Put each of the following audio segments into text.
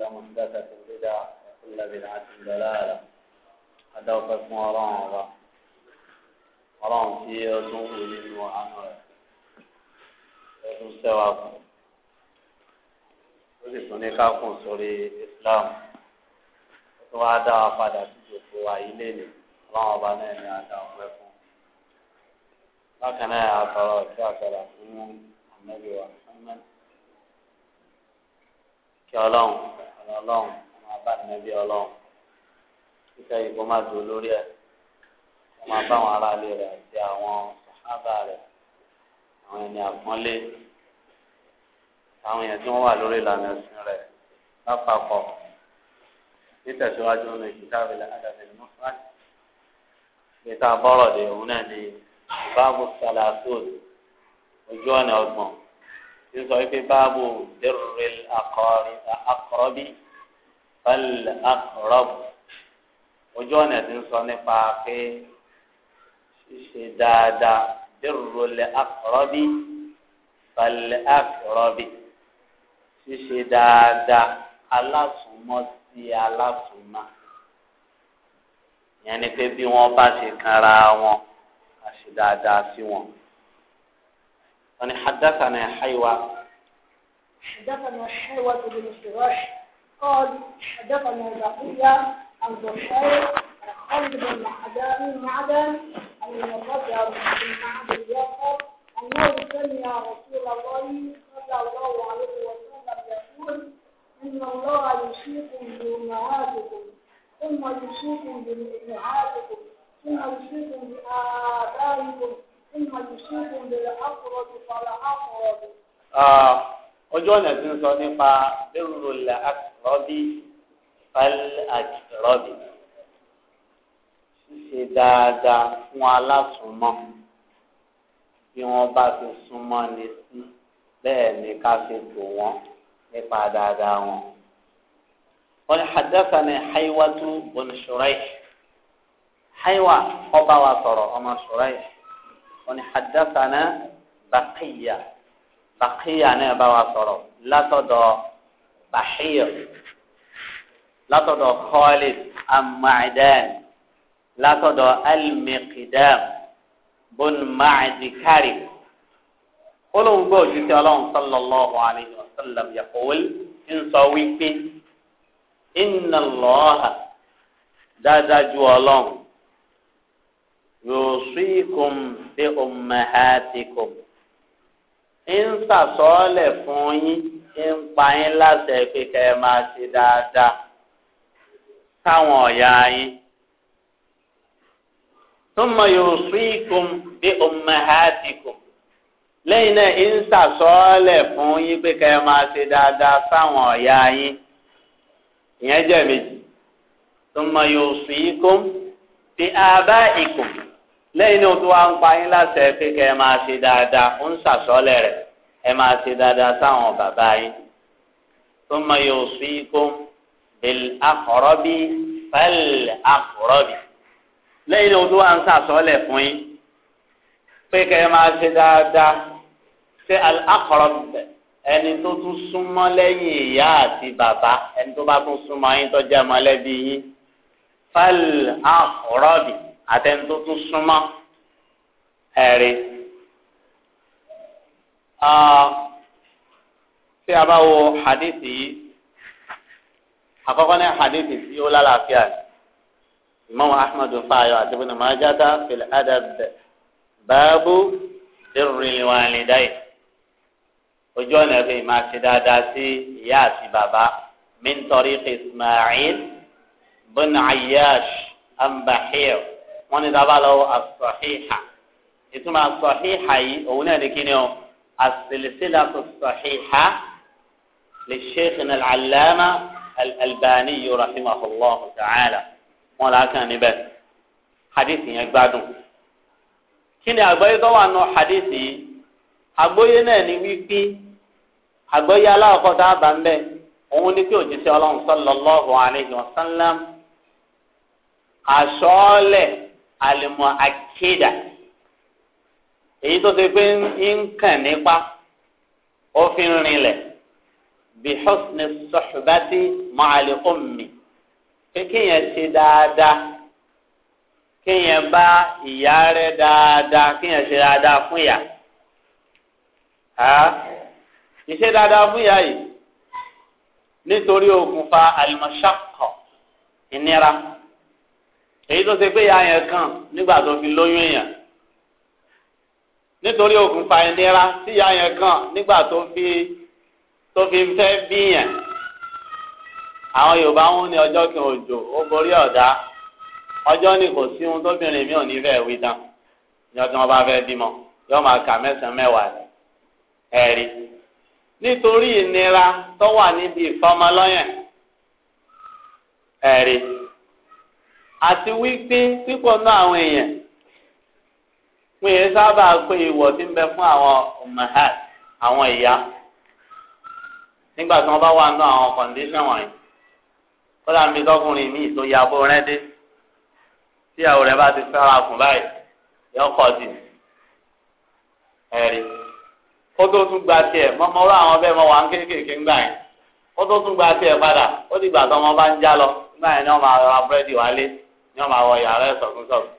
وكل محدثة بدعة وكل بدعة ضلالة أدوك اسم الله ọlọ́run tí ó tún wù nínú àánú rẹ̀ ó tún sẹ́wà kù ó sì tún ní kákùn sórí Islam ó tún wáá dá wa padà sí ìjòkó àyílé ni ọlọ́run ọba náà ní àdá ọ̀pẹ fún bákan náà àtọ̀rọ̀ tí àtọ̀rọ̀ fún ànábì wa kí ọlọ́run ọ̀nà ọlọ́run ọmọ abánilẹ́bí ọlọ́run kíkẹ́ ìbọn má dùn lórí ẹ̀ ọmọ abáwọn aráalé rẹ̀ àti àwọn sàhábà rẹ̀ àwọn ẹni àpọ́nlé àwọn èèyàn tí wọ́n wà lórí ìlànà ẹ̀sìn rẹ̀ lápapọ̀ nítẹ̀síwájú ní kìtàbí àdàbí ní mọ́sálásí ìta bọ́rọ̀ dé òun náà ní báàbù sàlàsóòlù ojú ọ̀nà ọgbọ̀n sísọ ife báàbò dẹrùrẹl akọrin akọrọbí pẹlú akọrọbù ojú ọ̀nà tí ń sọ nípa pé ṣíṣe dáadáa dẹrùrẹl akọrọbí pẹlú akọrọbí ṣíṣe dáadáa alásùnmọ́ sí alásùnmọ́ yẹn ni pé bí wọ́n bá ṣe kanra wọn a sí wọn. أنا يعني حدثنا حيوة حدثنا حيوة بن الشراح قال حدثنا زكية عن بشير عن خالد بن معدان معدن عن المرجع بن معدن يقول أنه سمع رسول الله صلى الله عليه وسلم يقول إن الله يوصيكم بأمهاتكم ثم يوصيكم بالأمهات ọjọ́ ọ̀nà tí ń sọ nípa bẹ́rù la àkìrọ́bì fal àkìrọ́bì ṣíṣe dáadáa fún alásùnmọ́ bí wọ́n bá ti súnmọ́ ni sí bẹ́ẹ̀ ni ká fi tò wọ́n nípa dáadáa wọn. wọ́n ní hadathana haywatu bun shuraih haywa ọba wa sọ̀rọ̀ ọmọ shuraih wọ́n ní hadathana baqiya bàkíyà náà bá wa sọ̀rọ̀ látọ̀dọ̀ bàhíyà látọ̀dọ̀ khalid amáìdán látọ̀dọ̀ alimikidam bun máàdìkárì olóhùn gbọ́ òjútì ọlọ́run sallallahu alayhi wa sallam yaqul ń sọ wípé inna Allaha dáadáa ju ọlọ́run yóò sí ikùn bí ummahatikum. ń sàsọ́ọ́lẹ̀ fún yín ń pa yín láṣẹ pé kẹ́ ẹ máa ṣe dáadáa táwọn ọ̀yà yín. Súnmọ́ yusikum bí ummahatikum. Lẹ́yìn náà ń sàsọ́ọ́lẹ̀ fún yín pé kẹ́ ẹ máa ṣe dáadáa táwọn ọ̀yà yín. Ìyẹn jẹ́ méjì. bí lẹ́yìn náà tó wá ń pa yín láti ẹ pé kẹ́ ẹ máa ṣe dáadáa ó ń ṣàṣọ́lẹ̀ rẹ̀ ẹ máa ṣe dáadáa sáwọn bàbá yín tó mọ yóò sí kó bẹ́ẹ̀ akọ̀rọ̀bí fẹ́ẹ̀lì akọ̀rọ̀bí lẹ́yìn tó wá ń ṣàṣọ́lẹ̀ fún yín pé kẹ́ ẹ máa ṣe dáadáa ṣé akọ̀rọ̀bí ẹni tó tún súnmọ́ lẹ́yìn ìyá àti bàbá ẹni tó bá tún súnmọ́ yín tó jẹ́ mọ́lẹ́bí yín fẹ́ẹ̀lì akọ̀rọ̀bí àtẹnudó tún súnmọ́ ẹ̀rí. tí a bá wo hadithi yìí àkọ́kọ́ ní hadithi tí ó lálàáfíà imam ahmadu fayo àti ibn majata fil adab baabu birril walidayi ojú ọ̀nà ẹ̀fẹ̀ ìmọ̀ àti dáadáa sí ìyá àti bàbá min tariq ismail bin ayash ambahir wọ́n ní dábàá lọ́wọ́ as-sahiha ìtumọ̀ as-sahiha yìí òun náà ní kíni o as-silsilatu as-sahiha li shaykhina al-allama al-albani rahimahullahu ta'ala wọ́n là á kàn níbẹ̀ hadith yẹn gbádùn kíni àgbọ́yé tó wà nù hadith yìí àgbọ́yé náà ní wípé àgbọ́yé aláwọ̀kọ́ tá a bá ń bẹ̀ òun ní kí òjíṣẹ́ ọlọ́run sallallahu alayhi wa sallam àṣọ́ọ́lẹ̀. alimọ akéda èyí tó ṣe pé ń kàn nípa òfin rinlẹ̀ bí husni sọ̀hbátì ma'ali ummi kéèyàn ṣe dáadáa kéèyàn bá ìyá rẹ̀ dáadáa kéèyàn ṣe dáadáa fún ìyá ìṣe dáadáa fún ìyá yìí nítorí okùnfà alimọ̀ṣàkọ̀ ìnira. èyí tó ṣe pé ya yẹn kàn nígbà tó fi lóyún èèyàn nítorí okùnfà ìnira tí ya yẹn kàn nígbà tó fi tó fi fẹ́ bí yẹn àwọn Yorùbá ń ní ọjọ́ kí òjò ó borí ọ̀dá ọjọ́ ní kò sí ohun tóbìnrin mi ò ní fẹ́ wí tán ìjọ tí wọ́n bá fẹ́ bímọ yóò máa kà mẹ́sàn-án mẹ́wàá ẹ̀rí nítorí ìnira tó wà níbi ìfọmọlọ́yàn ẹ̀rí àti wípé pípọ̀ náà àwọn èèyàn wọn yẹn sábà pé ìwọ̀ ti ń bẹ fún àwọn mahat àwọn ìyá nígbà tí wọ́n bá wà nínú àwọn kọ̀ǹdíṣàn wọ̀nyí kódà mi tọkùnrin mi tó ya bó rẹ́ dé tíyàwó rẹ̀ bá ti sára fún báyìí yọ kọ́ di ẹ̀rí ó tó tún gba tiẹ̀ mọ́mọ́rọ́ àwọn bẹ́ẹ̀ mọ́ wà ń kéékèèké ń yẹn ó tó tún gba tiẹ̀ padà ó dìgbà tó wọn bá ń já lọ nígbà yẹn ni wọn máa ra búrẹ́dì wálé ní ọmọ àwọ yàrá ẹ̀ sọ̀tún sọ̀tún.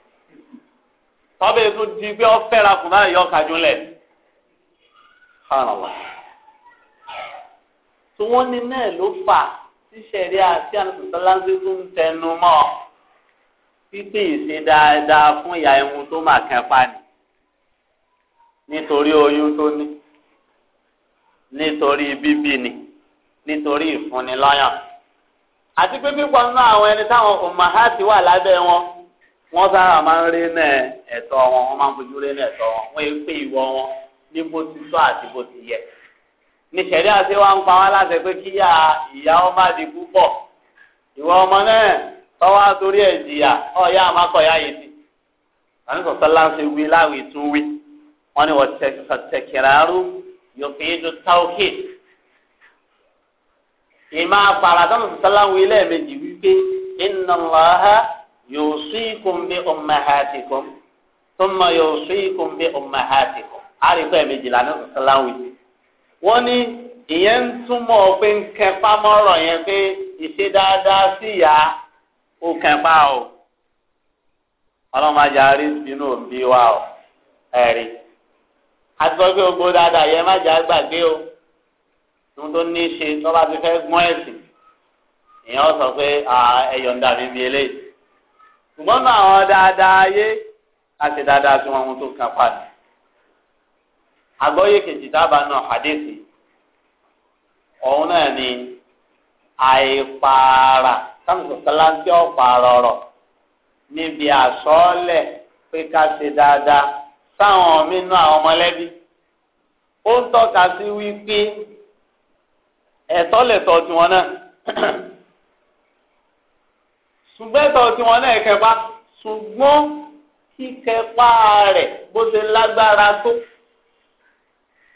tọ́bẹ̀ tún di pé ọ fẹ́ra kùn náà yọ kájúlẹ̀. tí wọ́n ní náà ló fà tíṣẹ̀rí àti àtúntàláńsí tún tẹnu mọ́ pípé ìṣe dáadáa fún ìyá ẹmu tó mà kẹfà ni nítorí oyún tó ní nítorí bíbí ni nítorí ìfúnni àti pé pípọ̀ nínú àwọn ẹni táwọn ọmọhàtì wà lábẹ́ wọn wọ́n sára máa ń rí ní ẹ̀tọ́ wọn wọ́n máa ń fojú rí ní ẹ̀tọ́ wọn wọ́n pè ìwọ wọn ní bó ti tọ́ àti bó ti yẹ. ní sẹ̀rí àti wa ń pa wá láti pé kí ìyá wọn má púpọ̀ ìwọ ọmọ náà tọ́wọ́ torí ẹ̀ jìyà ọ̀ya àmàkọ̀yà yìí ti. àní sọ̀tọ́ láti wí láwìí tún wí wọ́n ní wọ́n tẹ̀kẹ̀rẹ̀ arú yòókè ìmọ̀ àfàràdánù sàlámù ilé ẹ̀mẹjì wípé inna Allaha yusikum bi ummahatikum thumma yusikum bi ummahatikum àríkọ́ ẹ̀mẹjì lànà sàlámù ilé. wọ́n ní ìyẹn ń túmọ̀ pé ń kẹfà mọ́rọ̀ yẹn pé ìṣe dáadáa sí ìyá ó kẹfà o ọlọ́mọ ajá sínú òbí wa ẹ̀rí àti sọ pé gbogbo dáadáa yẹn má jà gbàgbé o tó tó ní ṣe tó bá ti fẹ́ gbọ́n ẹ̀sìn èèyàn sọ pé ẹyọ̀ ń dàbí mi eléyìí ṣùgbọ́n náà àwọn dáadáa ayé láti dáadáa tí wọ́n tó kàn pàdé àgbọ́yé kejì dábàá náà hadithi òun náà ni àìpààrà sáǹsì sáláńtì ọ̀pààrà ọ̀rọ̀ níbi àsọ́ọ́lẹ̀ pé ká ṣe dáadáa sáwọn mínú àwọn mọ̀lẹ́bí ó ń tọ́ka sí wípé ẹ̀tọ́ lẹ̀tọ́ tiwọn náà ṣùgbọ́n ẹ̀tọ́ tiwọn náà kẹpa ṣùgbọ́n kíkẹpa rẹ̀ bó ṣe lágbára tó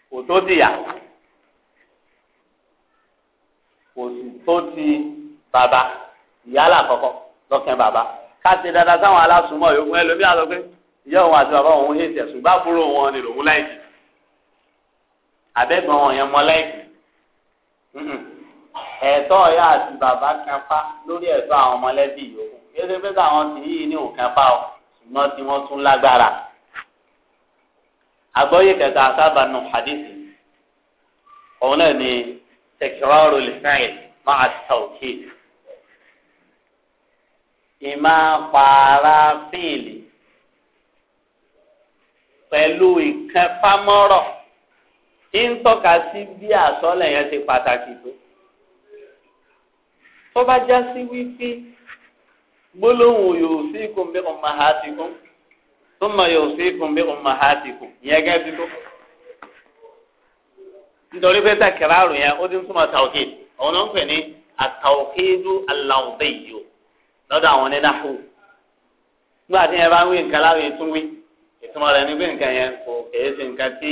kò tó ti yà kò sì tó ti bàbá ìyálà kọ̀kọ́ lọ́kàn bàbá ká ṣe dáadáa sáwọn aláṣùmọ̀ yòókù ẹlòmíà lọ pé ìyá òun àti bàbá òun yéé tẹ̀sùn bá búrò wọn ni lòun láìkì àbẹ́gbọ̀n wọn yẹn mọ láìkì ẹ̀tọ́ ọ̀yá àti bàbá kan pa lórí ẹ̀tọ́ àwọn ọmọlẹ́bí yòókù yéé ṣe pé táwọn sì yí ní òkan pa ọ ṣùgbọ́n tí wọ́n tún lágbára. àgbọ́yé kẹta sábà nù hadithi òun náà ni tẹkirọ́rù lẹ́sìn máa tàwùkì. ìmá pààrà fíìlì pẹ̀lú ìkẹfàmọ́rọ̀ ń tọ́ka sí bí àsọ́lẹ̀ yẹn ti pàtàkì tó tó bá já sí wípé gbólóhùn yóò sí ikùn bí ọmọ ha ti kún tó mọ yóò sí ikùn bí ọmọ ha ti kún yẹn gẹ́gẹ́ bí tó nítorí pé tàkìrárù yẹn ó ti ń túmọ̀ tàwùkì òun ló ń pè ní àtàwùkìdù aláwùbẹ́yìó lọ́dọ̀ àwọn onídàáfò nígbà tí yẹn bá ń wí nǹkan láwùjọ tún ìtumọ̀ rẹ̀ ní pé nǹkan yẹn kò kèé ṣe nǹkan tí.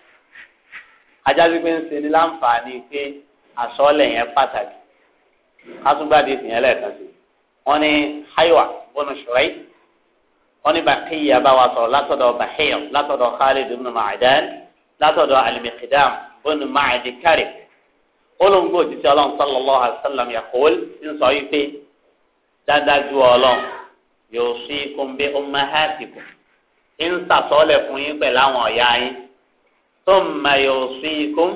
ajá pípé ń ṣe ní láǹfààní pé àsọlẹ̀ yẹn pàtàkì kásùgbàdì ìsìnyẹn lẹ́ẹ̀kan sí wọn ni haywa bọ́nu ṣùrẹ́ wọn ni bàkìyà bá wa sọ̀rọ̀ látọ̀dọ̀ bàhíyà látọ̀dọ̀ khalid ibn ma'adan látọ̀dọ̀ alimikidam bọ́nu ma'adikari olóńgbò òjijì ọlọ́run sallallahu alayhi wa sallam yaqul ń sọ yìí pé dáadáju ọlọ́run yóò sí kúnbẹ́ ọmọ hàtìkù ń sàtọ́lẹ̀ fún yín pẹ̀lú àwọn ọ̀yá yín. ثم يوصيكم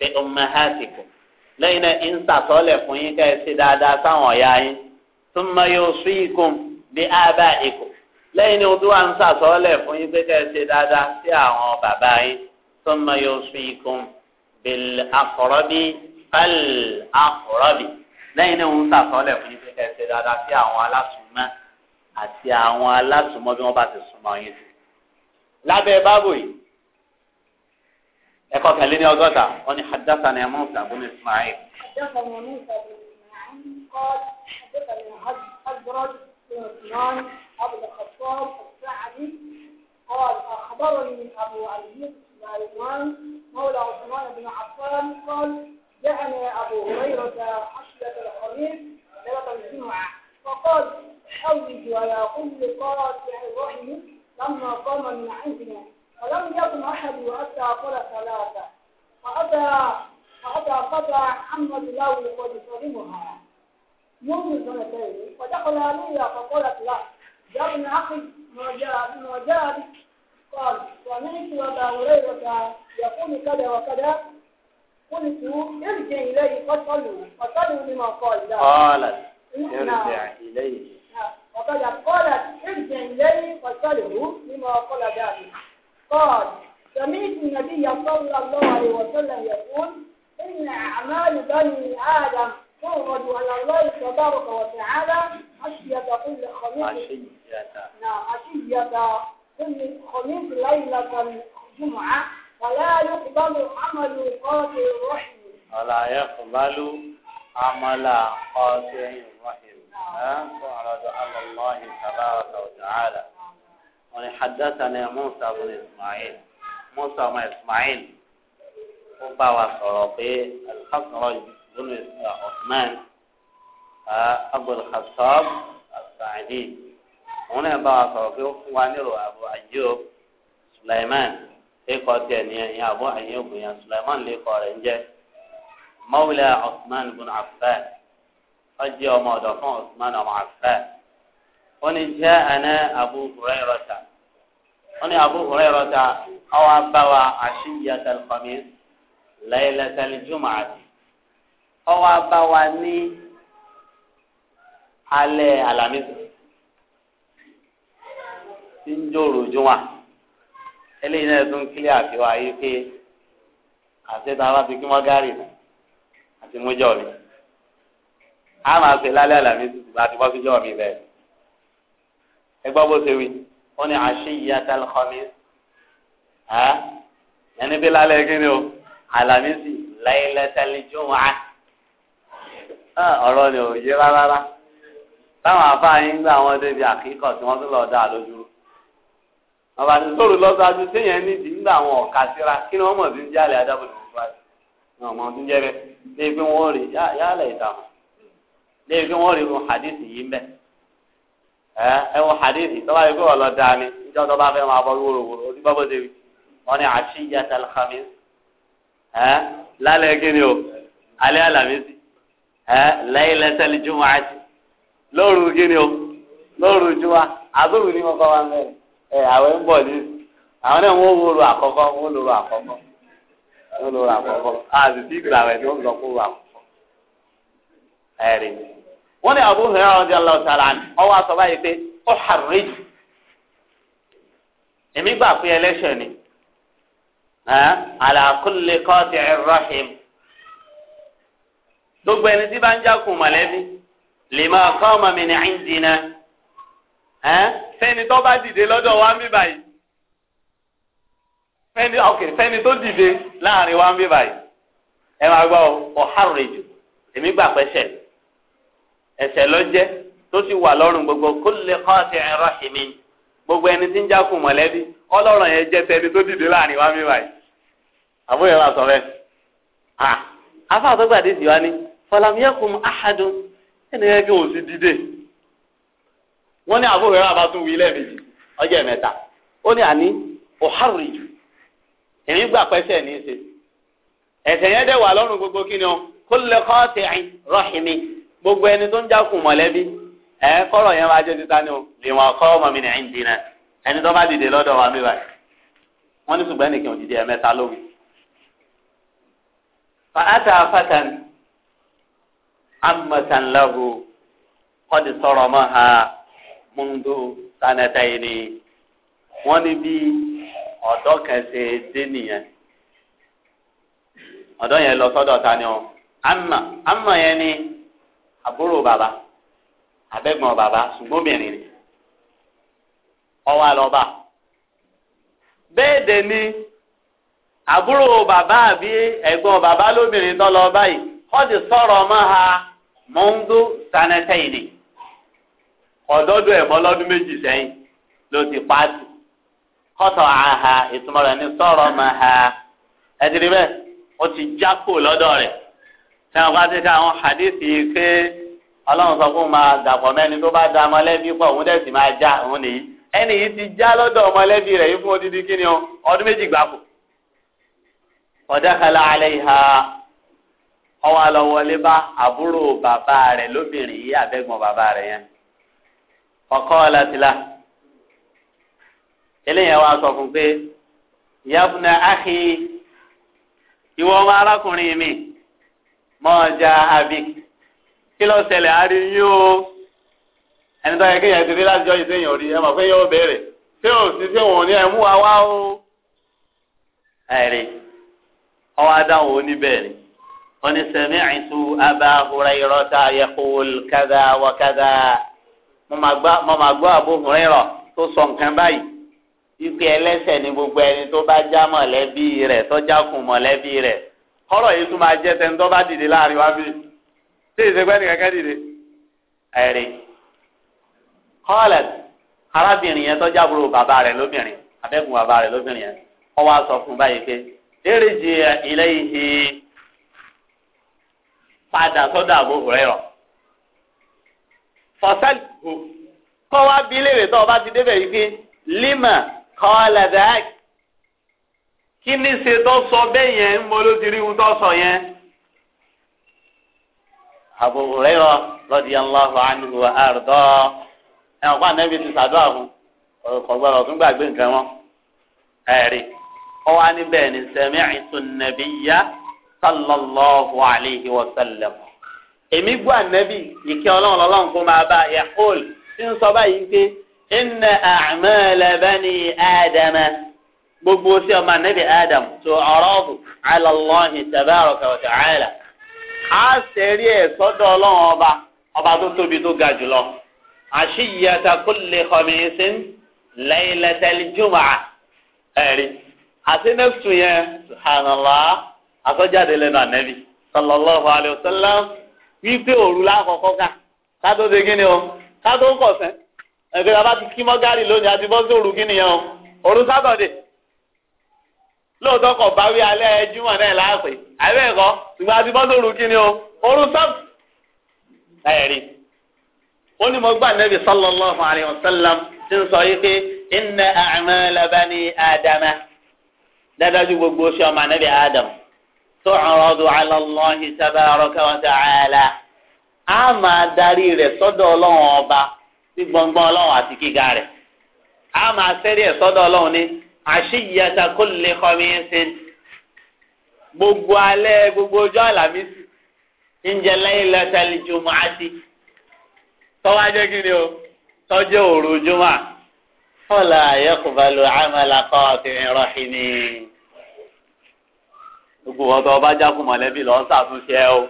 بأمهاتكم lẹ́yìn náà ń sàtọ́lẹ̀ fún yín ká ẹ ṣe dáadáa sáwọn ọ̀yá yín ثم يوصيكم بآبائكم lẹ́yìn náà tó wà ń sàtọ́lẹ̀ fún yín pé ká ẹ ṣe dáadáa sí àwọn bàbá yín ثم يوصيكم بالأقرب فالأقرب lẹ́yìn náà ń sàtọ́lẹ̀ fún yín pé ká ẹ ṣe dáadáa sí àwọn alásùnmọ́ àti àwọn alásùnmọ́ bí wọ́n bá ti súnmọ́ yín sí. lábẹ́ báàbò yìí ẹ̀kọ́ kẹlẹ́ ní ọgọ́ta wọ́n ní hadasa ní ẹ̀mọ́ ọ̀sà bùnú ismail. hadasa ní ẹ̀mọ́ ọ̀sà bùnú ismail kọ́ hadasa ní azrod bin usman abu al-khattab al-sa'di قال أخبرني أبو أيوب سليمان مولى عثمان بن عفان قال جاءني أبو هريرة حفلة الخميس ليلة الجمعة فقال حوج على كل قاطع رحم لما قام من عندنا فلم يكن أحد حتى قال ثلاثة فأتى فأتى فتى عمد له قد سلمها منذ سنتين فدخل علي فقالت له يا ابن أخي ما جاء بك قال سمعت أبا هريرة يقول كذا وكذا قلت ارجع إليه فصلوا فصلوا لما قال له قالت ارجع إليه وقد قالت ارجع إليه فصلوا لما قال ذلك قال سمعت النبي صلى الله عليه وسلم يقول إن أعمال بني آدم تعرض على الله تبارك وتعالى عشية كل خميس عشية نعم كل خميس ليلة جمعة ولا يقبل عمل قاتل الرحم ولا يقبل عمل قاتل الرحم تعرض على الله تبارك وتعالى wọn hadathana Musa bin Ismail Musa ọmọ Ismail ó bá wa sọ̀rọ̀ pé alhassan bin Uthman Abul Khattab As-Sa'di òun náà bá wa sọ̀rọ̀ pé ó fún wa nílò Abu Ayyub Sulaiman lẹ́kọ̀ọ́ tiẹ̀ ní ẹ̀yìn Abu Ayyub yẹn Sulaiman lẹ́kọ̀ọ́ rẹ̀ ń jẹ́ mawla Uthman bin Affan ó ọmọ ọ̀dọ̀ fún Uthman ọmọ Affan. wọ́n ní jẹ́ ẹ̀nẹ́ Abu Hurairata wọ́n ní Abu ọwọ́ abáwa àṣìyàtà ọwọ́ abáwa ní alẹ́ alamisi tí ń jòrò jùmọ̀ eléyìí náà tún yìí pé àṣetà kí wọ́n gárì àti mi a máa ṣe lálẹ́ alamisi ti bọ́ ẹgbẹ́ bó ṣe wí wọ́n ní àṣeyíyàtà lọ́kọ́mìs ẹni bí lálẹ́ kíni o àlàmísì láìlẹ́tàlì jùmọ̀ á ọ̀rọ̀ ni ò yé rárá táwọn afáàyín gbà wọn débi àkíkọ̀ tí wọ́n tún lọ dá lójú bàbá tí sọ̀rọ̀ lọ́sàájú téèyàn nídìí nígbà àwọn ọ̀ka síra kí ni wọ́n mọ̀ sí ń jálẹ̀ adábòdì fún wa ní ọmọ ọdún jẹ́rẹ́ léyìí wọ́n rí yálẹ̀ ìtàn léyìí wọ́n rí hadith yìí mbẹ́. ẹ wọ hadithi tọ́ba yìí kó ọlọ́ dáa ni tọ́ba fẹ́ máa bọ́ wúrowúro ó ti bọ́ bó ṣe wí wọ́n ní àṣìyà lálẹ́ ni o alẹ́ lẹ́yìn lẹ́sẹ̀lì jùmọ̀ àti lóru o lóru jùmọ̀ àbúrò ni kọ́ wa mẹ́rin ẹ ń bọ̀ ní àwọn náà wọ́n àkọ́kọ́ wọ́n lóru àkọ́kọ́ wọ́n lóru àkọ́kọ́ àti wọ́n ní Abu Hurairah radiyallahu ta'ala anhu ọwọ́ aṣọ báyìí pé ó hàrẹ́ jù èmi gbà pé ẹlẹ́ṣẹ̀ ni ala kulli qati'ir gbogbo ẹni tí bá ń jákun mọ̀lẹ́bí lima qama min indina fẹ́ni tó bá dìde lọ́dọ̀ wa ń bí báyìí fẹ́ni ok fẹ́ni tó dìde láàrin wa ń bí báyìí máa gbọ́ ọ èmi gbà ẹ̀ṣẹ̀ ló jẹ́ tó sì wà lọ́rùn gbogbo kó lè kọ́ àti ẹ̀rọ ìmí gbogbo ẹni tí ń jákun mọ̀lẹ́bí ọlọ́run yẹn jẹ́ tẹni tó dìde láàrin wa mi báyìí àbúrò wa sọ bẹ́ẹ̀ afa wá ní ahadùn ẹni yẹn kí wọ́n sì dìde wọ́n wa bá gbà pẹ́sẹ̀ ní í ṣe gbogbo kí ni ó gbogbo ẹni tó ń jákun mọ̀lẹ́bí ẹ kọ́rọ̀ yẹn títa ni o lè wọn ọmọ mi nìyẹn ma náà ẹni tó bá dìde lọ́dọ̀ wa mi báyìí wọ́n ní ṣùgbọ́n ẹnìkan òdìdí ẹ̀mẹ́ta lóhùn. fàátà fàtàn ha múndú sanata yìí ni wọ́n ní bí ọ̀dọ́ kan ṣe dé nìyẹn ta ni o yẹn ni. àbúrò bàbá àbẹ̀gbọ́n bàbá ṣùgbọ́n obìnrin ni ọwọ́ àlọ́ba ni àbúrò bàbá àbí ẹ̀gbọ́n bàbá lóbìnrin báyìí wọ́n ti sọ̀rọ̀ ọmọ ha sanẹ́tẹ̀yìn ni ọ̀dọ́dọ̀ ẹ̀mọ́ lọ́dún méjì sẹ́yìn ló ti kọ́tọ̀ àhà ìtumọ̀ rẹ̀ ha ó ti ní àwọn kan ti ka àwọn hadithi pé ọlọ́run sọ fún máa dàpọ̀ mẹ́ni tó bá da mọ́lẹ́bí pọ̀ òun dẹ̀ sì máa já òun nìyí ẹni yìí ti já lọ́dọ̀ mọ́lẹ́bí rẹ̀ yìí fún odidi kí ọdún méjì gbáko ọ̀dàkàlà alẹ́ ìhà ọwọ́ àlọ́wọlé bá àbúrò bàbá rẹ̀ lóbìnrin yìí àbẹ́gbọ̀n bàbá rẹ̀ yẹn ọkọ ọ̀làtìlá eléyìí wá sọ fún pé yabuna ahi ìwọ ọmọ arákùnrin mi mọ́ọ̀jà àbí kí ló ṣẹlẹ̀ àárí yín o ẹni tó yẹ kéèyàn ti rí láti jọ́ ìsẹ́yìn òrí ẹ mọ̀ pé yóò béèrè tí ò sí sí òun ní ẹ mú wa wá o. ẹ̀rí ọwọ́ adáhùn oníbẹ̀rẹ̀ oní sami'tu Aba Hurayrata yaqul kadha wa kadha mo máa gbọ́ Abu Hurayrah tó sọ nǹkan báyìí ipe ẹlẹ́ṣẹ̀ ni gbogbo ẹni tó bá já mọ̀lẹ́bí rẹ̀ tó jákùn mọ̀lẹ́bí rẹ̀ ọ̀rọ̀ yìí tún máa jẹ́ tẹ́ńtọ́ bá dìde láàrin wá bí tí ìṣègbè ní kẹ́kẹ́ dìde ẹ̀rí kọ́lẹ̀t arábìnrin yẹn tọ́jú àbúrò bàbá rẹ̀ lóbìnrin abẹ́gun bàbá rẹ̀ lóbìnrin yẹn wọ́n wá sọ fún báyìí pé eré jẹ ilé ihe padà sọ́dọ̀ àbò rẹ̀ rọ̀ fọ́sẹ́lì kọ́ wá bí léèrè tó o bá ti débẹ̀ yìí pé lima kọ́lẹ̀dẹ́k kí ni ṣe tó sọ bẹ́ẹ̀ yẹn ń mọ ló ti rí ohun tó sọ yẹn. Abu Hurairah radiyallahu anhu wa arda ẹ̀wọ̀n pa nẹ́bí ti sàdúrà fún ọ̀gbọ́n ọ̀tún gbàgbé nǹkan wọn. ẹ̀rí ọwọ́ á níbẹ̀ ni sami'tu an-nabiyya sallallahu alayhi wa sallam. èmi gbọ́ ànẹ́bí ìkẹ́ ọlọ́run lọ́lọ́run kó máa bá yaqul tí ń sọ báyìí pé inna a'mala bani adama gbogbo sí ọmọ anabi adam tó ọrọ́bù alàlọ́hìn tabaraka wa ta'ala á sẹ́rí ẹ̀ sọ́dọ̀ ọlọ́run ọba ọba tó tóbi tó ga jùlọ àṣìyàtà kulli khamisin laylatal jumu'ah ẹ̀rí àti nẹ́fṣù yẹn subhanallah àkọ́jáde lẹ́nu anabi sallallahu alayhi wa sallam wípé òru lákọ̀ọ́kọ́ ká kátó ṣe kíni o kátó ń kọ̀sẹ́ ẹ̀gbẹ́ bàbá ti kí mọ́gárì lónìí àti bọ́sí òru kíni yẹn o òru sábọ̀dẹ̀ lóòótọ́ kọ̀ bá wí alẹ́ júmọ̀ náà láàpè àbẹ́ ẹ̀kọ́ ṣùgbọ́n àti bọ́sọ̀ òru kí ni o òru sọ́ọ̀tù ẹ̀rí. ó ní mo gbà nẹ́bí sallallahu alaihi wasallam ti ń sọ yìí pé inna a'mala bani adama dájú gbogbo ṣe ọmọ nẹ́bí adam tu'radu ala Allahi tabaraka wa ta'ala á máa darí rẹ̀ sọ́dọ̀ ọlọ́run ọba ní gbọ̀ngbọ̀n ọlọ́run àti gíga rẹ̀ á máa sẹ́rí ẹ̀ sọ́dọ̀ ọlọ́run ní àṣeyíyàtà kó lè kọ́mi ṣe gbogbo alẹ́ gbogbo ọjọ́ àlàmísì ńjẹ lẹ́yìn lẹ́tẹ̀lì jùmọ̀ àti tọ́wájẹ́ kí ni o tọ́jú òru jùmọ̀ fọlá ayẹ́kùbalù àmàlàkọ́ ọ̀tìrìn rọ̀hìnì. gbogbo ọ̀dọ́ ọba jákùn mọ̀lẹ́bí lọ́ọ́ ṣàtúnṣe o.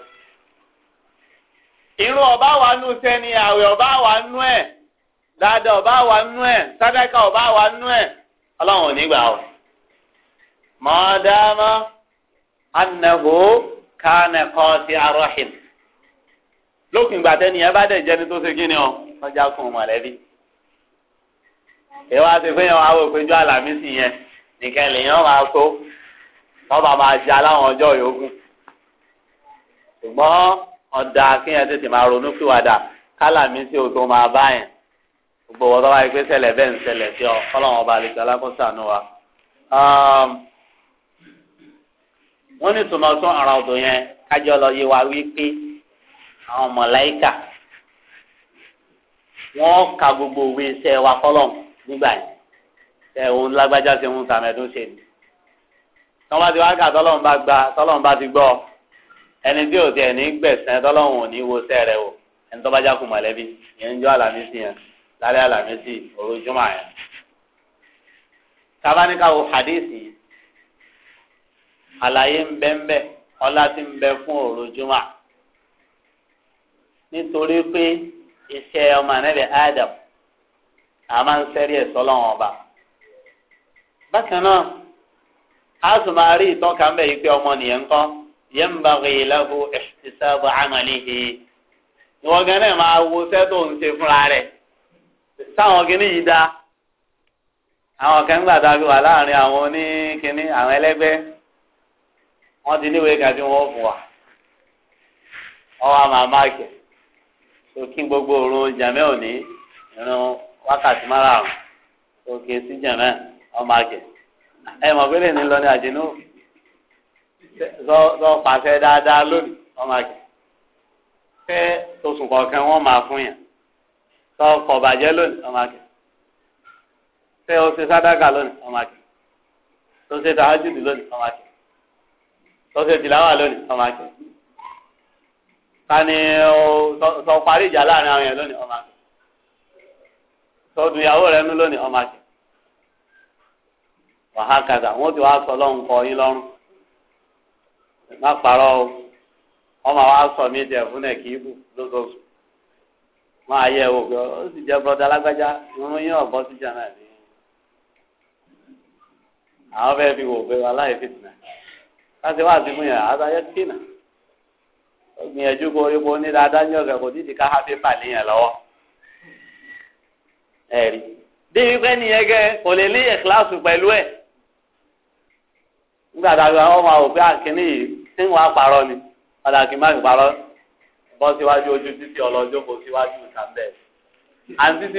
irú ọba wa nù sẹ́ni àwẹ̀ ọba wa nù ẹ̀ dáadáa ọba wa nù ẹ̀ sàdákà ọba wa nù ẹ̀ ọlọ́run ò ní gbà ó mọ̀ọ́dámọ́ anahu kánà kọ́ọ̀tì arọ́hìm lókùn ìgbà tẹ́ni ẹ bá dẹ̀ jẹni tó ṣe kí ni ọ ọjà kún mọ̀lẹ́bí èyí wá ti fún yẹn wá wò pé jọ àlàmísì yẹn nìkan lèèyàn máa kó wọ́n bá máa jẹ aláwọn ọjọ́ yòókù ṣùgbọ́n ọ̀dà kí yẹn tètè máa ronú fìwàdà kálàmísì ò tó máa bá yẹn gbogbo wọn tọ́wá ìpè ṣẹlẹ̀ bẹ́ẹ̀ ń ṣẹlẹ̀ sí ọ fọlọ́wọn ọba àlejò alákọ̀ọ́sánú wa. Um, wọ́n ní tòmọ́tún ara ọ̀dọ̀ yẹn kájọ lọ yé wa wípé àwọn mọ̀láìkà wọ́n ka gbogbo òwe iṣẹ́ wa fọlọ́n nígbà yẹn ẹ̀ òun lágbájá ṣe ń sàmẹ́dún ṣe ni. tọ́wọ́n ti wá kà tọ́lọ́run bá gba tọ́lọ́run bá ti gbọ́ ẹni tí ò tiẹ̀ ní gbẹ̀sẹ̀ tọ́lọ́run ò ní wo sẹ́rẹ̀ o ẹni tó bá jákùn mọ̀lẹ́bí ìyẹn ń jọ àlàmísì yẹn lálẹ́ àlàmísì òru jùmọ̀ yẹn. tábánikà wo hadithi àlàyé ń bẹ ń bẹ ọlá ti ń bẹ fún òru jùmọ̀ nítorí pé iṣẹ́ ọmọ anábẹ́ Adam a máa ń sẹ́rí ẹ̀sọ́ lọ́wọ́n ọba. bákan náà a sì máa rí ìtọ́ka ń bẹ yìí pé ọmọ nìyẹn ń kọ́ yẹn ń bá wẹ̀yẹ amalihi ìwọ̀n gan náà máa wo sẹ́tò ń ṣe fúnra táwọn kìíní yìí dá àwọn kan gbà tá a fi wà láàrin àwọn kìíní, àwọn ẹlẹgbẹ́ wọn ti níwèé kan tí wọn fún wa wọn wá máa máàkì tó kí gbogbo òru jàmẹ òní irun wákàtí márààrún tó kí sí jàmẹ wọn máàkì ẹ mọ̀ pé lè ní lọ ní àjẹnú lọ pàṣẹ dáadáa lónìí wọn máàkì fẹ́ oṣù kọ̀ọ̀kan wọn máa fún yàn. tọ́ kọ̀ bàjẹ́ lónìí ọmọ akẹ́ tẹ́ o ṣe sádàkà lónìí ọmọ akẹ́ tó ṣe tàájùdì lónìí ọmọ akẹ́ tó ṣe tìláwà lónìí ọmọ akẹ́ tani o sọ parí ìjà láàrin àwọn yẹn lónìí ọmọ akẹ́ tó dùn ìyàwó rẹ nú lónìí ọmọ akẹ́ wàhákàdà wọn ti wàá sọ lọ́hùn kọ yín lọ́rùn má parọ́ ọmọ wa sọ mí jẹ fún kì í bù lóṣooṣù. máa yẹ wò pé ó sì jẹ́ bọ́dà alágbájá irun yín ọ̀bọ sí jàmá ni àwọn fẹ́ẹ́ fi wò pé aláì fìtìnà láti wà sí fún yàrá àtàyẹ tìǹà ó gbìyànjú kó orí bo ní dáadáa ní ọ̀gá kò pàlì yẹn bí wípé nìyẹn gẹ kò lè ní ìkíláàsù nígbà tá a gbà wọn máa wò pé àkíní ah, yìí tí fi bọ́ síwájú ojú títí ọlọ́jọ́ kò síwájú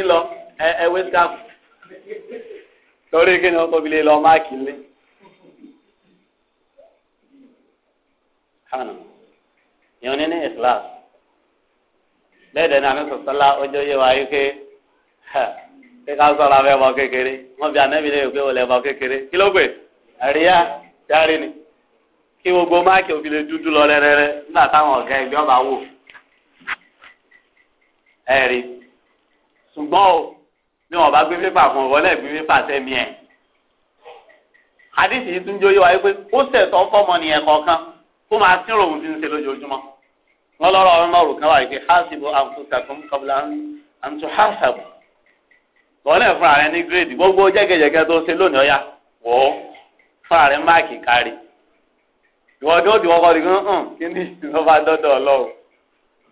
lọ sáfù torí kí ni wọ́n tóbi lọ máàkì lé. ìyọ̀n ní ní ìsìláàsì bẹ́ẹ̀ dẹ̀ àmì sọ̀sọ́lá ọjọ́ yé wa yìí ké sọ̀rọ̀ abẹ́ kékeré wọ́n bí anẹ́bí lè gbé wọlé bọ̀ kékeré kí ló gbé àríyá járe ni kí gbogbo máàkì lè dúdú lọ rẹ́rẹ́rẹ́ nígbà táwọn ọ̀gá ẹ̀rí ṣùgbọ́n o ní wọn bá gbé pépà fún ọ wọlé gbé pépà sẹ́mi ẹ̀ hadith yìí tún jóyè wáyé pé ó ṣètò fọmọ nìyẹn kọ̀ọ̀kan kó máa sínrò ohun tí ń ṣe lójoojúmọ́ wọn lọ́rọ̀ ọ̀rọ̀ náà rò kán wáyé pé hasibu anfusakum qabla an tuhasabu wọlé fúnra rẹ ní gírèdì gbogbo jẹ́gẹ́jẹ́gẹ́ tó ṣe lónìí ọ̀yà wọ́ fúnra rẹ máàkì kárí ìwọ́dún ó di wọ́kọ́ di kí ní ìsinmi dọ́dọ̀ ọlọ́run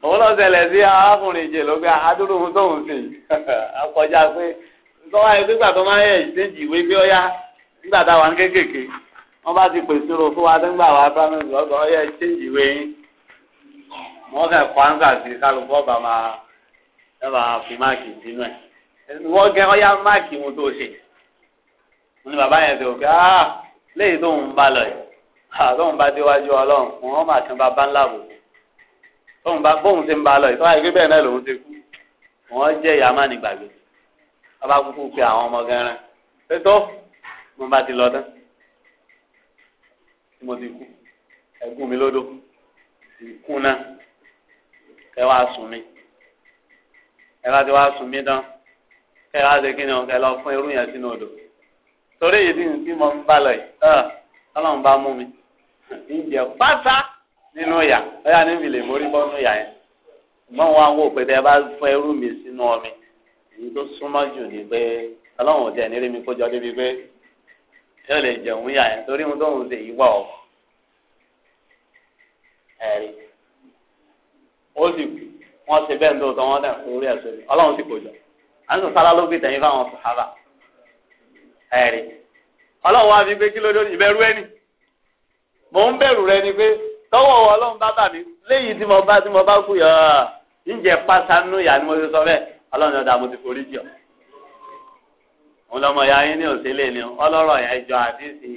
òun lọ ṣẹlẹ̀ sí arákùnrin ìjẹ ló gbé adúrú ohun tóun sì akọjá pé tọ́wá yẹn pípa tó máa ń yẹ ìṣèjì ìwé bí ọ́yá nígbà táwa ń kékèké wọ́n bá ti pèsè ro fún wa tó ń gbà wá primary lọ́gbọ̀n ọ́yá ìṣèjì ìwé yín wọ́n fẹ́ kọ́ áńsà sí kálukú ọba máa ẹ máa fi máàkì sínú ẹ̀ wọ́n gẹ ọ́yá máàkì mu tó ṣe wọ́n ní bàbá yẹn ti rò pé ah léyìí tóun ah, bá lọ yìí tóun tóun bá bóun ṣe ń ba lọ ìtọ́ àìgbé bẹ́ẹ̀ náà lòun ṣe kú wọ́n jẹ́ ìyá má ní gbàgbé ọba kúkú pe àwọn ọmọ gẹ́rẹ́ pé tó mo bá ti lọ tán tí mo ti kú ẹ̀gún mi lódò ìkún náà kẹ wá sùn mí ẹ bá ti wá sùn mí tán kẹ wá ṣe kí ni ọ̀kẹ́ lọ fún irú yẹn sínú odò torí èyí tí mo ń bá lọ yìí ọlọ́run bá mú mi ń pátá. nínú ya, ọyà ní ìfìlè mórí bọ́ nínú ìyà yẹn ṣùgbọ́n wọn àwọn òpè bá fọ ẹrú mi sínú omi èyí tó súnmọ́ jù ni pé ọlọ́run ò tẹ̀ ní kójọ débi pé yóò lè jẹun yẹn torí ohun tóun ṣe yìí ọ ó sì ṣe orí mi sì kójọ ló fáwọn fi kí tọwọ́ ọlọ́run bá bà mí léyìí tí mo bá tí mo bá kú yọ ǹjẹ́ pàṣánú ìyá ni mo ti sọ bẹ́ẹ̀ ọlọ́run ọ̀dà mo ti forí jì ọ́. òun lọmọ ìyá yín ní òsèlè ni ọlọ́rọ̀ yẹn jọ àdìsí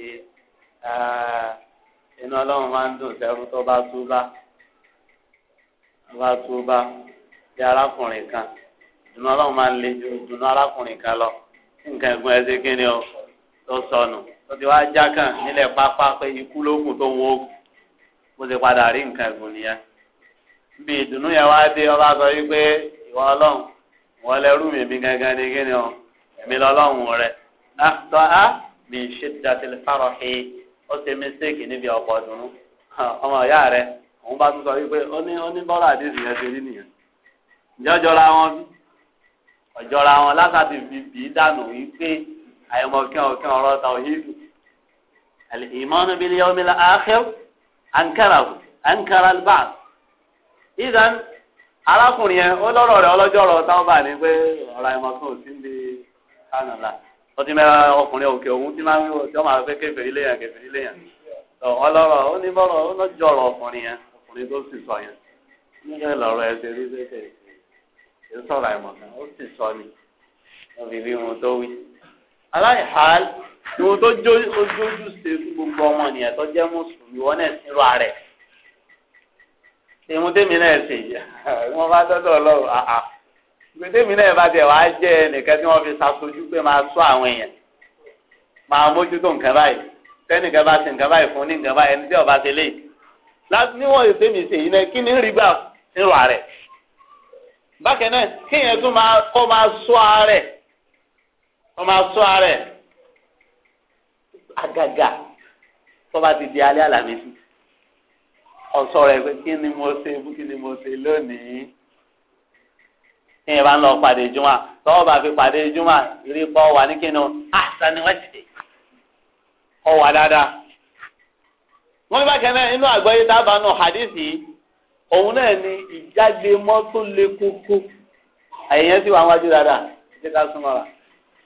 inú ọlọ́run máa ń dùn sẹ́rú tó bá túbá tó bá túbá bí arákùnrin kan dùnú ọlọ́run máa ń le ju dùnú arákùnrin kan lọ nǹkan ẹ̀gbọ́n ẹ̀ ṣe kí ni o tó sọnù tó ti wá já kàn nílẹ̀ pápá pé ikú lókun tó wọ́ọ̀kù bó ṣe padà rí nǹkan ẹ̀gbọ́n nìyẹn bí ìdùnnú yẹn wá dé ọba sọ wípé ìwọ ọlọ́run ìwọ lẹ́rú mi mi gangan ni kí ni ọ èmi lọ́lọ́run rẹ látọ́ á mi ṣe dàtẹ́lẹ̀ fárọ̀ he ó ṣe mistake níbi ọ̀pọ̀ ọ̀dùnnú ọmọ ìyá rẹ òun bá tún sọ wípé ó ní ó ní bọ́lá àdéhùn yẹn ṣe rí nìyẹn ǹjẹ́ ọjọ́ra wọn ọjọ́ra wọn látàdé fi dànù wípé àyẹ̀mọ̀ kí ọ̀rọ̀ tàwọn yìí ìmọ̀ níbi ilé ọmọ ilé àáfẹ́ ankara ankara albaas idan arákùnrin yẹn ó lọ́rọ̀ rẹ̀ ọlọ́jọ́ ọ̀rọ̀ táwọn bá ní pé ọ̀rọ̀ ẹ̀mọ́ kan ò sí ń di kánàlá ó ti mẹ́ra ọkùnrin òkè òun ti máa ń wò tí wọ́n máa fẹ́ kéferì léyàn kéferì léyàn tó ọlọ́rọ̀ ó ní bọ́rọ̀ ó lọ́jọ́ ọ̀rọ̀ ọkùnrin yẹn ọkùnrin tó sì sọ yẹn nígbà lọ́rọ̀ ẹ ṣe rí lẹ́sẹ̀ ẹ̀ sọ̀rọ̀ ẹ̀mọ́ kan ó sì sọ ni ó fi rí wọn tó wí. aláìhàl ìwò tó jójú ṣe fún gbogbo ọmọ ènìyàn tó jẹ́ mùsùlùmí wọn náà sínú ààrẹ ìmú tèmi náà ṣe yìí wọn bá dọdọ Ọlọ́run àà ìmú tèmi náà bá tẹ wàá jẹ ẹnìkan tí wọn fi ṣàṣojú pé máa sọ àwọn èèyàn máa mójútó nǹkan báyìí tẹnìkan bá ṣe nǹkan báyìí fún ní nǹkan báyìí ẹni tí ọba ṣe léyìí láti níwọ̀n ìfẹ́mi ṣe yìí náà kí ni ń rí gbà nínú ààrẹ bákan náà kéèyàn tún máa kọ́ agaga tọ́ba ti di alẹ́ àlàmísì ọ̀sọ̀ rẹ̀ pé kí ni mo ṣe kí ni mo ṣe lónìí kí ni bá ń lọ pàdé jùmọ̀ tọ́wọ́ bá fi pàdé jùmọ̀ rí pọ́ wà ní kí ni àṣà ni wọ́n ti dé ọ wà dáadáa. wọ́n bá kẹ́ náà inú àgbọ̀yé dábàá nù hadithi òun náà ni ìjáde mọ́tò lé kókó àyẹ̀yẹ́ sì wà wájú dáadáa ṣé súnmọ́ra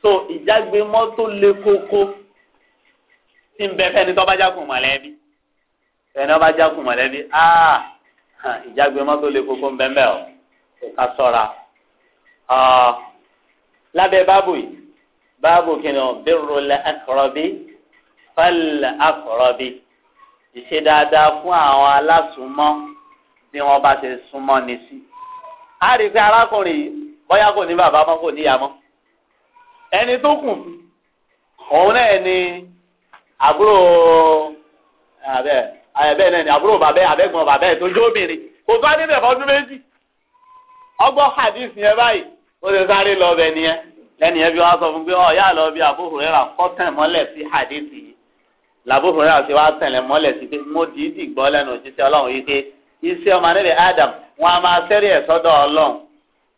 so ìjágbe mọ́tò le koko tí ń bẹ fẹ́ni tó bá jákun mọ̀lẹ́bí fẹ́ni tó bá jákun mọ̀lẹ́bí aa ah! ìjágbe mọ́tò lè koko ń bẹ́ẹ̀ o ká sọ́ra ah! lábẹ́ báàbò yìí báàbò kìnìún bírò lẹ akọrọbí fẹlẹ akọrọbí ìṣe dáadáa fún àwọn alásùnmọ́ bí wọ́n bá ti súnmọ́ ni sí. a rí i pé arákùnrin yìí bóyá kò ní bàbá mọ́ kò níyàá mọ́ ẹni tó kù òun náà ni àbúrò àbẹ àbẹ náà ni àbúrò bàbẹ àbẹ̀gbọ́n bàbẹ tó jó obìnrin kò tó adé bẹ̀fọ́ ọdún méjì ọgbọ́n hadith yẹn báyìí ó ti sáré lọ bẹ nìyẹn lẹ́nu yẹn bí wọ́n sọ fún pé ọ̀ yá lọ bí Abu Hurairah kọ́ tẹ̀ mọ́lẹ̀ sí hadith yìí làbú Hurairah ti wá tẹ̀lé mọ́lẹ̀ sí pé mo dìídì gbọ́ lẹ́nu òjíṣẹ́ ọlọ́run yìí pé iṣẹ́ ọmọ nílẹ̀ Adam wọn a máa sẹ́rí ẹ̀ sọ́dọ̀ ọlọ́run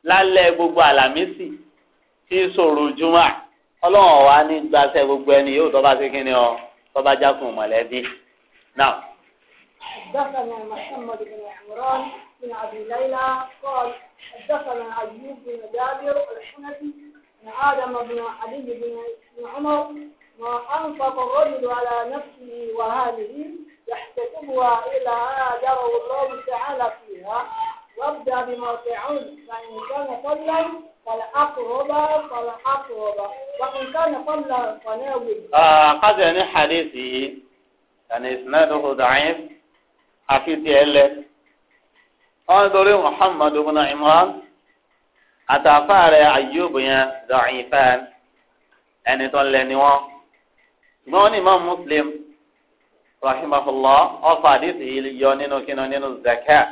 lálẹ́ gbogbo àlàmísì tí sòrò jùmọ̀ ọlọ́run ọ̀wá ní gbàṣẹ gbogbo ẹni yóò tọ́ bá ṣe kí ni ọ tọ́ba jákun mọ̀lẹ́bí náà. حدثنا محمد بن عمران بن عبد ليلى قال حدثنا ايوب بن جابر الحنفي عن ادم بن علي بن عمر ما انفق الرجل على نفسه وهذه يحتسبها الا اجره الله تعالى فيها وابدا بما تعود فان كان فضلا kájẹ ní hadith yìí yàní isnaduhu da'if àfi tiẹ̀ lẹ wọn torí muhammadu bin imran àtàfà rẹ ayub yẹn da'ifan ẹni tó lẹ ni wọn ṣùgbọ́n wọn ní imam muslim rahimahullah ọfọ hadith yọ zakat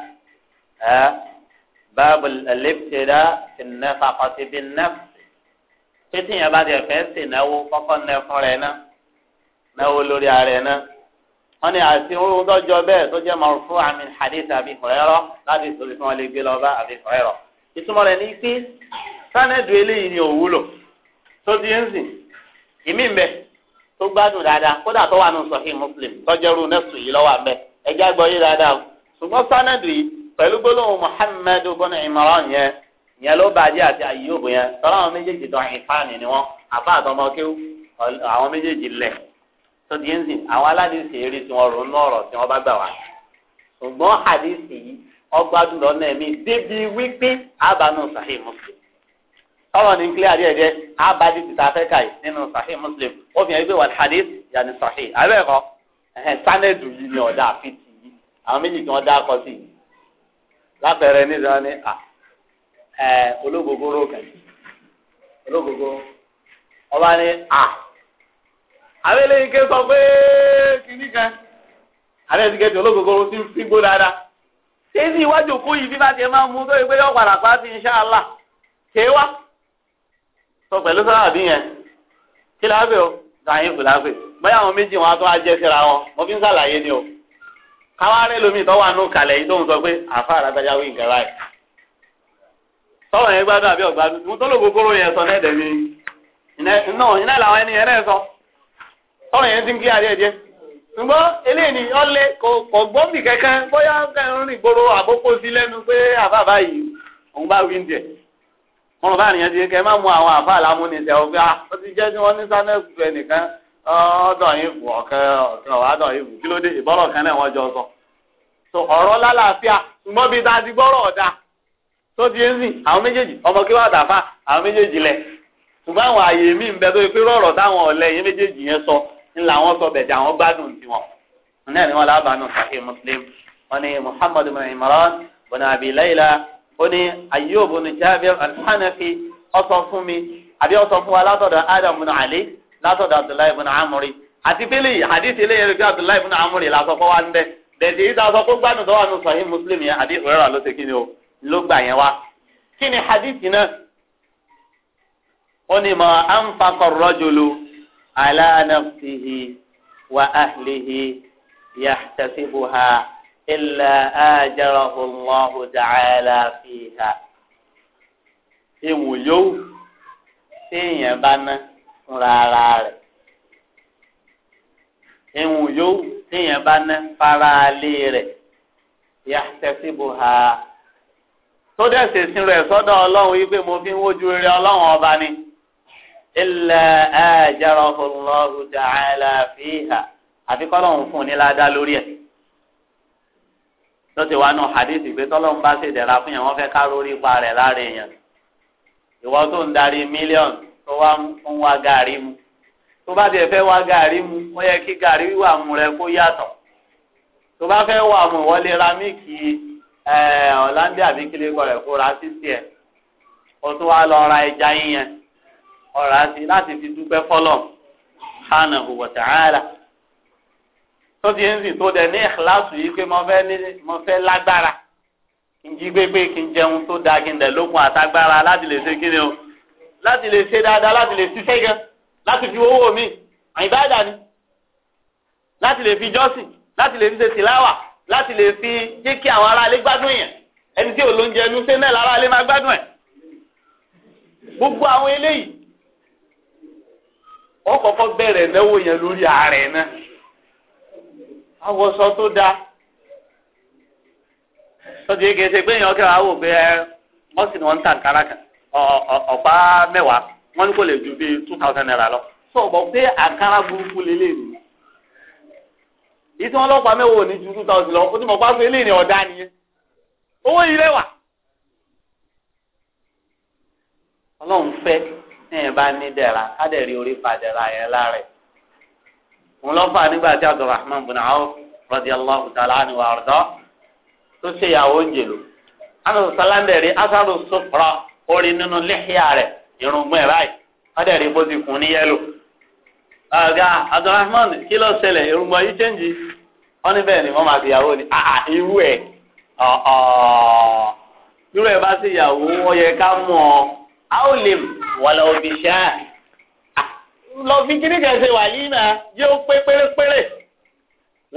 báàbù ẹlẹ́pìtẹ́dá ìnáfà kọ́sí bí náfà pété yẹn bá ti ẹ̀fẹ́ sì náwó kọ́kọ́ ná fún rẹ̀ náà náwó lórí ara ẹ̀ náà wọ́n ní àti ohun tó jọ bẹ́ẹ̀ tó jẹ́ mọ̀rùfú àmì hadith àbí ìfọ̀rẹ́rọ́ láti sọ̀rọ̀ tí wọ́n lè gbé lọ bá àbí ìfọ̀rẹ́rọ́ ìtumọ̀ rẹ̀ ní pé sánẹ́dù eléyìí ni òwúlò tó di ń sìn ìmí ń bẹ tó gbádùn dáadáa kódà tó wà nù Sahih Muslim tọ́jẹ́rú nẹ́sùn yìí lọ́wọ́ àbẹ ẹ̀já gbọ́ dáadáa ṣùgbọ́n sánẹ́dù yìí pẹ̀lú gbólóhùn Muhammad ibn Imran yẹn yẹn ló bàjẹ́ àti Ayyub yẹn tọ́lá àwọn méjèèjì dán ìfáàní ni wọ́n àfa àtọmọ kéwú àwọn méjèèjì lẹ̀ tó di ń sìn àwọn aládìsí eré tí wọ́n ronú ọ̀rọ̀ tí wọ́n bá gbà wá ṣùgbọ́n àdìsí yìí ọgbádùn lọ́nà ẹ̀mí débi wípé àbánú Sahih Muslim ọ̀rọ̀ ní kílẹ̀ àdìẹ jẹ́ àbádìí ti ta fẹ́ káyì nínú Sahih Muslim ó fi hàn wípé wàl hadith yàní sahih àbẹ́ẹ̀kọ́ sanadu yìí ni ọ̀dà àfi tì yìí àwọn méjì tí wọ́n dá akọ sí yìí lapere nígbà ní à ẹ ológogoro kan ológogoro ọba ní a àwọn eléyìí sọ pé kìíní kan àwọn eléyìí ké sọ ológogoro sí gbó dáadáa ṣé ní iwájú kó yìí bí tiẹ̀ máa mú tó yẹ pé yọ padà pa sí inṣàlá ṣé wá sọ pẹ̀lú káwá rẹ lómi ìtọ́wọ́ àánú kalẹ̀ yìí tóun sọ pé àfa àràdájá wí nǹkan báyìí tọ́wọ̀ yẹn gbádùn àbí ọ̀gbádùn mo tó lò gbogbo yẹn sọ lẹ́dẹ̀ẹ́ mi náà iná làwọn ẹni yẹn náà sọ yẹn ti ń kíyà díẹ̀ díẹ̀ ṣùgbọ́n eléyìí ni ọ̀lẹ́ kò gbọ́n bì kẹ́kẹ́ bóyá kẹrin rìn gbòòrò àkókò sí lẹ́nu pé àfa báyìí òun bá wí ń jẹ wọn bá nìyẹn ti kẹ má mú àwọn àfa àlámúnisẹ ọgbà ọ̀dọ̀ yín fún ọ̀kẹ́ ọ̀kẹ́ ọ̀wádọ̀ yín fún kí ló dé ìbọ́rọ̀ kan náà wọ́n jọ sọ. so ọ̀rọ̀ lálàáfíà ṣùgbọ́n bíi tá a ti gbọ́rọ̀ ọ̀dà tó ti ń sìn àwọn méjèèjì ọmọ kí wọ́n dàfà àwọn méjèèjì lẹ̀ ṣùgbọ́n àwọn àyè mi ń bẹ tó pé rọ̀rọ̀ táwọn ọ̀lẹ́ yín méjèèjì yẹn sọ ńlá wọn sọ bẹ̀dẹ̀ àwọn gbádùn tiwọn. náà ni wọn lábàánú sahih muslim wọn ni muhammad bin imran bin abi layla ó ní ayyub bin jabir alhanafi ó sọ fún mi àbí ó adam bin ali látọ̀dọ̀ abdullahi ibn amuri àti pélé hadith eléyìí rẹ̀ pé abdullahi ibn amuri làkọ́kọ́ wa ń bẹ́ dẹ̀sí yìí tàbí kó gbádùn tó wà ní sahih muslim yẹn hadith rẹ̀ ló ṣe kíni o ló gbà yẹn wa kí ni hadith náà ó ní ma anfaqa ar-rajulu ala nafsihi wa ahlihi yahtasibuha illa ajarahu Allahu ta'ala fiha. ewu yòówù bá ná fúnra ara ìwùn yóò téèyàn bá ná fara alé rẹ̀ yahtasibuha tó dẹ̀sẹ̀ sèṣin rẹ̀ sọ́dọ̀ ọlọ́run yìí pé mo fi ń wojú rẹ̀ ọlọ́run ọba ni illa ajarahu Allahu ta'ala fiha àfi kọ́lọ́run fún un ní lórí ẹ̀ nù hadith bá ṣèdẹ̀ra fún yẹn wọ́n fẹ́ ká lórí ipa rẹ̀ tó wá ń wá gàrí mu tó bá tiẹ̀ fẹ́ wá gàrí mu wọ́n yẹ kí gàrí wíwà mu rẹ kó yàtọ̀ tó bá fẹ́ wà mu wọ́n lè ra míìkì ọ̀làǹdí àbí kílé kọ rẹ̀ kó ra sí tiẹ̀ o tó wá lọ ra ẹja yíyan ọ̀rá sí láti fi dúpẹ́ fọlọ́ hànà wa ta'ala tó ti ń sìn tó dẹ̀ ní ìkíláàsù yìí pé mo fẹ́ lágbára kí n jí gbégbé kí n jẹun tó da kí n dẹ̀ lókun àtagbára láti lè ṣe kí ni o. láti lè ṣe dáadáa láti lè ṣiṣẹ́ gan láti fi owó mi àyíbáàdà ni láti lè fi jọ́sìn láti lè fi ṣe síláwà láti lè fi jẹ́ kí àwọn aráalé gbádùn yẹn ẹni tí olóúnjẹ ẹnu ṣe náà lára máa gbádùn ẹ̀ gbogbo àwọn eléyìí wọ́n kọ́kọ́ bẹ̀rẹ̀ náwó yẹn lórí ààrẹ náà tó dáa ṣe pé èèyàn ẹ ń ọ̀pá mẹ́wàá wọn ni kò lè ju bíi two thousand naira lọ. so bọ̀ pé àkàrà burúkú lélẹ̀ ni ìtàn ọlọ́pàá mẹ́wàá ò ní ju two thousand lọ ó ti mọ̀ pá pé eléyìí ni nìyẹn owó yìí lẹ́wà. ọlọ́run fẹ ẹ̀yìn bá ní dẹ̀ra kádẹ̀rí orí padẹ̀ra yẹn láre. òun lọ nígbà tí tó ṣe ìyàwó ń jèlò. ó rí nínú lẹ́hìá rẹ̀ irùngbọ̀n ẹ̀ báyìí wọ́n dẹ̀ rí bó ti kùn ní yẹ́lò. ọ̀gá abdulrahman kí ló ṣẹlẹ̀ irùngbọ̀n yìí chẹ́ǹjì wọ́n ní ni wọ́n máa fi ìyàwó ni àà ah, ah, irú ẹ̀ irú ẹ̀ bá sì ìyàwó ó yẹ ká mọ̀ ọ́ a ó lè wàlẹ̀ òbí ṣáà ah, lọ fi kíní kan ṣe wà yìí náà yóò pé pérépéré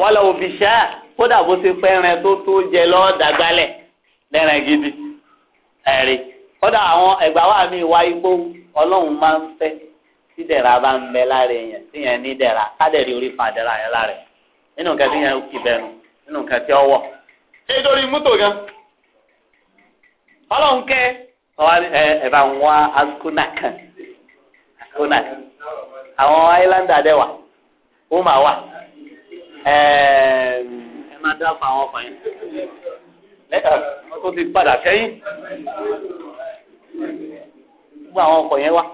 wàlẹ̀ òbí ṣáà kódà bó ti pẹ́rẹ́ tó tó jẹ lọ́ọ́ dàgbálẹ̀ lẹ́rìn gidi ẹ̀rí. kódà àwọn ẹgbà wa mi wá igbó ọlọ́run máa ń fẹ́ tí dẹ̀ra bá ń bẹ lára èèyàn tí yẹn ní dẹ̀ra kádẹ̀rí orí fa dẹ̀ra yẹn lára nínú nǹkan tí yẹn kì nínú nǹkan tí mọ́tò gan ọlọ́run kẹ́ ẹ ẹ bá ń wá askuna kan askuna àwọn islander e wà ó máa ẹ ẹ máa àwọn gbogbo àwọn ọkọ̀ yẹn wá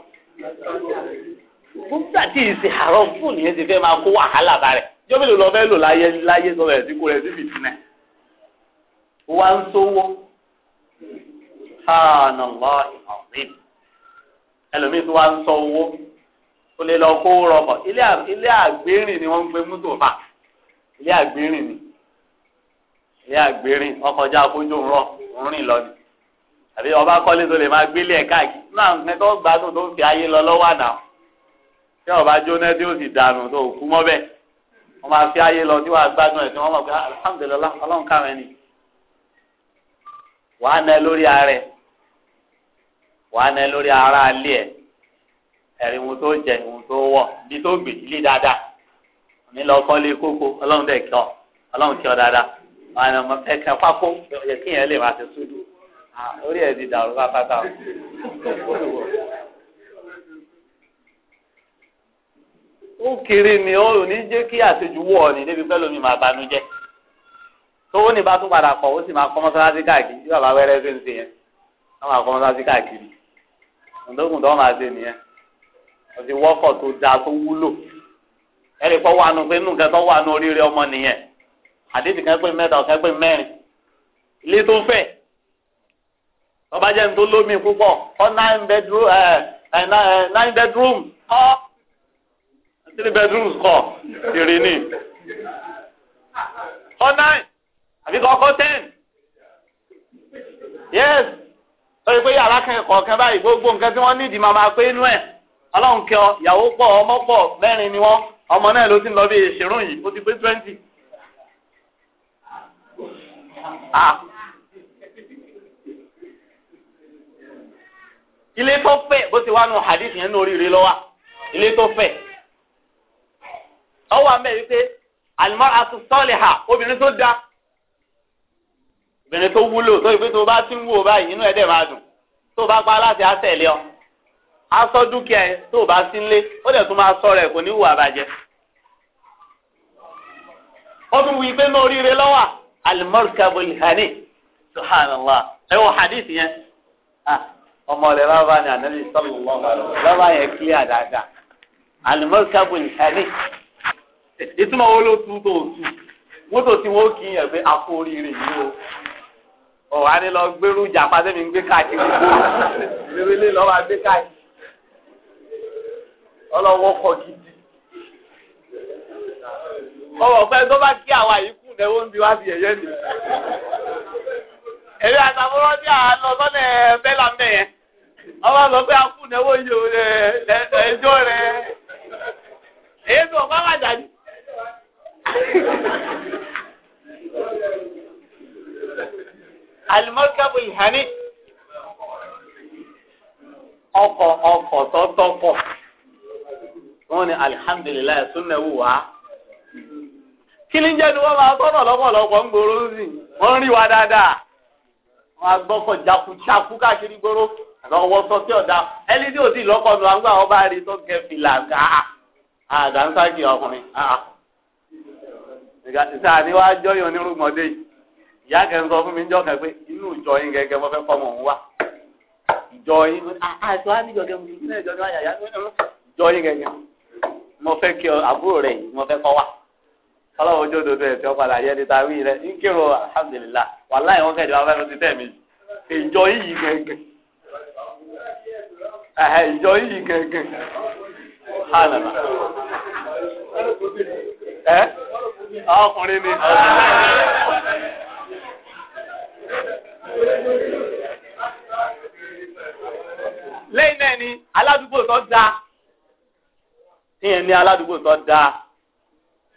nígbà tí ìsì àárọ̀ fún nìyẹn ti fẹ́ máa kó wàhálà bá rẹ̀ jọ́ mélòó lọ fẹ́ lò láyé láyé sọ bẹ̀rẹ̀ sí kó rẹ̀ sí fìtínẹ̀ wá ń sówó sàánà lọ́ọ̀hì ọ̀rìn ẹlòmíín tó wá ń sọ owó ó lè lọ kó rọ̀bọ̀ ilé àgbérìn ni wọ́n ń gbé mọ́tò fà ilé àgbérìn ni ilé àgbérìn ọkọjá akójó ń rọ ń rìn lọ ni àbí ọba kọ́lé tó lè máa gbélé ẹ̀ káàkiri náà nǹkan tó gbádùn tó ń fi ayé lọ lọ́wọ́ àná tí ọba jóná tí ó sì dànù tó kú mọ́ bẹ́ẹ̀ wọ́n máa fi ayé lọ tí wọ́n á gbádùn ẹ̀ tí wọ́n mọ̀ pé ah, alhamdulilah ọlọ́run káwọn ẹni wàá nà lórí ara ẹ̀ wàá nà lórí ara alẹ́ ẹ̀ ẹ̀rí ohun tó jẹ ohun tó wọ̀ ibi tó gbè ilé dáadáa ní lọ kọ́lé kókó ọlọ́run dẹ̀ kí ọlọ́run kí ọ dáadáa wàá nà ọmọ Ah, orí ẹ̀ ti dàrú pátápátá ó kiri ni ó ní jẹ́ kí àṣejù wọ̀ ni débi pẹ́ lómi máa banú jẹ́ tówó ní bá tún padà kọ̀ ó sì máa kọ́ mọ́sálásí káàkiri yóò bá wẹ́rẹ́ ṣe ń ṣe yẹn wọ́n máa kọ́ mọ́sálásí káàkiri ǹdókùn tó máa ṣe nìyẹn ó ti wọ́kọ̀ tó dáa tó wúlò ẹ̀rí pọ́ wà nù pé nù kẹ́ tó wà nù oríire ọmọ nìyẹn àdéhùn kẹ́gbẹ́ mẹ́ta ọ̀kẹ́gbẹ́ mẹ́rin ilé tó fẹ́ẹ́ ọba jẹ́ ní tó lómi púpọ̀ ọ nine bedroom ẹ nine bedroom ọ three bedrooms kọ ìrì ni ọ nine àbí kọ́kọ́ ten yes lórí pé yàrá kọ̀ọ̀kan báyìí gbogbo nǹkan tí wọ́n nídìí máa máa pé inú ẹ̀ ọlọ́run kẹ ọ ìyàwó pọ̀ ọmọ pọ̀ mẹ́rin ni wọ́n ọmọ náà ló ti ń lọ bí ìṣerún yìí ó ti pé twenty. Ah. ilé tó fẹ̀ bó ti wá nu hadith yẹn nínú oríire lọ́wọ́ ilé tó fẹ̀ ọwọ́ àmì ẹ̀rí pé al-mar'atu salihah obìnrin tó da obìnrin tó wúlò tó ìpè tó bá ti ń wò báyìí inú ẹ̀dẹ̀ máa dùn tó bá pa láti àtẹ̀lé ọ aṣọ dúkìá ẹ tó bá sí nílé ó dẹ̀ tún máa sọ rẹ̀ kò ní wù àbàjẹ́ ó tún wí pé mọ oríire lọ́wọ́ al-markabul hani subhanallah ẹ wọ hadith yẹn. Ah ọmọ rẹ bàbá ni ànábi sọlọ bàbá yẹn kílíà dáadáa alimọsikabu nìkanì ìtumọ̀ wo ló tún tó tù mọ́tò tí wọ́n kì í yẹn pé afọ oríire yìí o ọ̀ wá ní lọ gbérú jàpá sẹ́mi ń gbé káàkiri gbó lérèlé lọ́ máa gbé káàkiri ọlọ́wọ́ kọ gidi ọwọ́ pẹ́ tó bá kí àwa yìí kù lẹ́wọ́ ń bi wá sí ẹ̀yẹ́ nìyẹn èyí àtàwọn ọlọ́dún àlọ́ sọ́nà ẹ̀ bẹ́ẹ̀ là yẹn. ọba sọ pé akúnẹwò yìí ò rẹ ẹjọ rẹ èyí tó wà jáde. ọkọ ọkọ ni alihamdulilayi ni wọ́n máa tọ́nà lọ́pọ̀lọpọ̀ ń gbòòrò sí wọ́n rí wa dáadáa wọ́n á lọ́wọ́ sọ sí ọ̀dà ẹni tí ò sì lọ́kọ̀ lọ àgbà ọba rí tó kẹ fìlà gà á àdáńsákì ọkùnrin ìgbà tí wàá jọyọ̀ onírúgbọ̀ndé yìí ìyá kẹ́ ń sọ fún mi jọ́ kẹ́ pé inú ìjọ yín gẹ́gẹ́ mo fẹ́ òun wá ìjọ yín ìjọ yín gẹ́gẹ́ mo fẹ́ kí àbúrò rẹ̀ yìí mo fẹ́ kọ́ wá ọlọ́wọ́ ojú ìjọ yìí gẹ̀gẹ̀ hànàmà ẹ ọkùnrin ni. lẹ́yìn náà ni aládùúgbò tó dáa tíyẹn ní aládùúgbò tó dáa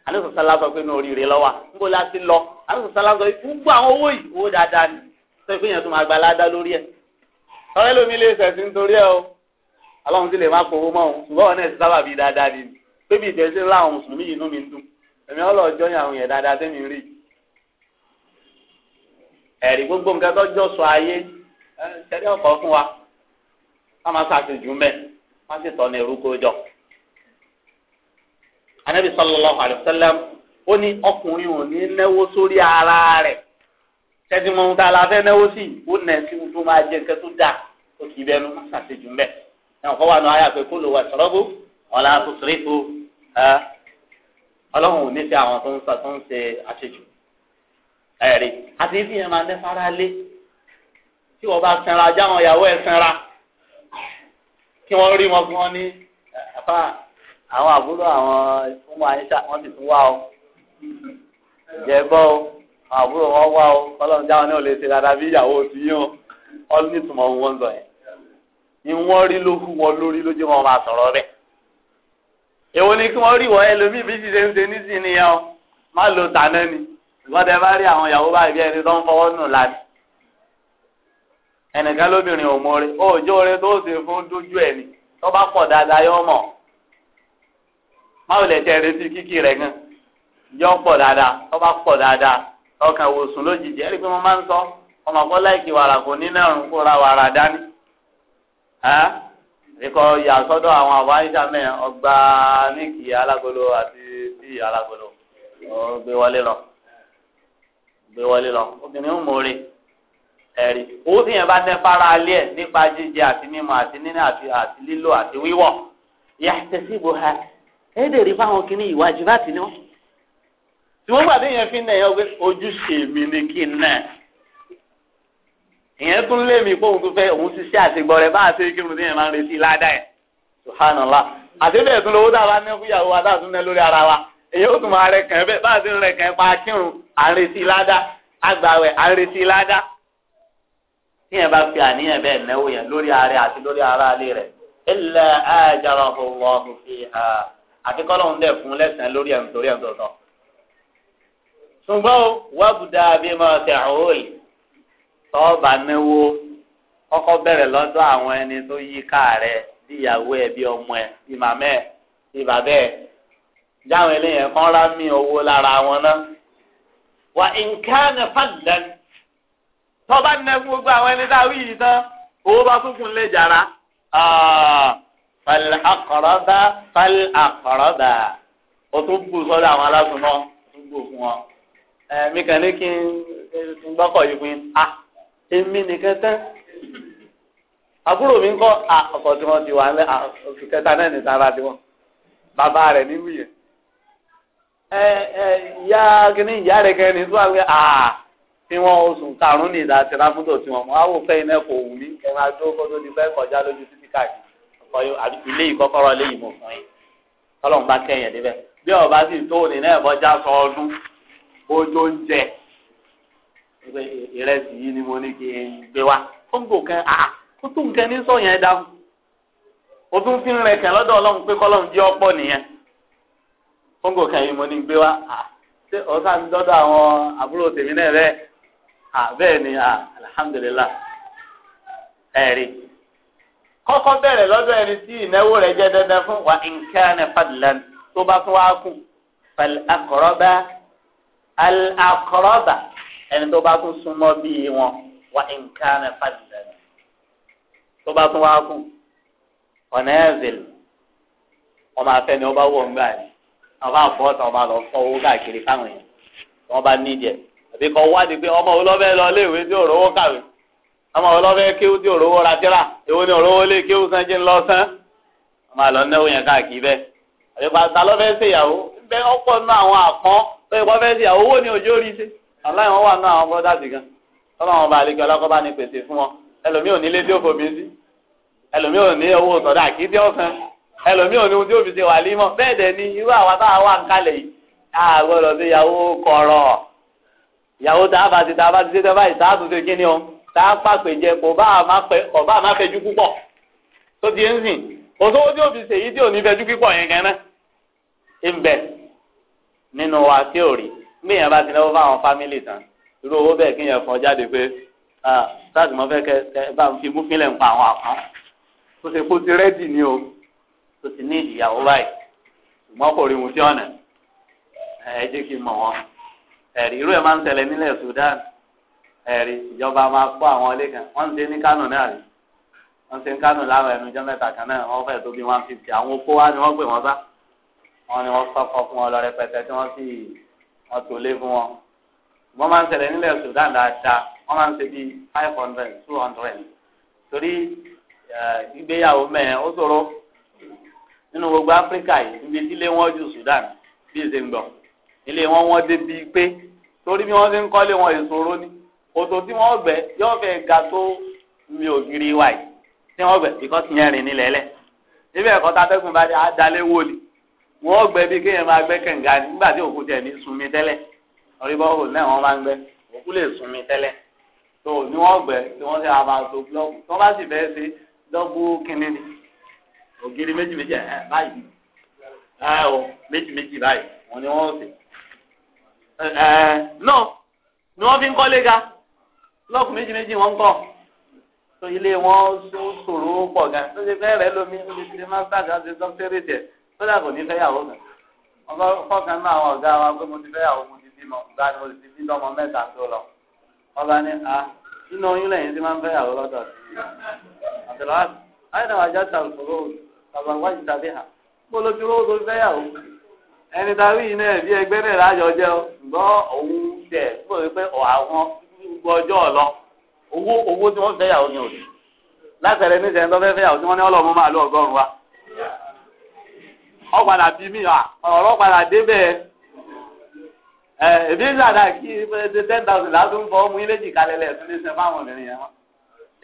alẹ́sọ̀sálá sọ pé ní oríire lọ́wọ́ níbo la ti lọ alẹ́sọ̀sálá sọ pé gbogbo àwọn owó yìí owó dáadáa ni sọ pé yẹn tó máa gba aládá lórí ẹ̀ ọ̀rẹ́ lómi lè sẹ̀sìn torí ẹ̀ o aláwọn sì lè má kó owó mọ́ òun ṣùgbọ́n wọn náà ti sábà bíi dáadáa ni pébi ìtẹ̀sí ńlá àwọn mùsùlùmí yìí inú mi ń dùn èmi ọlọ́ọ̀jọ́ yẹn àwọn yẹn dáadáa sẹ́mi ń rí ẹ̀rí gbogbo nǹkan tó jọ sọ ayé ṣẹlẹ̀ ọ̀kọ́ fún wa ká máa ṣàṣejù mẹ́ má sì tọ́ ní orúkọ jọ. anábì sallallahu alaihi wasallam ó ní ọkùnrin ò ní náwó sórí ara rẹ̀ ṣẹ́dí mọ ohun tá a la fẹ́ náwó sí ó nà sí ohun tó máa náà wa wà nù ayé àpè kúlò wà sọ̀rọ̀bù ọ̀là àtúntò ọlọ́run ò ní sí àwọn tó ń sọ tó ń ṣe àṣejù ẹ̀rí àti ibi yẹn máa ń dẹ́fara lé tí wọ́n bá sanra ajá wọn ìyàwó ẹ̀ sanra kí wọ́n rí wọn fún wọn ní àfa àwọn àbúrò àwọn ọmọ àyíṣà wọn sì tún wá o jẹ̀bọ́ o àbúrò wọn wá o ọlọ́run jáwọn náà lè ṣe dáadáa bí ìyàwó ti yín o ọ ní ìtumọ̀ wọn ń yẹn ìwọ́n rí ló hu wọn lórí ló jẹ́ wọn máa sọ̀rọ̀ bẹ́ẹ̀. èwo ni kí wọ́n rí wọ́n ẹlòmíì bí ṣiṣẹ́ ń ṣe nísìnyí yẹn o má lo tàná ni ìwọ́n tẹ bá rí àwọn ìyàwó báyìí bí ẹni tó ń fọwọ́ nù lánìí. ẹnìkan lóbìnrin ò mọ̀ọ́rẹ́ òòjọ́ orin tó ṣe fún dójú ẹ̀ ni tó bá pọ̀ dáadáa yọ mọ̀ má ò lè tẹ retí kíkì rẹ̀ gan yọ pọ̀ dáadáa tó bá pọ̀ dáadáa ọkàn wòsùn lójijì ẹ̀rí pé wọ́n máa ń sọ ọmọ kọ́ láìkí wàrà kò ní náà ń kóra wàrà dání ikọ̀ yà sọ́dọ̀ àwọn àwọn àyíṣà mẹ́rin ọgbà níkì alágolo àti tí alágolo gbé wọlé lọ gbé wọlé lọ obìnrin ń mòore ẹ̀rí owó tí yẹn bá tẹ́ fara alẹ́ ẹ̀ nípa jíjẹ àti mímu àti níní àti àti lílo àti wíwọ̀ yàtẹ̀sí ìbò ha ẹ̀ẹ́dẹ̀ rí fáwọn kìíní ìwájú bá ti ní wọn. tí wọ́n gbàdé yẹn fi ń nà yẹn ojúṣe mi ni kí n náà ìyẹn tún lé mi pé òun tún fẹ́ òun ti ṣe àṣegbọrẹ bá a ṣe kírun tí yẹn máa ń retí ládàá yẹn subhanallah àti bẹ́ẹ̀ tún lówó tá a bá ní fúyàwó wa tá a tún ní lórí ara wa èyí ó tún máa rẹ kàn bẹ́ẹ̀ bá a ṣe ń rẹ kàn pa kírun à ń retí ládàá àgbàwẹ̀ à ń retí ládàá tí yẹn bá fi àníyàn bẹ́ẹ̀ náwó yẹn lórí ara àti lórí ara alẹ́ rẹ̀ ilẹ̀ ajara ọ̀hún fi hà àti kọ́lọ́hún dẹ̀ fún lẹ́sàn lórí ẹ̀ nítorí ṣùgbọ́n wàbùdà bímọ tẹ̀ tọ́ọ̀bà náwó kọ́kọ́ bẹ̀rẹ̀ lọ́dọ̀ àwọn ẹni tó yí ká rẹ̀ bí ìyàwó ẹ̀ bí ọmọ ẹ̀ bí màmá ẹ̀ bí bàbá ẹ̀ jáwọn eléyẹn kan rá mi owó lára wọn náà. wà nǹkan fàlẹ́ tọ́ba nẹ fún gbogbo àwọn ẹni tá a wí yìí tán owó bá tún lè jàrá. fàlẹ́ àkọ́rọ́bà fàlẹ́ àkọ́rọ́bà o tún bù sọ́dọ̀ àwọn alásùnmọ́ tún bù fún wọn. ẹ̀ẹ́mí kan ní kí n gbọ́kọ̀ yìí fún yín. Ah, èmi nìkan tán àbúrò mi ń kọ́ ọkọ̀ tí wọ́n ti wà ńlẹ̀ oṣù kẹta náà ní sára bàbá rẹ̀ níwú ẹ ìyá kìíní ìyá rẹ̀ kẹrin ní àà tí wọ́n oṣù karùn-ún ní ìdá àti ráfútó tí wọ́n mọ́ àwọn òfẹ́ iná kò wù mí adó fẹ́ kọjá lójú títí káàkiri ilé ìkọ́kọ́rọ́ yìí ìrẹsì yìí ni mo ní kí n gbé wá ó ń gò kan à ó tún kan ní sọ yẹn dáhùn ó tún fi ń rẹ kàn lọ́dọ̀ ọlọ́run pé kọ́lọ́run jẹ́ ọ̀pọ̀ nìyẹn ó ń gò kan yìí mo ní gbé wá à ṣé ọ̀sán mi dọ́dọ̀ àwọn àbúrò tèmi náà bẹ́ẹ̀ à bẹ́ẹ̀ ni à alihamudulila ẹ̀rí kọ́kọ́ bẹ̀rẹ̀ lọ́dọ̀ ẹni tí ìnáwó rẹ̀ jẹ́ dandan fún wa nǹkan fadlan tó bá tún wá kù fal aqraba al aqraba ẹni tó bá tún súnmọ́ bíi wọn wà nǹkan fàdìlẹ tó bá tún wá kù ọ̀nà ẹ̀zẹ̀l ọmọ afẹ́ni ọba wọ̀ ńgbà ni ọba àfọwọ́sàn ọba lọ fọ owó káàkiri fáwọn èèyàn tí wọ́n bá nídìí ẹ̀ àbí kọ́ wádìí pé ọmọ olóbẹ́ lọ léèwé tí ò rówó kàwé ọmọ olóbẹ́ kéwú tí ò rówó ratira èwo ni òrówó lé kéwú san jí ń lọ sán ọmọ àlọ́ náwó yẹn káàkiri bẹ́ẹ̀ àbí pàtàlọ́fẹ́ ṣèyàwó bẹ́ẹ̀ ọ̀pọ̀ nínú àwọn àpọ́n tó yẹ kọ́ owó ni òjò rí sí aláìwọ̀n wà náà àwọn bọ́dàsì gan tọ́lá wọn bá àlejò alákọ̀ọ́bá ni pèsè fún wọn ẹlòmíì ò ní ilé tí ó fòmí sí ẹlòmíì ò ní owó sọ̀dọ̀ àkíndé ọ̀sán ẹlòmíì ò ní ohun tí ó fi ṣe wà límọ̀ bẹ́ẹ̀ dẹ̀ ni irú àwa táwa wà ń kalẹ̀ yìí àgbọ̀dọ̀ sí ìyàwó kọ̀rọ̀ ìyàwó tá a bá ti tá a bá ti ṣe tẹ́ báyìí tá a tún ṣe kí ni o tá a pàpè jẹ kò bá a má fẹjú púpọ̀ tó ti ń sìn kò sówó tí ó fi ṣèyí tí ò ní fẹjú púpọ̀ yẹn gan míyàn bá ti náwó fáwọn fámìlì tán irú owó bẹ́ẹ̀ kíyàn fọ́ jáde pé sáàtì mọ́ fẹ́ kẹ bá fi mú fílẹ̀ ń pa àwọn àpọ́n tó ṣe kó ti rẹ́dì ni o tó ti ní ìyàwó báyìí ṣùgbọ́n kò rí wọn sí ọ̀nà ẹ jẹ́ kí n mọ̀ wọn ẹ̀rí irú ẹ̀ máa ń tẹ̀lé nílẹ̀ Sudan ẹ̀rí ìjọba máa kó àwọn ilé kan wọ́n ń ní Kánò náà rí wọ́n ṣe ń Kánò láwọn ẹnu jẹ́ mẹ́ta kan náà wọ́n fẹ́ tó bí one fifty àwọn opó wa ni wọ́n pè wọ́n bá wọ́n ni wọ́n sọ́kọ́ fún wọn lọ rẹpẹtẹ tí wọ́n sì wọn tó lé fún wọn wọn máa ń Sudan dáadáa wọn máa ń five hundred two hundred torí ìgbéyàwó mẹ́rin ó nínú gbogbo Áfíríkà yìí níbi tí wọn ju Sudan bí èsè ń wọn wọn dé pé torí bí wọn ṣe ń kọ́lé wọn ìṣòro ni kòtò tí wọn yóò ga tó mi ò giri tí wọn yẹn rìn a wọ́n gbẹ́ bí kéèyàn máa gbẹ́ kànga nígbà tí òkú tẹ̀ ní sunmi tẹ́lẹ̀ ọ̀rẹ́bọ̀wò náà wọ́n máa ń gbẹ́ òkú lè sunmi tẹ́lẹ̀ tó ní wọ́n gbẹ́ tí wọ́n ti máa máa so búlọ́ọ̀kù tó bá sì bẹ́ẹ̀ ṣe dọ́gbó kínní ni ògiri méjì méjì ẹ̀ báyìí ẹ̀ o méjì méjì báyìí wọ́n ni wọ́n ṣe ẹ̀ náà ni wọ́n fi ń kọ́lé ga búlọ́ọ̀kù méjì méjì wọ́n ń kọ́ tó ilé wọn sún sòrò pọ̀ gan tó ṣe fẹ́ rẹ̀ lómi ó lè ṣe máa ń sàgá ṣe kódà kò ní fẹ́yàwó kan ọkọ fọkàn náà àwọn ọ̀gá wa pé mo ti fẹ́yàwó mo ti bímọ gba ni mo ti bí lọ́mọ mẹ́ta tó lọ ọba a nínú oyún lẹ́yìn tí máa ń fẹ́yàwó lọ́dọ̀ sí tàbí hà kó ló fi owó tó fẹ́yàwó ẹni náà bí ẹgbẹ́ náà jẹ́ òun tẹ̀ kó o pé ọ̀padà bí mi ọ̀rọ̀ padà débẹ̀ ẹ èmi ń dàda kí ṣe ten thousand látún fọ́ mú ilé jìkalẹ̀ lẹ̀ tún lè sẹ́ fáwọn obìnrin yẹn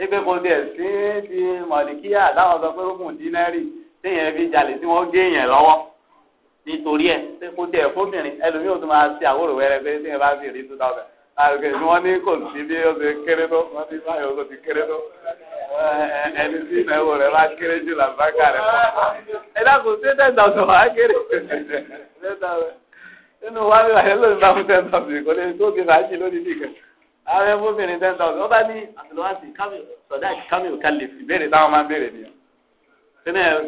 ebe kò dé sí ti mọ̀lìkíyà táwọn sọ pé ó kùn dínárì téèyàn fi jalè tí wọ́n gé yẹn lọ́wọ́ nítorí ẹ kó tẹ fóbìnrin ẹlòmíì ò tún máa ṣe àwòrò wẹrẹ pé tí ẹ bá fi rí two thousand àgbẹ̀ ni wọ́n ní kò sí bí ó ti kéré tó wọ́n ti báyọ̀ ó ti kéré Eh, ẹni tí ìnáwó rẹ̀ bá kéré jù làbákà rẹ̀ pọ̀. ẹ dákun ṣé ten thousand wà á kéré nínú wa ní ìlànà lónìí bá fún ten thousand kò lè tó kí fàájì lónìí nìkan ààrẹ fún mi ní ten thousand ọba ní àtìlọ́wọ́sì sọ̀dáàkì kámi òkà lè fi béèrè táwọn máa ń béèrè nìyẹn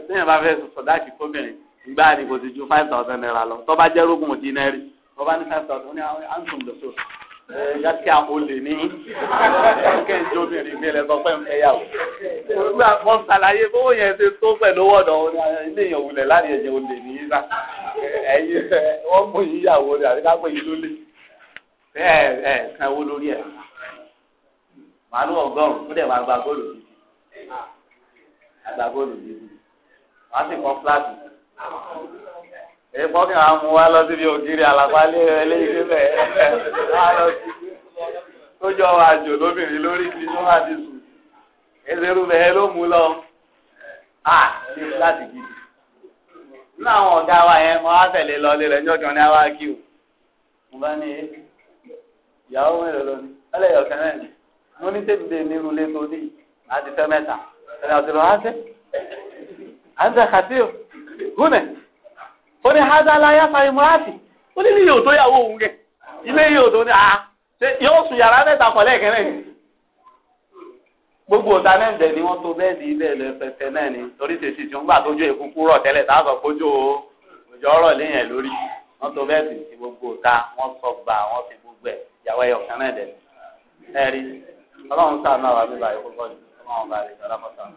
sínú bá fẹ́ sọ̀dáàkì fóbìnrin ìgbà ni kò ti ju five thousand naira lọ tọ́ba jẹ́ rógùn òdì náírì ọba ní five thousand ó ní yàtí àmọ̀lè ní kéńjì obìnrin mi lẹ sọ pé ń fẹ́ yà wò. nígbà wọn ṣàlàyé bówó yẹn ṣe tó pẹ̀lú ọ̀dọ̀ ilé èèyàn wulẹ̀ láàrin ẹ̀yìn olè ní yíra ẹ̀yìn wọ́n mú yín yàwó rẹ̀ àti kápẹ́ yín lólè ẹ̀ ẹ̀ kan owó lórí ẹ̀ màálù ọgọ́rùn-ún ó dẹ̀ gba góòlù yìí àgbà góòlù yìí wọ́n á sì kọ́ fúláàtì èyí pọ́kì àwọn amú wa lọ síbi ògiri àlàpàlẹ́ eléyìí síbẹ̀ tó jọ àjò lóbìnrin lórí ti inú àdìsù ezerú bẹ́ẹ̀ ló mú lọ à ní láti gidi nínú àwọn ọ̀gá wa yẹn mo á tẹ̀lé lọ lé rẹ̀ ní ọjọ́ ní àwa kí o mo bá ní ìyàwó mélòó lónìí ọlẹ́yọ̀ kẹ́mẹ́ ni mo ní tèmi dé nírú lé tó ní àti fẹ́ mẹ́ta ẹ̀rọ àti lọ́wọ́ á sẹ́ àti àkàtì ò gúnẹ̀ ó ní hádàláyà fàìmọ́ráàtì ó ní ní yóò tó yàwó òun kẹ ilé yóò tó ní àá yóò sùn yàrá mẹ́ta kọ̀lẹ́ kẹrẹ́ ni gbogbo ọ̀tá náà dẹ̀ ni wọ́n tó bẹ́ẹ̀ di ilé ẹ̀lẹ́ pẹpẹ náà ni torí tèṣì tí wọ́n gbà tójú ìkúkú rọ̀ tẹ́lẹ̀ tá a sọ kójú òjò ọ̀rọ̀ léyìn lórí wọ́n tó bẹ́ẹ̀ sì ti gbogbo ọ̀tá wọ́n sọ gbà wọ́n fi gbogbo ẹ̀ yàwó ẹ̀yọ̀ kan náà dẹ̀ ẹ̀rí ọlọ́run sáà náà wà bíbá ìkókọ́ ọlọ́run bá rí ọlọ́run sáà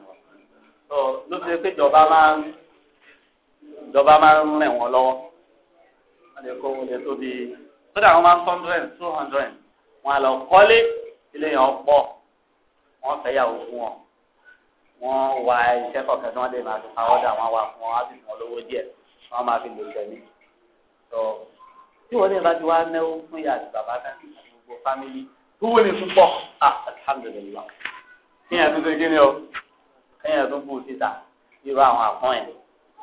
náà wà ìjọba máa ń rìn wọ́n lọ́wọ́ wọ́n lè kó oúnjẹ tó di kódà wọ́n máa ń hundred two hundred wọ́n á lọ kọ́lé ilé yẹn pọ̀ wọ́n fẹ́ yàwó fún wọn wọ́n wá iṣẹ́ kọ̀ọ̀kan tí wọ́n lè máa fi pa ọ́dà wọ́n wá fún wọn á sì fún wọn lówó díẹ̀ wọ́n máa fi lò tẹ̀lé tó tí wọ́n lè bá ti wá náwó fún ìyá àti bàbá náà gbogbo fámìlì tó wọlé fún pọ̀ ah alhamdulilayi kíyàn tó ṣe kí ni o kíyàn tó kú síta irú àwọn àpọ́n ẹ̀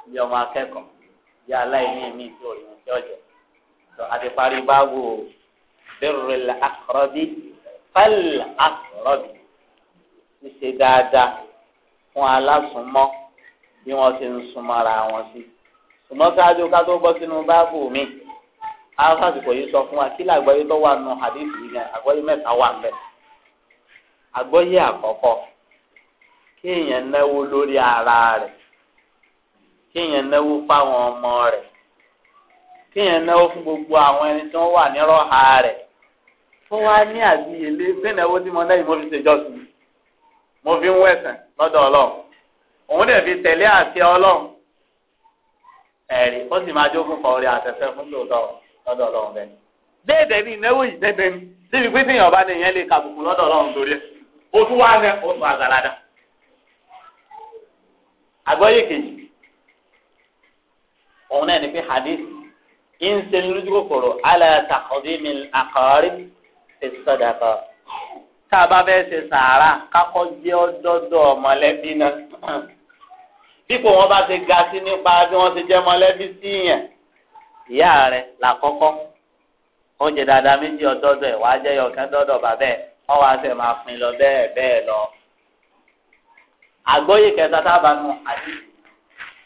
bí ọmọ akẹ́kọ̀ọ́ bí aláìní ẹ̀mí tí ò yàn tí ọ̀jẹ̀ tó a ti parí báwo birrul aqrabi fal aqrabi ṣíṣe dáadáa fún alásùnmọ́ bí wọ́n ti ń súnmọ́ra wọn sí ṣùgbọ́n káàdó ká tó bọ́ sínú báàbù mi alásìkò yìí sọ fún wa kí làgbọ́yé tó wà nù hadith yìí gan àgbọ́yé mẹ́ta wà mbẹ́ àgbọ́yé àkọ́kọ́ kéèyàn náwó lórí ara rẹ̀ kéèyàn náwó fáwọn ọmọ rẹ̀ kéèyàn náwó fún gbogbo àwọn ẹni tó wà nírọ̀ha rẹ̀ tó wá ní àbíyèlé sẹ́nẹ̀wó tí mo lẹ́yìn mo fi ṣèjọ́sìn mo fi ń wẹ̀sẹ̀ lọ́dọ̀ ọlọ́run òun dẹ̀ fi tẹ̀lé àti ọlọ́run ẹ̀rí ó sì máa jókòó kọ orí àtẹ̀fẹ́ fún lóòótọ́ lọ́dọ̀ ọlọ́run bẹ́ẹ̀. déèdè ní ìnáwó yìí déèdè ní síbi pé tí ìyànbá ni ìyẹn lè ka kùkù lọ́dọ̀ ọlọ́run torí ẹ̀ ó tún wá ní oṣù àgàlàdà. àgbọ́yé kejì òun náà ní pé hadith ń ṣe lójú kòkòrò ala taqdimil aqarib fi sadaqa tá a bá fẹ́ ṣe sàárà kákọ́ jẹ́ ọdọ́dọ̀ mọ̀lẹ́bí náà dípò wọn bá ṣe ga sí nípa bí wọ́n ṣe jẹ́ mọ̀lẹ́bí sí yẹn ìyá rẹ̀ làkọ́kọ́ oúnjẹ dáadáa méjì ọdọọdọ ẹ wàá jẹ yọkàn dọdọ bàbẹ ọ wàá sẹ máa pin lọ bẹ́ẹ̀ bẹ́ẹ̀ lọ. àgbọ́yé kẹta tábà nù àdìsí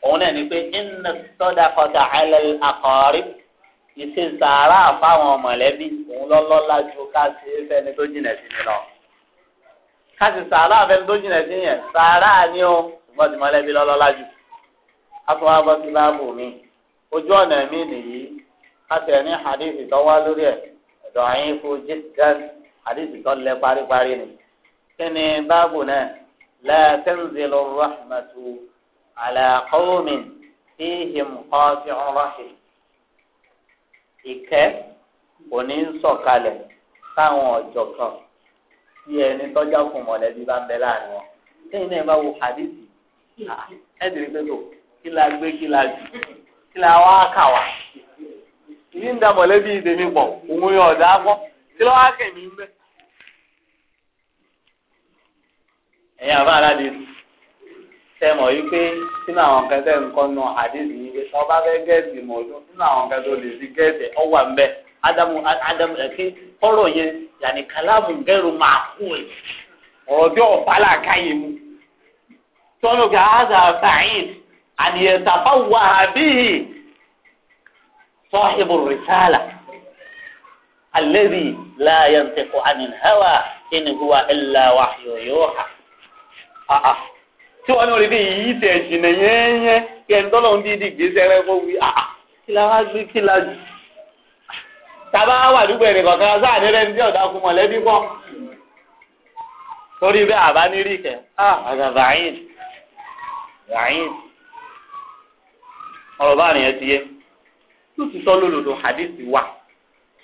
òun náà ni pé inna sadaqata ala al-aqarib ìṣe sàárà fáwọn mọ̀lẹ́bí òun lọ́lọ́lá ju ká ṣe é fẹ́ni tó jìnà sí ni lọ. ká sì sàárà fẹ́ni tó jìnà sí yẹn sàárà ni ó ṣùgbọ́n ti mọ̀lẹ́bí lọ́lọ́lá jù. a tún wá bọ́ sí báàbù mi ojú ọ̀nà mi nìyí ká tẹ̀ ní hadith tó lórí ẹ̀ ẹ̀dọ̀ àyín fún jíjẹ́n hadith tó lẹ paríparí ni. kí على قوم fihim qati'u rahim ìkẹ́ òní ń sọ̀kalẹ̀ táwọn ọ̀jọ̀ kan tí ẹni tọ́jà fún mọ̀lẹ́bí bá ń bẹ láàrin wọn lẹ́yìn náà bá wo hadithi ah, ẹ dìrí pé tó kí la gbé kí la jù kí la wá kà wá ìdí ń da mọ̀lẹ́bí ìdèmí pọ̀ òun yóò dá pọ̀ kí ló wá kẹ̀mí ń bẹ́. ẹ̀yin àbá aládé sẹ́mọ̀ yìí pé sínú àwọn kan tẹ́ nǹkan nu yìí pé sínú àwọn kan tó lè fi ọ wà mbẹ́ ádámù ádámù ẹ̀kí ọ̀rọ̀ yẹn yàní kàlámù gẹ́rù máa kú ẹ̀ ọ̀rọ̀ bí ọ̀pá làákà yìí mu tọ́lù kí àhàzà fàáyìn àníyẹ̀sà bá wà tí wọ́n ní orí bí yìí tẹ̀ jìnnà yẹ́nyẹ́ kí ẹni tọ́lọ̀ ń dídì gbèsè rẹ kó wí ah, ah kí la wá gbé kí la jù. tàbá wà dúpẹ́ ẹ̀rẹ̀ kọ̀ọ̀kan sáà ní rẹ́ni tí ọ̀dà kú mọ̀lẹ́bí pọ̀ torí bẹ́ẹ̀ àbá ní rí kẹ́ ah àgbà ràyìn ràyìn ọ̀rọ̀ bá nìyẹn ti yé yóò ti sọ lólòdò hadith wà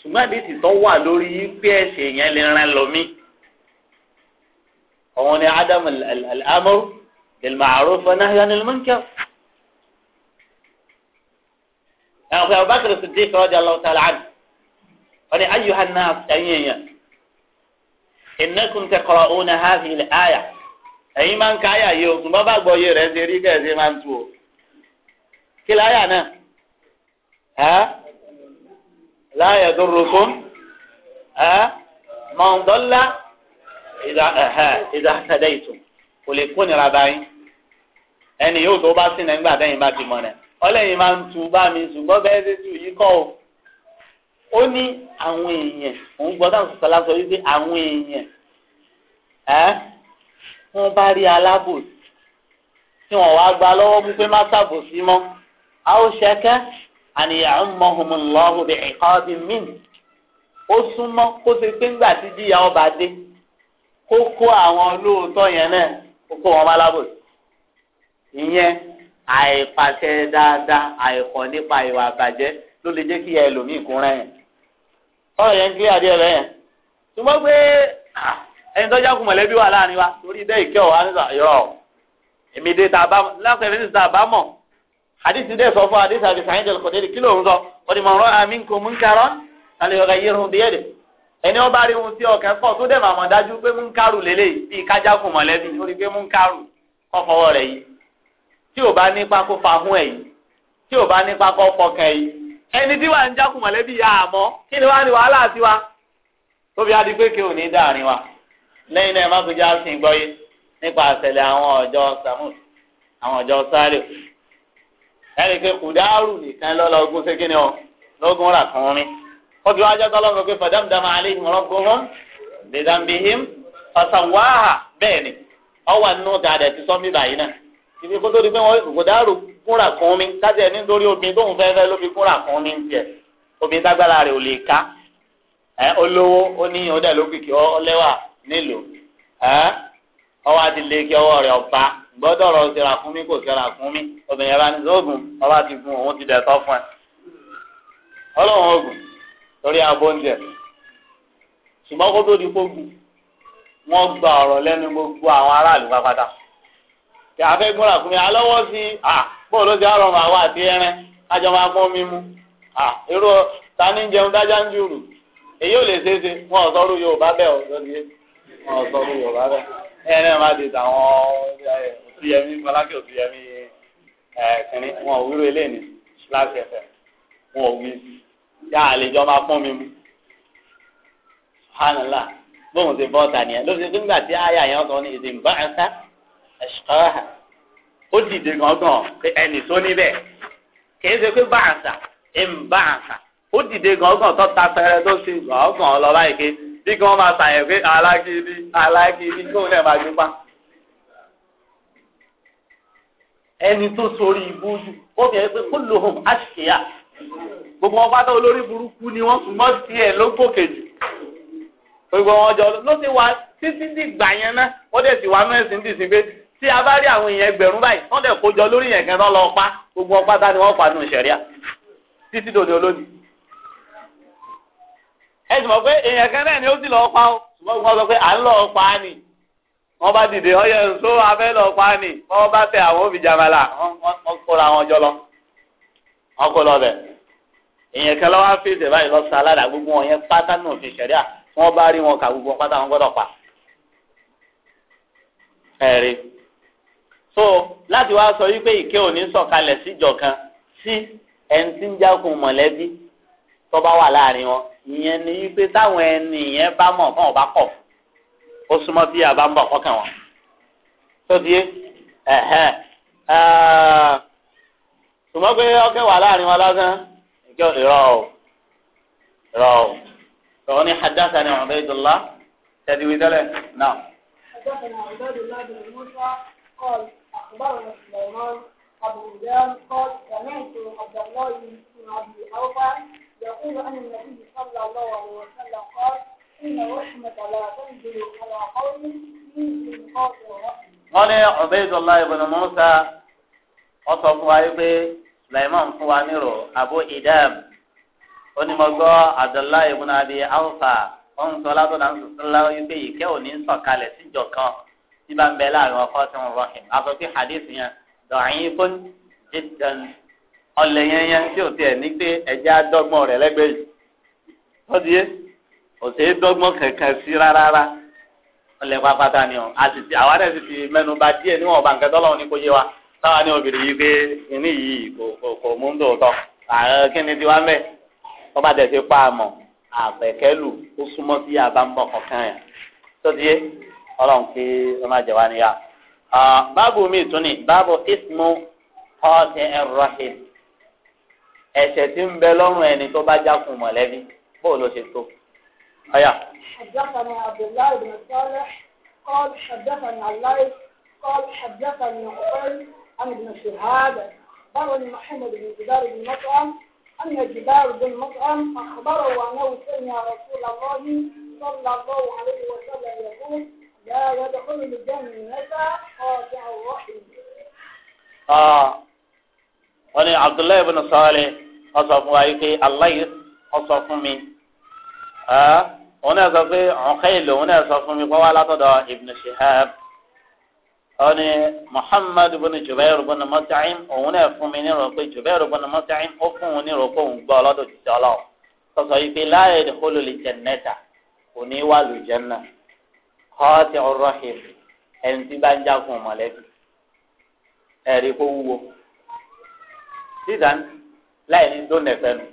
ṣùgbọ́n àdéhìí tó wà lórí pé ẹ̀ṣẹ̀ yẹn lè rán lọ mí ọ̀wọ́n ni ádámù al-amr. بالمعروف ونهي عن المنكر أبو بكر الصديق رضي الله تعالى عنه قال أيها الناس أيها إنكم تقرؤون هذه الآية أي من كايا يوم ما بقى بغير هذه كذي ما تو كل آية أنا ها لا يضركم ها من ضل إذا ها إذا اهتديتم ولكون رباين ẹni yóò tó bá sínú ẹgbẹ́ àtẹ̀yìn bá ti mọ̀ rẹ̀ ọlẹ́yìn máa ń tu bá mi ṣùgbọ́n bẹ́ẹ̀ ṣe tu yìí kọ́ o ó ní àwọn èèyàn òun gbọ́dọ̀ sọ̀tàlá sọ wípé àwọn èèyàn ẹ́ wọ́n bá rí alábòsí tí wọ́n wá gba lọ́wọ́ wípé má ṣàbòsí mọ́ a ó ṣẹkẹ́ àníyàn mọ́hùnmọ́hùn bí ìkọ́bí mìn ó súnmọ́ kó ṣe pé ńgbà tí jíyà ọba dé kó kó àwọn olóòótọ́ yẹn náà kó kó wọn bá lábòsí ìyẹn àìpàṣẹ dáadáa àìkọ̀ nípa ìwà àbàjẹ́ ló lè jẹ́ kí ẹlòmíì kún rẹ̀ yẹn. ọ̀rọ̀ yẹn ń gbé adé rẹ̀ yẹn. ṣùgbọ́n pé ẹni tó jákun mọ̀lẹ́bí wà láàrin wa torí dé ìkẹ́ ọ̀hán nígbà yọ̀ èmi dé tàbá láti ẹni tà bá mọ̀ àdìsí dé sọ fún àdìsí àbí sàyẹn tẹ̀lé kọ̀dé kí lóun sọ wọ́n ti mọ̀ ọ́n àmì ń kò mú ń karọ́ àlè ọ̀gá yé irun bíyẹ̀ dẹ̀ ẹni wọ́n bá rí ohun tí ọ̀kẹ́ pọ̀ tó dẹ̀ màmọ̀ dájú pé mú ń karù lélẹ̀ bíi kájákun mọ̀lẹ́bí orí pé mú ń karù kọ́ fọwọ́ rẹ̀ yìí tí o bá nípa kó fa hún ẹ̀ tí bá nípa kó ẹni tí wà ń mọ̀lẹ́bí ya àmọ́ kí ni wá wàhálà sí wa tóbi ò ní wa lẹ́yìn náà sì ń gbọ́ yé nípa àṣẹlẹ̀ àwọn àwọn sáré ẹni pé nìkan ṣé kí ni ọ lọ́gún rà kàn rin wọ́n fi wá jẹ́ pé fàdámdàmà alẹ́ ìmọ̀rọ́gún wọn ni ibi kó tó di pé wọn gòdárù kúnra kún mi kájẹ nítorí obìnrin tóun fẹ́ fẹ́ ló fi kúnra kún mi tiẹ̀ obìnrin tágbára rẹ̀ ò lè ká ẹ olówó ó ní ọdẹ lókìkí ọlẹ́wà nílùú ẹ ọwọ́ àti lèkì ọwọ́ rẹ̀ ọba gbọ́dọ̀ rọ ṣẹlá fún mi kò ṣẹlá fún mi obìnrin bá ní sóògùn ọba ti gun òun ti dẹ̀tọ́ fún ẹ ọlọ́run oògùn torí abo ń jẹ ṣùgbọ́n kó tó di kó wọ́n gba ọ̀rọ̀ lẹ́nu gbogbo àwọn aráàlú pátápátá kí a fẹ́ gbọ́ra kúmi alọ́wọ́ sí à bọ́ọ̀ ló ti àrọ̀ màá wà sí ẹran kájọ máa pọ́n mi mú à irú ta ní jẹun dájá ń jùrù èyí ò lè ṣeé ṣe wọn ò sọrú Yorùbá bẹ́ẹ̀ ò lọ́dí wọn ò sọrú Yorùbá bẹ́ẹ̀ ẹ̀yẹn náà má di tàwọn òtúyẹmí mọlákì òtúyẹmí ẹ̀ẹ́kìnrin wọn ò wúrò eléyìí láti ẹ̀fẹ̀ wọn ò wí yá àlejò máa pọ́n mi mú hánàlá bóun ti bọ́ ọ̀tà nìyẹn lóṣèlú nígbà tí àyà yẹn sọ ní ìdìbò àṣà. ẹ̀ṣọ́ ó dìde gangan pé ẹnì tó níbẹ̀ kìí ṣe pé báàṣà ń báàṣà ó dìde gangan tó ta pẹrẹ tó ṣe gangan lọ báyìí pé bí kí wọ́n máa ṣàyẹ̀ pé alágídí alágídí kí òun náà máa gbé pa. ẹni tó sori ibú jù ó fi ẹ pé kó lo gbogbo wọn pátá olórí burúkú ni wọn sùn mọ sí ẹ ló jù gbogbo wọn jọ ló ti wá títí dìgbà yẹn tí a bá rí àwọn èèyàn ẹgbẹ̀rún báyìí wọ́n dẹ̀ kójọ lórí yẹn gan lọ pa gbogbo ọpá tá ni wọ́n pa nù sẹ̀ríà títí dòní olónìí. ẹ sì mọ̀ pé èèyàn kan náà ni ó sì lọ pa ó ṣùgbọ́n wọ́n sọ pé à ń lọ pa á nì wọ́n bá dìde ọyẹ nsó afẹ́ lọ pa á nì wọ́n bá tẹ àwọn òbí jamala wọ́n kóra wọn jọ lọ wọ́n kó lọ bẹ̀. èèyàn kan lọ́wọ́ fèsì báyìí lọ́sàn aládàá gbogbo wọn yẹn pátá nù fi sẹ̀ríà wọ́n bá rí wọn kà gbogbo pátá wọn gbọ́dọ̀ pa. ẹ̀rí so láti wá sọ wípé ìkẹ́ òní sọ̀kalẹ̀ síjọ kan sí ẹni tí ń jákun mọ̀lẹ́bí tó bá wà láàrin wọn ìyẹn ni wípé táwọn ẹni yẹn bá mọ̀ fún ọba kọ̀ ó súnmọ́ bí àbá ń bọ̀ kọ́kàn wọn. tó di ẹ̀hẹ́n ṣùgbọ́n pé ọkẹ́ wà láàrin wọn lásán ìkẹ́ ìrọ̀ o ìrọ̀ o ìrọ̀ ni hadassah ni Ubaydullah tẹ̀síwìtẹ́lẹ̀ náà. hadassah ni Ubaydullah bin أخبرنا سليمان أبو جام قال سمعت عبد الله بن أبي أوفى يقول أن النبي صلى الله عليه وسلم قال إن رحمة لا تنزل على قوم من قاتل رحمة wọ́n ní Ubaydullah ibn Musa wọ́n sọ fún wa yìí pé fún wa nírò Abu Idam onímọ̀gbọ́ Abdullahi ibn Abi Awfa wọ́n ń sọ sọ́lá yìí ìkẹ́ òní sọ̀kalẹ̀ síjọ kan tí bá ń bẹ láàrin wọn kọ́ sí wọn rọ́ọ̀kì àfọ pé hadith yẹn dọ̀yìn fún ìdàn ọ̀lẹ̀ yẹn yẹn tí ò tiẹ̀ ní pé ẹ̀jẹ̀ adọ́gbọ́n rẹ̀ lẹ́gbẹ̀ẹ́ yìí wọ́n ti yé òsè dọ́gbọ́n kankan sí rárá ọ̀lẹ̀ pátá ni ọ àtìtì àwa náà sì ti mẹ́nu bà díẹ̀ níwọ̀n bá nǹkan tọ́lọ́run ní kó yé wa táwa ní obìnrin yìí pé kíní yìí kò kò mú ń dòótọ́ àwọn kíni tiwa mẹ́ wọ́n bá tẹ̀ sí pa àmọ́ àpẹ̀kẹ́lù ó súnmọ́ sí àbámbọ̀ kọ̀ọ̀kan yẹn tó ti yé ọlọ́run kí ó má jẹ wá níyà. báàbù mi tún ni báàbù ismu ọ̀sẹ̀ ẹ̀rọ̀hìn ẹ̀ṣẹ̀ tí ń bẹ lọ́rùn ẹni tó bá jákun mọ̀lẹ́bí bóò ló ṣe tó. ọ̀yà. حدثنا عبد الله بن صالح قال حدثنا الليث قال حدثني عقيل عن ابن شهاب أخبرني محمد بن جبار بن مطعم أن جبار بن مطعم أخبره أنه سمع رسول الله صلى الله عليه وسلم يقول لا يدخل الجنة قاطع الرحم آه wọ́n ní abdullahi ibn sọ́ọ́lẹ̀ ọ̀sọ̀ fún wa yìí pé aláyé ọ̀sọ̀ fún mi òun náà sọ pé ọ̀kẹ́lẹ̀ òun náà sọ fún mi pọ́wá látọ̀dọ̀ ibn shihab wọ́n ní muhammad ibn jubair ibn mut'im òun náà fún mi nírò pé jubair ibn mut'im ó fún òun nírò pé òun gbọ́ ọlọ́dọ̀ títí ọlọ́wọ́ sọ̀sọ̀ yìí láyé ìdíkọ́lù lè jẹ̀ nẹ́ta òní wà lù jẹ́ náà kọ́ọ̀tì ọ̀rọ̀hìn ẹni tí bá ń jákun mọ̀lẹ́bí ẹ̀rí kó wúwo sísan láì ní tó nẹ̀fẹ́ nu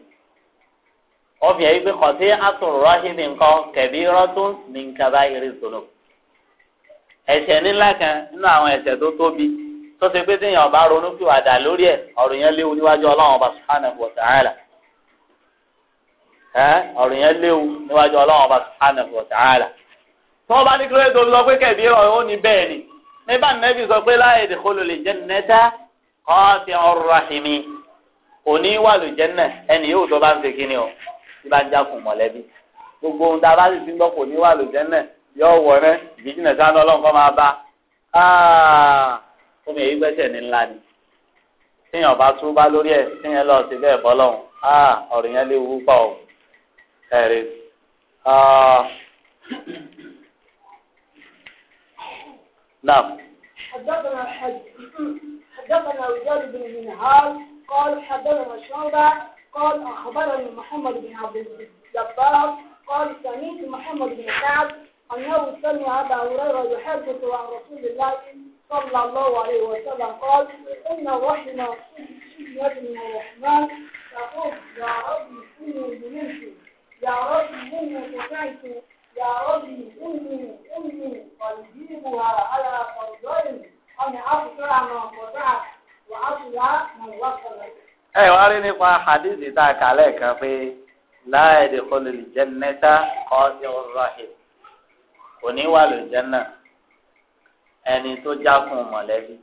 ọ̀fìn ẹ̀yí pé kọ̀tí àtúrọ̀hìn nìkan kẹ̀bí rọ́tún ní nkàbá irin sọ̀nù ẹ̀ṣẹ̀ ńlá kan nínú àwọn ẹ̀ṣẹ̀ tó tóbi tó ṣe pé téèyàn bá ronú pìwàdà lórí ẹ̀ ọ̀rọ̀ yẹn léwu níwájú ọlọ́run ọba subhanahu wa ta'ala ọ̀rọ̀ yẹn léwu níwájú ọlọ́run ọba subhanahu wa ta'ala tọ́ bá ní kílódé tó sọ pé kẹ̀bí rọ̀ ó ní bẹ́ẹ̀ ni nígbà nẹ́bí sọ pé láyé ìdíkọlù lè jẹ́ nẹ́tà ọ̀ọ́sì ọ̀rọ̀ àhìmí òní wà ló jẹ́ nẹ̀ ẹnì yóò tó bá ń ṣe kíni o tí bá ń jákun mọ̀lẹ́bí gbogbo ohun tá a bá sì ti ń gbọ́ kò ní wà ló jẹ́ nẹ̀ yọ wọ̀ rẹ ìbíjìnà sáánú ọlọ́run kọ́ máa bá omi èyí gbẹ́sẹ̀ ní ńlá ni tíyàn bá tún bá lórí ẹ̀ tíyàn lọ sí bẹ́ẹ̀ bọ́ lọ́hùn ọ̀rọ̀ yẹn léwu pọ̀ ẹ̀rẹ̀ نعم حدثنا حدثنا وزاد بن منهال قال حدثنا شعبة قال أخبرني محمد بن عبد الجبار قال سمعت محمد بن سعد أنه سمع أبا هريرة يحدث عن رسول الله صلى الله عليه وسلم قال إن رحم ابن الرحمن تقول يا رب اني بمنك يا رب اني بمنك يا ربي إني إني أجيبها على قدر أن أقطع من قطعت وأصلع من وصلت. ẹ wá rí nípa hadithi tá a kà lẹ́ẹ̀kan pé láì dè kó lè jẹ́nẹ́tà kọ́ sí ọ̀rọ̀hìn kò ní wà lè jẹ́nà ẹni tó jákun mọ̀lẹ́bí.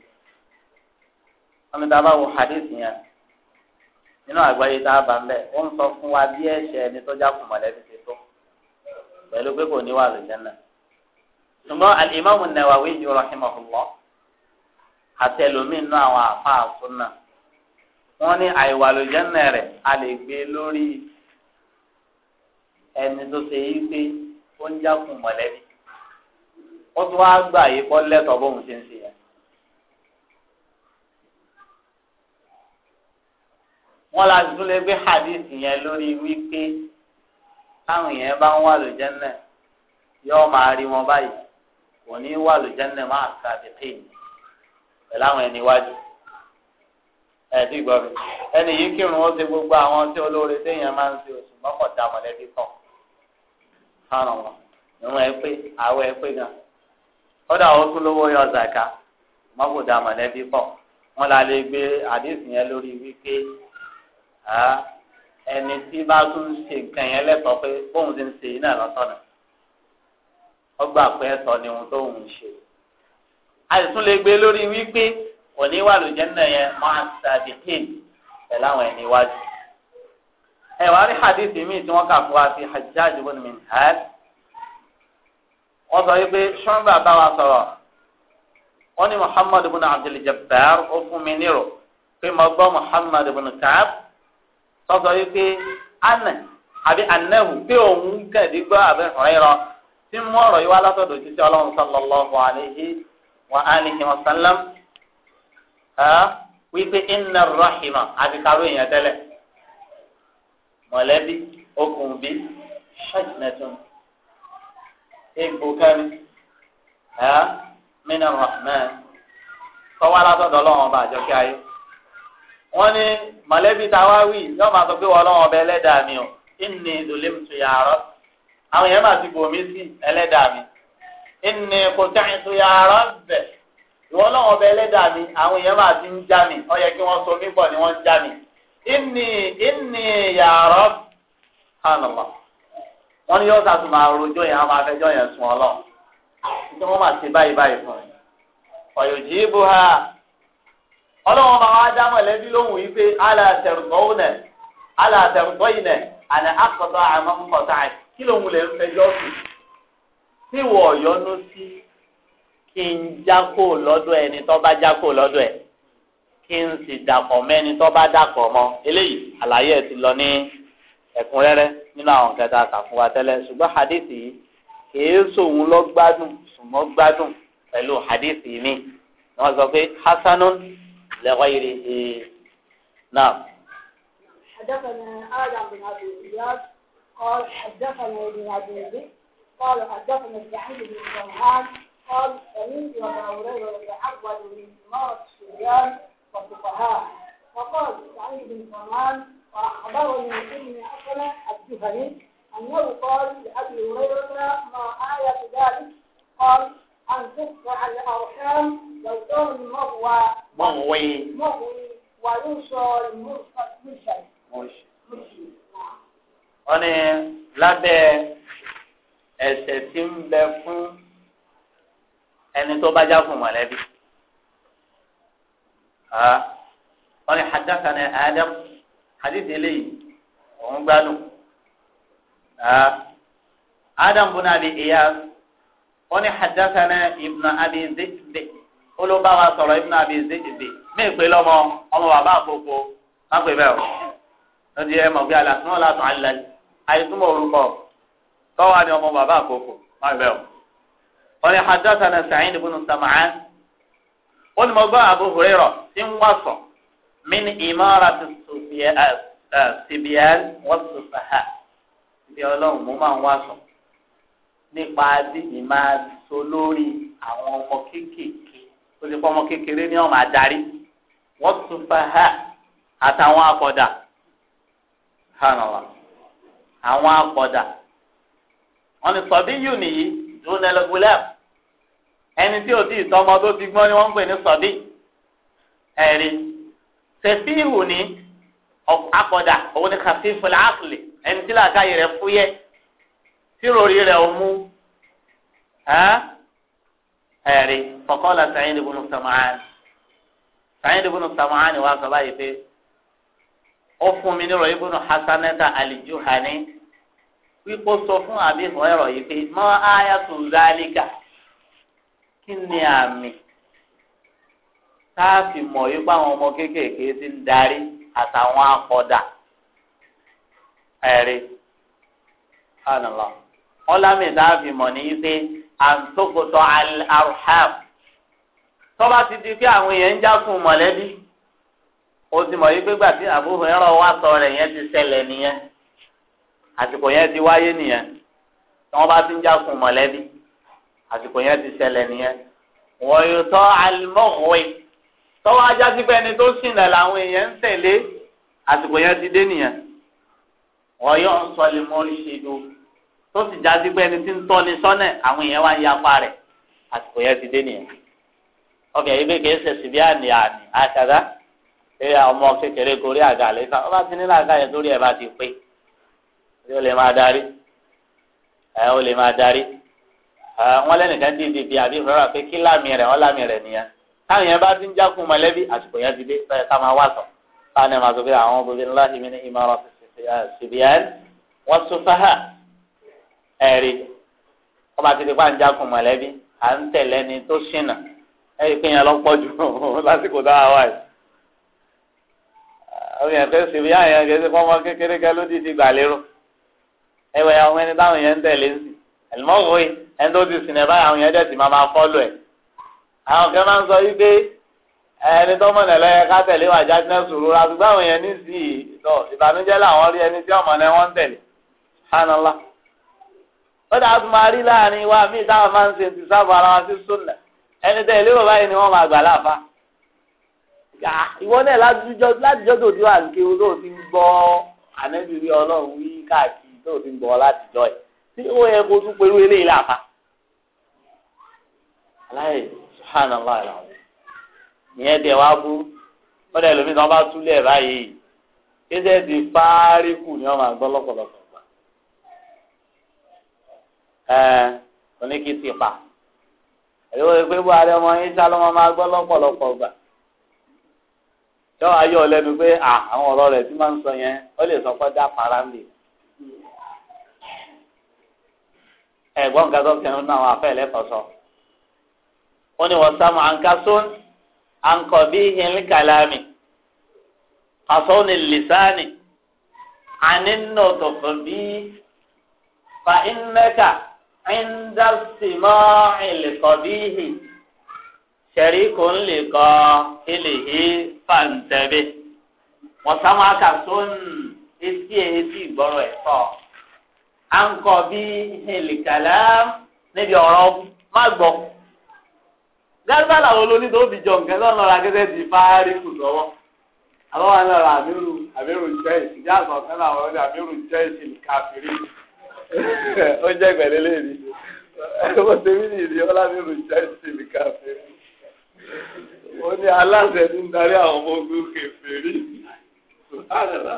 wọ́n ní dábàá yẹn nínú àgbáyé tá a bá ń bẹ̀ ó ń sọ fún wa bí ẹ̀ṣẹ̀ ẹni tó jákun mọ̀lẹ́bí pẹ̀lú pé kò ní wà lójánà ṣùgbọ́n alimami Nawawi ju rahimahullah àtẹlómi nù àwọn afa àsúnà wọn ní àìwà lójánà rẹ a lè gbé lórí ẹni tó ṣe yí pé ó ń jákun mọ̀lẹ́bí ó tún wá gbà yí kọ́ lẹ́tọ̀ọ́ bóun ṣe ń ṣe yẹn. wọ́n la tún lè gbé hadith yẹn lórí wípé táwọn èèyàn bá ń wà lójẹ́nẹ̀ yóò máa rí wọn báyìí kò ní wà lójẹ́nẹ̀ máa ka tètè pẹ̀lú àwọn ẹni iwájú ẹ̀ẹ́dì gbọ́ mi ẹni yìí kírun ó ṣe gbogbo àwọn tí olóore téèyàn máa ń ṣe oṣù mọ́kànlá mọ̀lẹ́bí kan fáwọn ọmọ ìwọ̀n ẹ pé àwọ̀ ẹ pé gan kódà ó tún lówó yọ zàkà mọ́kànlá mọ̀lẹ́bí pọ̀ wọ́n la lè gbé àdéhùn yẹn lórí wípé ẹni tí bá tún ń ṣe nǹkan yẹn lẹ́tọ̀ọ́ pé bóun ti ń ṣe yìí náà lọ́sọ̀nà ọgbà pé ẹ̀tọ́ ni ohun tóun ń ṣe a sì tún lè gbé lórí wípé òní wà lójẹ́ náà yẹn máa sàdìkìn pẹ̀lú àwọn ẹni iwájú ẹ wàá rí hadithi míì tí wọ́n kà fún wa sí hajjaj ibn minhaj wọ́n sọ wípé ṣọ́nbà bá wa sọ̀rọ̀ wọ́n ní muhammad ibn abdul jabbar ó fún mi nírò pé mo gbọ́ muhammad ibn kaab sọ́sọ́ yìí pé anẹ àbí anẹ́hù pé òun kẹ̀dí gbọ́ àbí ọ̀rẹ́rọ tí mú ọ̀rọ̀ yìí wá látọ̀dọ̀ títí ọlọ́run sallallahu alaihi wa alihi wa sallam wípé iná rahima àti káró èèyàn tẹ́lẹ̀ mọ̀lẹ́bí okùn bí ṣẹ́jìnẹ́tún egbò mínà rahman sọ́wọ́ látọ̀dọ̀ ọlọ́run ọba àjọkẹ́ ayé. wọ́n ni mọ̀lẹ́bí tá a wá wí yóò máa sọ pé wọ́n lọ́wọ́ ọbẹ̀ ẹlẹ́dàá mi o ìní ìdòlẹ́mùtò yàrá àwọn yẹn máa ti bò mí sí ẹlẹ́dàá mi ìní kòtẹ́ǹtò yàrá ọbẹ̀ ẹlẹ́dàá mi àwọn yẹn máa ti ń já mi yẹ wọ́n mí bọ̀ ni wọ́n já mi ìní ìní yàrá wọn yóò sàtún máa àwọn yẹn sùn máa ti báyìí báyìí fún ọlọ́wọ́n bá wá dá mọ̀lẹ́bí lóhùn yìí pé alàtẹ̀rùkọ́wọ́nẹ̀ alàtẹ̀rùkọ́yìnẹ̀ àná akọ̀tọ̀ àmọ́ nkọ̀tà kí ló ń wulẹ̀ ń fẹjọ́ sùn tí wọ́ yọnu sí kí n jákò lọ́dọ̀ ẹni tó bá jákò lọ́dọ̀ ẹ̀ kí n sì dàpọ̀ mẹ́ni tó bá dàpọ̀ mọ́ eléyìí àlàyé ẹ̀ ti lọ ní ẹ̀kúnrẹ́rẹ́ nínú àwọn kẹta àtàkùnwá tẹ́lẹ̀ ṣùgbọ́n hadith yìí kìí sòun lọ gbádùn gbádùn pẹ̀lú hadith yìí ni wọ́n sọ pé hasanun لغيره إيه. نعم حدثنا آدم بن عبد الإياس قال حدثنا ابن عبد العزيز قال حدثنا سعيد بن سمعان قال سمعت أبا هريرة يتعود من إمارة الشريان والفقهاء فقال سعيد بن سمعان وأخبرني ابن أسلم الجهني أنه قال لأبي هريرة ما آية ذلك قال أن تقطع الأرحام mọ̀wé. wọ́n ní lábẹ́ ẹ̀ṣẹ̀ tí ń bẹ fún ẹni tó bá já fún mọ̀lẹ́bí. wọ́n ní hadathana Adam hadith eléyìí òun gbádùn. Adam bin Abi Iyas wọ́n ní hadathana Ibn Abi Zikri ó ló bá wa sọ̀rọ̀ ibùdó àbí ìdíjìdì mí pé lọ́mọ ọmọ bàbá àkókò má pè bẹ́ẹ̀ o lọ́dí ẹ mọ̀ bí alásùn náà látọ̀ alẹ́ àìsúmọ̀ orúkọ tọ́wọ́ ni ọmọ bàbá àkókò má pè bẹ́ẹ̀ o. wọ́n ní hadathana Sa'id ibn Sam'an ó ní mo gbọ́ Abu Hurairah tí ń wá sọ mí ní ìmọ̀ra ti sibiyan wọ́n ti sàhà ibi ọlọ́run mo máa ń wá sọ nípa dídì máa so lórí àwọn ọmọ kéékèèké ó ti pọ́ ọmọ kékeré ní ọmọ adarí wọ́n tún fa ha àtàwọn akọ̀dà hànàlá àwọn akọ̀dà wọ́n ní sọ̀bí yìí nìyí dùn ẹlẹ́gbẹ̀lẹ́ ẹni tí ò tí ì tọ́mọ tó ti gbọ́n ni wọ́n ń pè ní sọ̀bí ẹ̀rí tẹ̀síhù ní akọ̀dà òun ni kàfífù láàkìlì ẹni tí làákàyè rẹ̀ fúyẹ́ tí ròrí rẹ̀ ò mú ẹ̀rí fọkọ́lá sàyìn ìbùnú sàmáàní sàyìn ìbùnú sàmáàní wà sọ báyìí pé ó fún mi nírọ̀ ìbùnú hasanata alijuhani wípé ó sọ fún àbí ìfọ̀rọ̀ yìí pé mọ́ ayatu zalika kí ni àmì káàfì mọ̀ wípé àwọn ọmọ kéékèèké ti ń darí àtàwọn akọ̀dà ẹ̀rí ọ̀nà lọ ọlámì táàfì mọ̀ ní í pé àtòkòtò alhaf tọ́ba ti di pé àwọn èèyàn ń já fún mọ̀lẹ́bí o ti mọ̀ yí pé gbà tí àbúrò ẹ̀rọ wa sọ rẹ̀ yẹn ti ṣẹlẹ̀ nìyẹn àsìkò yẹn ti wáyé nìyẹn tí wọ́n bá ti ń já fún mọ̀lẹ́bí àsìkò yẹn ti ṣẹlẹ̀ nìyẹn wọ́n yóò tọ́ alimọ́wé ajá sí pé ẹni tó ṣìnà làwọn èèyàn ń tẹ̀lé àsìkò yẹn ti dé nìyẹn wọ́n yóò lè mọ́ ìṣèdó tó sì já sí pé ẹni tí ń tọ́ni sọ́nà àwọn èèyàn wá ń yapa rẹ̀ àsìkò yẹn ti dé nìyẹn ọkẹ yìí bí kìí ṣèṣì bí àní àní àṣàdá ṣé ọmọ kékeré gorí àga lè fa ọba tí ní làákà yẹn lórí ẹ bá ti pé ó lè máa darí ẹ ó lè máa darí wọn lẹnìkan dìde bíi àbí ìfọwọ́ra pé kí lámì rẹ wọn lámì rẹ nìyẹn táwọn yẹn bá ti ń jákun mọ̀lẹ́bí àsìkò yẹn ti dé bẹ́ẹ̀ ká máa wà sọ táwọn ẹ̀ máa sọ pé àwọn obìnrin láti mi ní ìmọ̀ràn ṣìbíyàn wọ́n tún fáhà ẹ̀rí ọba ti di pa ń jákun mọ̀lẹ́bí à ń tẹ̀lé ni tó ṣìnà ẹ̀rí pé yẹn lọ pọ̀ jù lásìkò dára wà yìí. ọmọ yẹn fẹ́ sèwé àyàn gẹ́gẹ́ fọ́mọ kékeré kẹ́ ló di ti gbà lérò ẹ̀wẹ̀ àwọn ẹni táwọn yẹn ń tẹ̀lé sí ẹ̀lmọ́wòye ẹni tó ti sìn ẹ̀ báyìí àwọn yẹn dẹ̀ ti máa máa fọ́lọ̀ ẹ̀. àwọn kan máa ń sọ wípé ẹni tó mọ̀nà lọ́yẹ ká tẹ̀lé wà jáde náà sòrò àtúgbà àwọn yẹn ní sí ìbànújẹ́ làwọn rí ẹni tí ọmọ náà wọ́n tẹ̀lé ó dáa tó máa rí láàrin wa mí táwọn máa ń ṣe ti sábà ara wa sí súnà ẹni tẹ ilé bàbá yìí ni wọn máa gbà láàfa ìwọ náà látijọ́ tó ti wà ní kéwú tó ti ń gbọ́ ànẹ́bìrì ọlọ́run wí káàkiri tó ti ń gbọ́ látijọ́ ẹ̀ tí ó yẹ kó tún pẹ̀lú eléyìí láàfa. aláyè subhanallah alazim ìyẹn tẹ wá bú ó dẹ̀ bá túlẹ̀ báyìí kí ti fáárì kù ni wọ́n máa gbọ́ lọ́pọ̀lọpọ̀. oníkìtì pa ẹ̀rọ ìpè buhari ọmọ yín sálọ́mọ máa gbọ́ lọ́pọ̀lọpọ̀ gbà tọ́ ayọ̀ lẹ́nu pé àwọn ọ̀rọ̀ rẹ̀ tí máa ń sọ yẹn ó lè sọ pé dá ń lè. ẹ̀gbọ́n nǹkan tó kẹrin náà wà fẹ́ sọ. ó ní wọ́n sá mu àǹkọ̀ bí kàlámì ẹ̀ńdà sìmọ́ ìlẹ̀kọ̀bíhì ṣẹ̀rí kò ń lè kọ́ eléyé fàǹtẹ̀bẹ̀ wọ́n esi máa kà tó ń etí etí ìgbọ́rọ̀ ẹ̀fọ́ à ń kọ́ jọ nke lọ́nà ra gẹ́gẹ́ bí fáárì ó jẹ́ ìgbẹ̀lẹ́ léèrè ó ṣe mí ní ìdí ọlámi olùjẹ́ ìsinmi káfẹ́ ó ní aláṣẹ ní darí àwọn ọmọ ogun kẹfẹ́rí àgàlà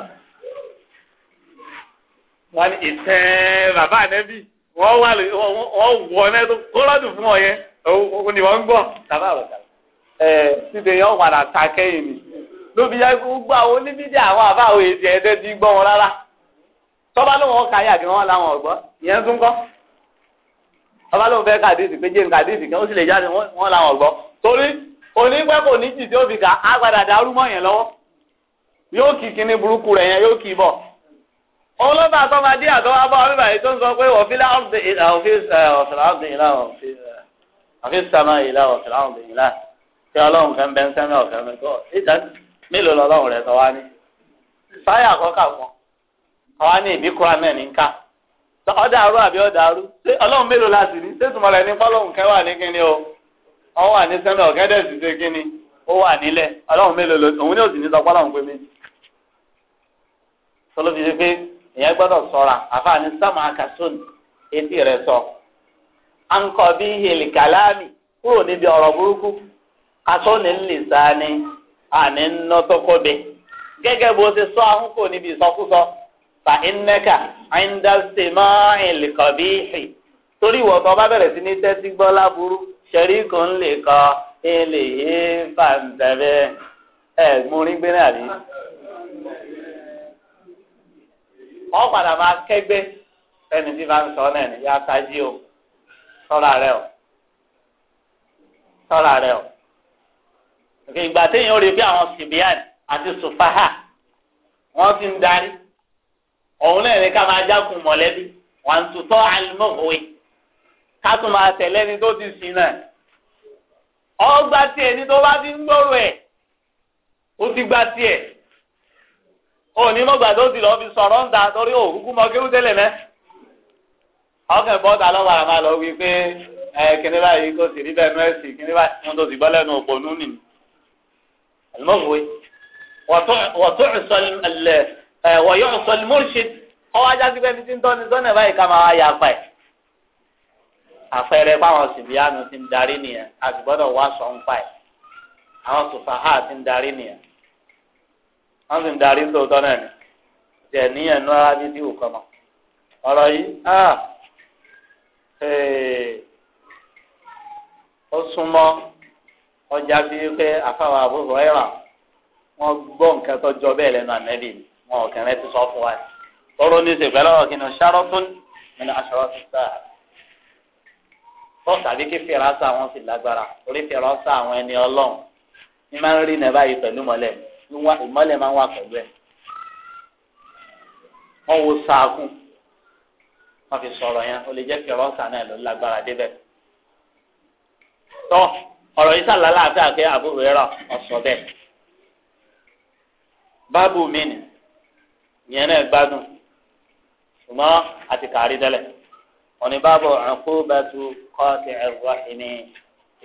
wọn ní ìtẹ́ bàbá ànẹ́bí wọ́n wà lè wọ́n wọ ọ òun ni wọ́n ń gbọ́ bàbá ẹ̀ síbi yẹn ta kẹ́yìn ni lóbi àwọn àwọn èdè tọ́ba ló wọn kà yà kí wọ́n làwọn ọ̀gbọ́ ìyẹn tún kọ́ tọ́ba ló fẹ́ kàdíìsì pé jẹ́ kàdíìsì kan ó sì lè jáde wọ́n làwọn ọ̀gbọ́ torí onípẹ́ kò ní jì tí ó fi kà á padà darú mọ́ yẹn lọ́wọ́ yóò kì kíní burúkú rẹ̀ yẹn yóò kì í bọ̀ òun ló bá tọ́ba dí àtọ́wá bá ọ̀rẹ́bà yìí tó ń sọ pé ọ̀fíìlà ọ̀fíìsàmà ìlà ọ̀fíìsàmà ìlà Ọ ní ìdí kura náà ní arụ ọ̀dà arú àbí ọ̀dà arú ṣé la sì ní ṣé tùmọ̀ rẹ̀ ní pọ́lọ́hùn kẹ́ wà ní kíni o wọ́n wà ní ọ̀gẹ́dẹ̀ sì ṣe ó wà nílẹ̀ mélòó òun ní òsì ní sọ pọ́lọ́hùn pé méjì. fi ṣe pé èèyàn kàtún etí sọ. ń bí hìlì kàlámì kúrò níbi ọ̀rọ̀ burúkú fa ìnẹ́kà àìndásímọ́ ìlìkọ̀bíhì torí ìwọ tó bá bẹ̀rẹ̀ sí ní tẹ́tí gbọ́ láburú ṣẹ̀rí kò ń lè kọ ilé fàǹtẹ̀bẹ̀ ẹ̀ múrí gbé náà rí. wọ́n padà máa kẹ́gbẹ́ ẹni tí bá ń sọ náà níyà sáájú o sọ́ra rẹ o sọ́ra rẹ o ìgbà téèyàn rí bí àwọn sibian àti sùfáhà wọ́n ti ń darí. òun náà ní ká máa jákun mọ̀lẹ́bí wọ́n tún tọ́ àlùmọ́wé ká tún máa tẹ̀lé ẹni tó ti sìn náà ọgbà tí ẹni tó bá ti ń gbòòrò ẹ̀ ó ti gbà òní tó ti lọ́ọ́ fi sọ̀rọ̀ ń ta torí òkúkú mẹ́ ọkàn bọ́ta máa lọ wí pé ẹ kíní báyìí sì rí bẹ́ẹ̀ nú ẹ̀sìn kíní báyìí tó sì gbọ́ lẹ́nu àlùmọ́wé wọ́n wọ̀nyọ́ ọ̀sọ́lì mọ́ṣẹ́d ọwọ́ ajá sí pẹ́ẹ́fì tí ń tọ́ni sọ́nà báyìí ká máa yà pa ẹ̀. àfẹ́rẹ́ báwọn sìbíyànù ti ń darí nìyẹn àti gbọ́dọ̀ wá sọ ń pa ẹ̀ àwọn sùfàhà ti ń darí nìyẹn wọ́n sì ń darí ń náà ni jẹ̀ níyẹn nú ara bíbí òkọ mọ́ ọ̀rọ̀ yìí ah, eh, ó súnmọ́ ọjà bíi pé àfàwọ̀ àbúrò ẹ̀rà wọ́n gbọ́ nǹkan tó jọ bẹ́ẹ̀ lẹ́nu àmẹ́bí ni. wọn ọ̀kẹ́rẹ́ ti sọ fún wa tọ́rọ ní ìṣègbè lọ́rọ̀ kí ni ṣàròtún nínú aṣọ ti sá tọ́ tàbí kí fìrà sá wọn sì lágbára orí fìrà sá àwọn ẹni ọlọ́run ní máa ń rí nà báyìí pẹ̀lú mọ́lẹ̀ ìmọ́lẹ̀ máa ń wà pẹ̀lú ẹ̀ wọ́n wo sáàkùn wọ́n fi sọ̀rọ̀ yẹn o lè jẹ́ fìrà sá náà ló lágbára débẹ̀ tọ́ ọ̀rọ̀ yìí sàlálà àti àgbẹ̀ àbúrò rẹ̀ rà ọ̀sọ̀ bẹ́ẹ̀ báàbù mi nìyí. ìyẹn náà gbádùn ṣùgbọ́n àti kàrí tẹ́lẹ̀ òní bábọ̀ àkóbẹ́tù kọ́ọ̀tì ẹ̀rọ ìní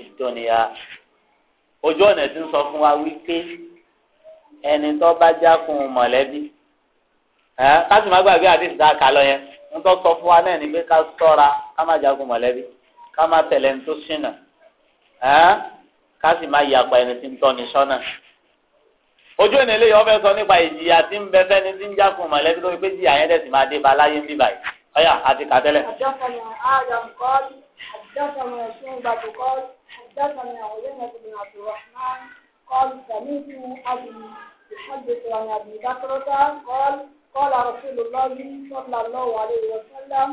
ìdóníyà ojú ọ̀nà tí ń sọ fún wa wípé ẹni tó bá jákun mọ̀lẹ́bí ẹ káṣí má gbàgbé dá yẹn ń fún wa náà ni pé ká ká má ojú ẹni eléyìí ọfẹ sọ nípa ìjìyà tí ń bẹ fẹni tí ń já fún mọ̀lẹ́bí lórí pé jìyà yẹn dẹsì máa dé ba láyé ń bí báyìí ọyà àti kàtẹlẹ. حدثنا آدم قال حدثنا شعبة قال حدثنا عيينة بن عبد الرحمن قال سمعت أبي يحدث عن أبي بكرة قال قال رسول الله صلى الله عليه وسلم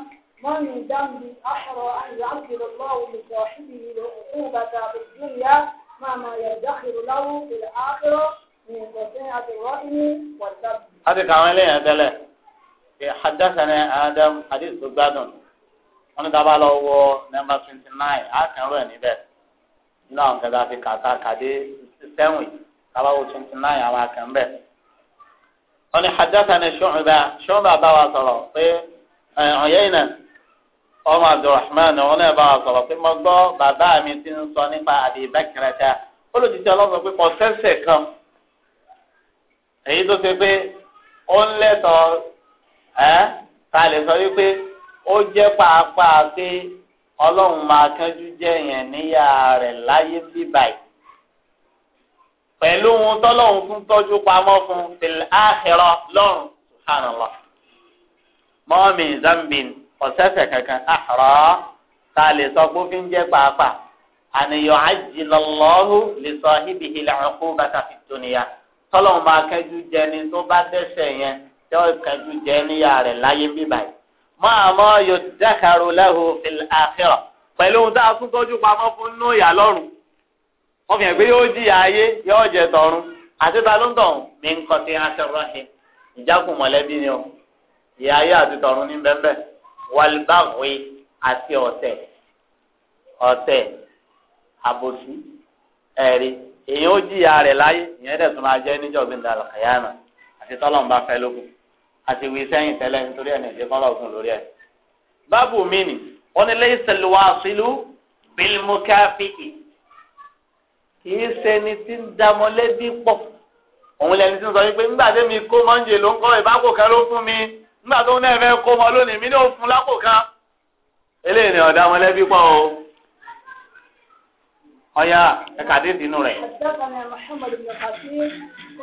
ما من ذنب أحرى أن يعجل الله لصاحبه العقوبة في الدنيا مع ما يدخر له في الآخرة a ti kàwọn eléyàn tẹ́lẹ̀ hadasana adam hadith tó gbádùn wọn ní dábàá lọ wọ nọ́mbà twenty nine a kàn rọ ẹ níbẹ̀ nínú àwọn kẹta fi kàtà kàdé sẹwìn dábàá wọ twenty nine àwọn akàn bẹ wọn ní hadasana ṣọọba ṣọọba bá wa sọ̀rọ̀ pé ọyẹyìnà ọmọ abdulrahman wọn náà bá wa sọ̀rọ̀ pé mo gbọ́ bàbá mi ti ń sọ nípa àbí bẹkẹrẹta olùdíje ọlọpàá pé kò sẹsẹ kan. èyí tó ṣe pé ó ń lẹ́tọ̀ọ́ ẹ́ ta lè sọ wípé ó jẹ́ pàápàá pé ọlọ́run máa kánjú jẹ́ yẹn níyà rẹ̀ láyé sí báyìí pẹ̀lú ohun tọ́lọ́run fún tọ́jú pamọ́ fún fil akhirah lọ́run subhanallah mọ́ọ̀mì zambin ọ̀sẹ̀sẹ̀ kankan àhọ̀rọ̀ ta lè sọ pé ó fi ń jẹ́ pàápàá àníyàn ajìlọ́lọ́hù tọ́lọ́run bá kẹ́jú jẹni tó bá dẹ́ṣẹ̀ yẹn tí ó kẹ́jú jẹ níyà rẹ̀ láyé bíbà yìí. máa mọ yòdákàrò lẹ́hu àfẹ́rọ̀ pẹ̀lú ohun tá a tún tọ́jú pamọ́ fún nú ìyá lọ́rùn. wọ́n fi hàn pé yóò jìyà ayé yóò jẹ tọ̀run àti ta mi ń kọ́ sí aṣọ́rọ́ ìjákùn mọ̀lẹ́bí ni o ìyá ayé àti tọ̀run ní bẹ́ẹ̀ wàlúbàwé àti èèyàn ó jìyà rẹ̀ láyé ìyẹn dẹ̀ tún máa jẹ́ níjọ̀gbìn dàlọ́ kẹ̀yàmà àti tọ́lọ̀ ń bá fẹ́ lókun àti wí sẹ́yìn tẹ́lẹ̀ nítorí ẹ̀nà ìdí kọ́lọ̀ ògùn lórí ẹ̀. báàbù mi nì wọ́n ní lẹ́yìn sẹ̀lúwà sílú bílmùkáfíì kì í ṣe ni tí ń damọ́lẹ́bí pọ̀ òun lẹni tí ń sọ wípé nígbà tí mi kó mọ́ǹjì ló ń kọ́ ìbákò kan ló fún mi nígbà tó ń náà fẹ́ kó mọ́ lónìí mi ní òfun lápò kan eléyìí ni ọ̀dà pọ̀ o. أيا كعديد دينو رأي حدثنا محمد بن خطيب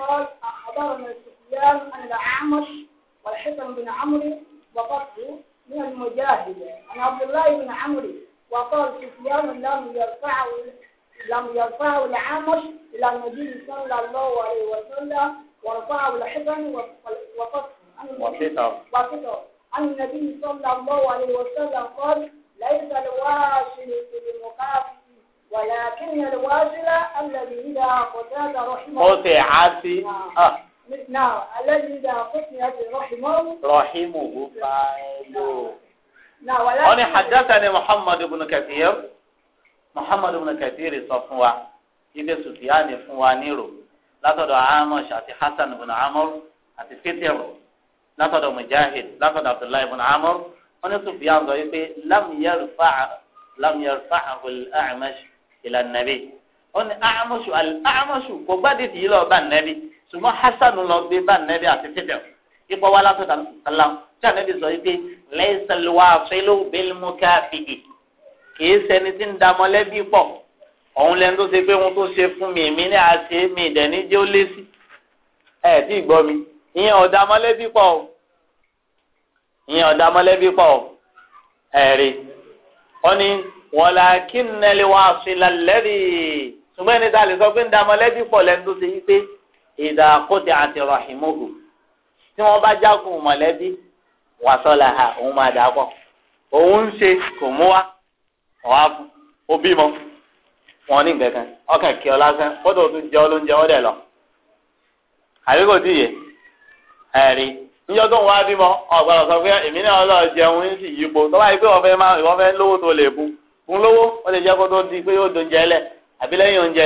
قال أخبرنا السفيان عن الأعمش والحسن بن عمرو وقصده من المجاهد عن عبد الله بن عمرو وقال سفيان لم يرفعه لم يرفعه الأعمش إلى النبي صلى الله عليه وسلم ورفعه الحسن وقصده وقصده عن النبي صلى الله عليه وسلم قال ليس الواصل في المكافئ ولكن الواجل الذي إذا قتاد رحمه قطعت آه نعم الذي إذا قتاد رحمه رحمه فاعله نعم ولكن حدثني محمد بن كثير محمد بن كثير صفوا ibi sùfìàní fún wa nírò látọ̀dọ̀ amosh àti hasan ibùn amor àti fitiru látọ̀dọ̀ mujahid látọ̀dọ̀ abdullahi ibùn amor wọn ní sùfìàní sọ wípé lam yarfa lam yarfa ahul amash ìlà nàbí ó ní àmọ̀ṣù àmọ̀ṣù kò gbádìí tì í lọ bá nàbí ṣùgbọ́n hasan lọ gbé bá nàbí àti fífẹ́ ipò wa látọ̀ tàlà tí ànábì sọ yìí pé lẹ́sẹ̀lúwà fẹ́lú bẹ́lmú káfíì kìí sẹni tí ń da mọ́lẹ́bí pọ̀ òun lẹ́nu tó ṣe pé wọn tó ṣe fún mi èmi ní àṣẹ mi ìdẹ́ni jẹ́ ó lé sí ẹ̀ tí mi ìyẹn ọ̀dà mọ́lẹ́bí pọ̀ ìyẹn ọ̀dà mọ́lẹ́bí pọ̀ o ẹ̀rí ó ní walakinna al-wasila alladhi ṣùgbọ́n ẹni tá a lè sọ pé ń da mọ̀lẹ́bí pọ̀ lẹ́nu tó ṣe wípé idha quti'at rahimuhu tí wọ́n bá jákun mọ̀lẹ́bí wasalaha òun máa dà pọ̀ òun ń ṣe kò mú wa ọ̀wá fún ó bímọ wọn ní nǹkan ọkàn kí ọ lásán kódà ó tún ọ ló ń jẹ ọ lọ àbí kò tí ẹ̀rí níjọ́ tó ń wá bímọ ọ̀gbọ́dọ̀ sọ pé èmi náà lọ jẹun ń sì yípo tó báyìí pé wọ́n fẹ́ lówó tó lè bu fún lówó ó lè jẹ́ kó tó di pé yóò dóúnjẹ lẹ̀ àbí lẹ́yìn oúnjẹ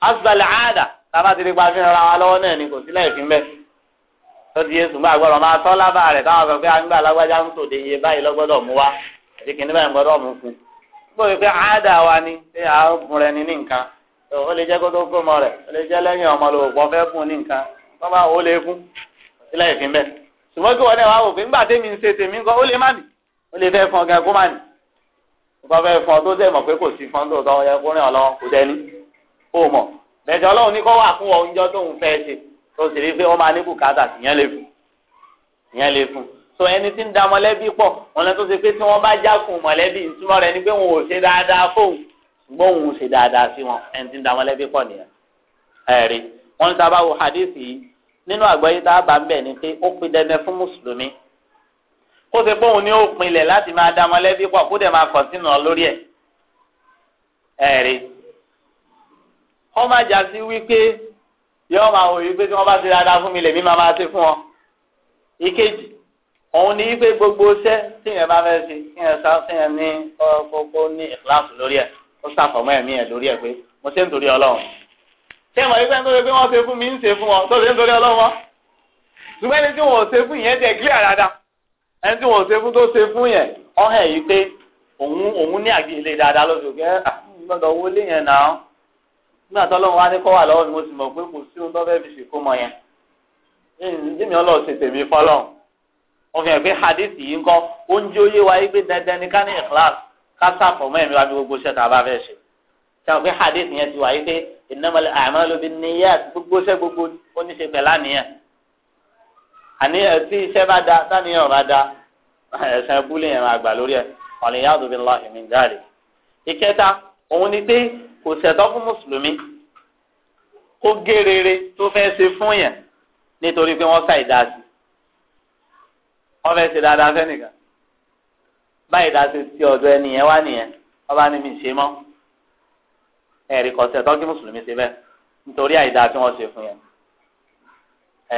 asùlẹ̀ àádà tábà ti di pa fi ra wa lọ́wọ́ náà ni kò sílẹ̀ ìfín bẹ́ẹ̀ tó ti yé sùnmọ́ àgbọ̀rọ̀ máa tọ́ lábà rẹ̀ táwọn sọ pé àgbà lágbájá ń tòde iye báyìí lọ́gbọ́dọ̀ mú wa àti kìnní báyìí gbọ́dọ̀ mú fún un gbọ́dọ̀ pé àádà wa ni pé àágùn rẹ ni ní nǹkan ó lè jẹ́ kó tó gbọ́mọ rẹ̀ ó lè jẹ́ lẹ́yìn ọmọ lòpọ̀ fẹ́ fún un ní nǹkan bábà ó lè fún sílẹ̀ ìfín bẹ́ẹ̀ ṣùgbọ́n kí wọ́n náà wá wò pé ńgbà tèmi ń ṣe tèmi ńkọ́ ó lè má nì ó lè fẹ́ fún ọ̀gá kó má nì nǹkan fẹ́ fún ọ tó dẹ̀ mọ̀ pé kò sí fún ọ tó tọ́ yẹ kó rìn ọ lọ́wọ́ kò dẹ́ni ó mọ̀ lẹ́jọ́ ọlọ́run ní kọ́ wà fún ọ oúnjẹ tó ń ṣe tó sì rí pé wọ́n máa ní bùkátà ìyẹn lè fún ìyẹn lè fún so ẹni tí ń da mọ̀lẹ́bí pọ̀ wọn lọ tó ṣe pé tí wọ́n bá jákun mọ̀lẹ́bí ìtumọ̀ rẹ̀ ni pé wọn ò ṣe dáadáa fóun ṣùgbọ́n òun ṣe dáadáa sí wọn ẹni tí ń da mọ̀lẹ́bí pọ̀ nìyẹn ẹ̀rí wọn ń sábà wo hadith yìí nínú àgbọ́yé tá a bá ń bẹ̀ ni pé ó fi dandan fún mùsùlùmí kó ṣe pé òun ni ó pinlẹ̀ láti máa dá mọ́lẹ́bí pọ̀ kó dẹ̀ máa kọ̀ntínú lórí ẹ̀ ẹ̀rí kọ́ má jà sí wípé yọ́ọ́ máa wò wípé tí wọ́n bá ṣe dáadáa fún mi lèmi máa máa ṣe fún ọ ìkejì òun ni wípé gbogbo iṣẹ́ tí yẹn bá fẹ́ ṣe kí yẹn sá sí yẹn ní kókó ní ìkíláàsì lórí ẹ̀ ó ṣàfọ̀mọ́ ẹ̀mí ẹ̀ lórí ẹ̀ pé mo ṣe ń torí ọlọ́run ṣé ìmọ̀ ìgbẹ́ nítorí pé wọ́n ṣe fún mi ń ṣe fún ọ tó ṣe ń torí ọlọ́run wọn ẹni tí wọn ṣe fún tó ṣe fún yẹn ọhẹ yìí pé òun òun ní àgbélé dáadáa lọsọ kẹ ah, gbọ́dọ̀ owó lé yẹn náà nígbà tó lọ́wọ́ wá ní kọ́ wà lọ́wọ́ ni mo sì mọ̀ pé kò sí ohun tó fẹ́ẹ́ fi ṣèkó mọ yẹn jẹ́mi ọlọ́ọ̀ ṣe tèmi fọlọ́ wọn fi hàn pé hadith yìí ń kọ́ oúnjẹ oyé wa yìí pé dandan ni ká ní ikhlas ká sàfọ̀mọ́ ẹ̀mí wa bí gbogbo iṣẹ́ tá a bá fẹ́ ṣe sọ pé hadith yẹn ti wà yìí pé innamal a'malu bin niyyat gbogbo iṣẹ́ gbogbo ó ní ṣe pẹ̀lá nìyẹn àní eh, tí iṣẹ́ bá da sáníyàn bá da eh, ẹ̀sìn ẹbúlé yẹn máa gbà lórí ẹ̀ waliyadu billahi min dhalik. ìkẹta òun ni pé kò ṣẹ̀tọ́ fún mùsùlùmí kó gé rere tó fẹ́ ṣe fún yẹn nítorí pé wọ́n ṣàì dá sí wọ́n fẹ́ ṣe dáadáa fẹ́nìkan báyìí dá sí sí ọ̀dọ̀ ẹnìyẹn wá nìyẹn wọ́n bá ní mi ṣe mọ́ ẹ̀rí kò ṣẹ̀tọ́ kí mùsùlùmí ṣe bẹ́ẹ̀ nítorí àìdáa tí wọ́n ṣe fún yẹn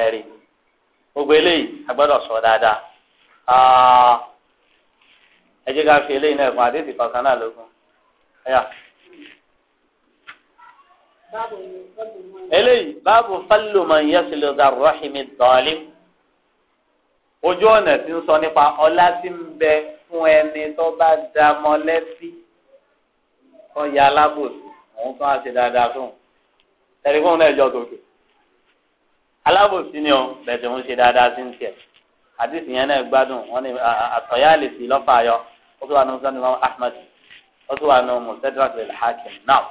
ẹ̀rí gbogbo eléyìí a sọ dáadáa ah, ẹ jẹ́ ká fi eléyìí náà kún àdéhùn kankan náà lógún eléyìí báàbù fálùmọ̀ yẹ́sìlẹ̀ dàrúhìmì dọ́ọ̀lì ojú ọ̀nà tí ń sọ nípa ọlá tí ń bẹ fún ẹni tó bá da mọ́ lẹ́sí alábòsí òun tó á ṣe dáadáa fún un ẹ̀rí fún un náà jọ tòkè. alábò sí ni ọ bẹẹ bẹ̀tẹ̀ wọn ṣe dáadáa sí ń tiẹ̀ àdìsí yẹn náà gbádùn wọn ni àtọ̀yá lè sí lọ́fà yọ ó tún wà ní sani mọ́ ahmed ó tún wà ní mustadrak lil hakim náà.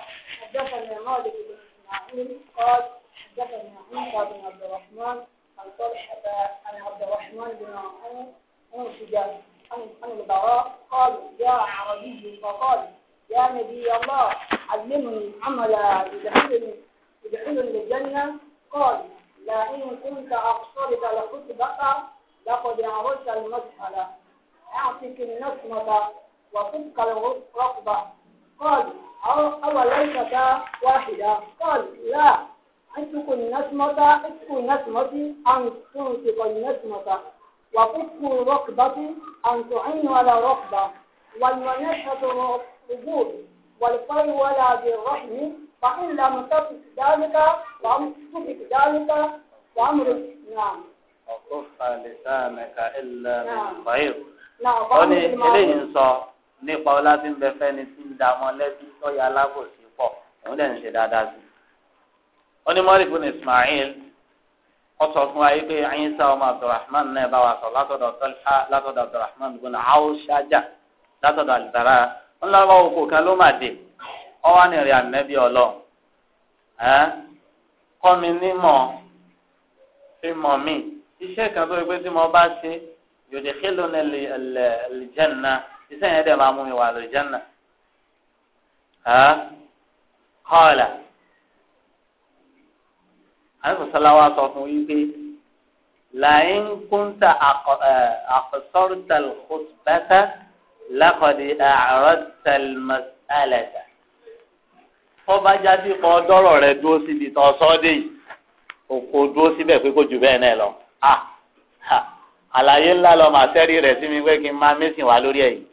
عن البراء قال جاء عربي فقال يا نبي الله علمني عملا يدخلني يدخلني الجنة قال لئن كنت أبصرت لكنت بقر لقد عرفت المسألة أعطك النسمة وفك الرقبة قال أوليس واحدة قال لا أتك النسمة أتك النسمة أن تنطق النسمة وفك الرقبة أن تعين على رقبة والمنشة الرجول والفي ولا بالرحم فإن لم تثبت ذلك وأم تثبت ذلك وأمر نعم. وكف لسانك إلا بالخير. wọ́n ní eléyìí ń sọ nípa ọlá tí ń bẹ fẹ́ni tí ń da ọmọ lẹ́bí sọ́yà alábòsí pọ̀ òun dẹ̀ ń ṣe dáadáa sí i. wọ́n ní mọ́rìkù ní Ismail wọ́n sọ fún wa yìí pé ayínṣá ọmọ Abdulrahman náà bá wa sọ látọ̀dọ̀ tọ́lá látọ̀dọ̀ Abdulrahman gbọ́n náà áwòṣájà látọ̀dọ̀ àlùbárà ńlá wa òkò kan ló máa dé ọwọ́ nìrìn ànẹ́bí ọlọ́run ẹ́ kọ́ mi nímọ̀ ìmọ̀ mi iṣẹ́ kan tó yẹ pé tí mo bá ṣe yòdì kílò ní ẹlẹ́jẹ̀nà iṣẹ́ yẹn dẹ̀ máa mú mi wà lẹ́jẹ̀nà ẹ́ kọ́ọ̀là àyẹ̀fọ̀sọ́lá wa sọ fún yí pé làyín kúńtà àkọsọ́rùtà lùkùtùbẹ́tà lákọ̀dí àrọ́tà lùmọ̀sálẹ̀tà. ọba jáde kọ dọrọ rẹ dúró síbi tó sọ́ọ́dẹ̀ yìí kò dúró síbẹ̀ pé kò jù bẹ́ẹ̀ náà lọ àlàyé ńlá lọ màá sẹ́rí rẹ̀ sí mi pé kí n máa mẹ́sìn wá lórí ẹ̀yìn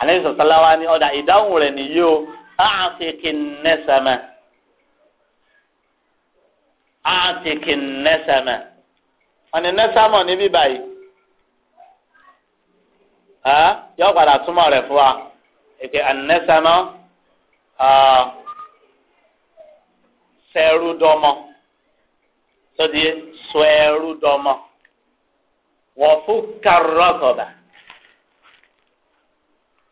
àlejò sọ̀tàlá wa ní ọ̀dà ìdáhùn rẹ nìyí o àtìkì nẹ́sẹ̀mẹ̀ ọ̀nì nẹ́sàmọ̀ níbí báyìí yọ padà túmọ̀ rẹ̀ fún wa èké sẹ́rú dọ́mọ sọ́dí sọ ẹrú dọ́mọ wọ́n fún kárọ́tọ̀dà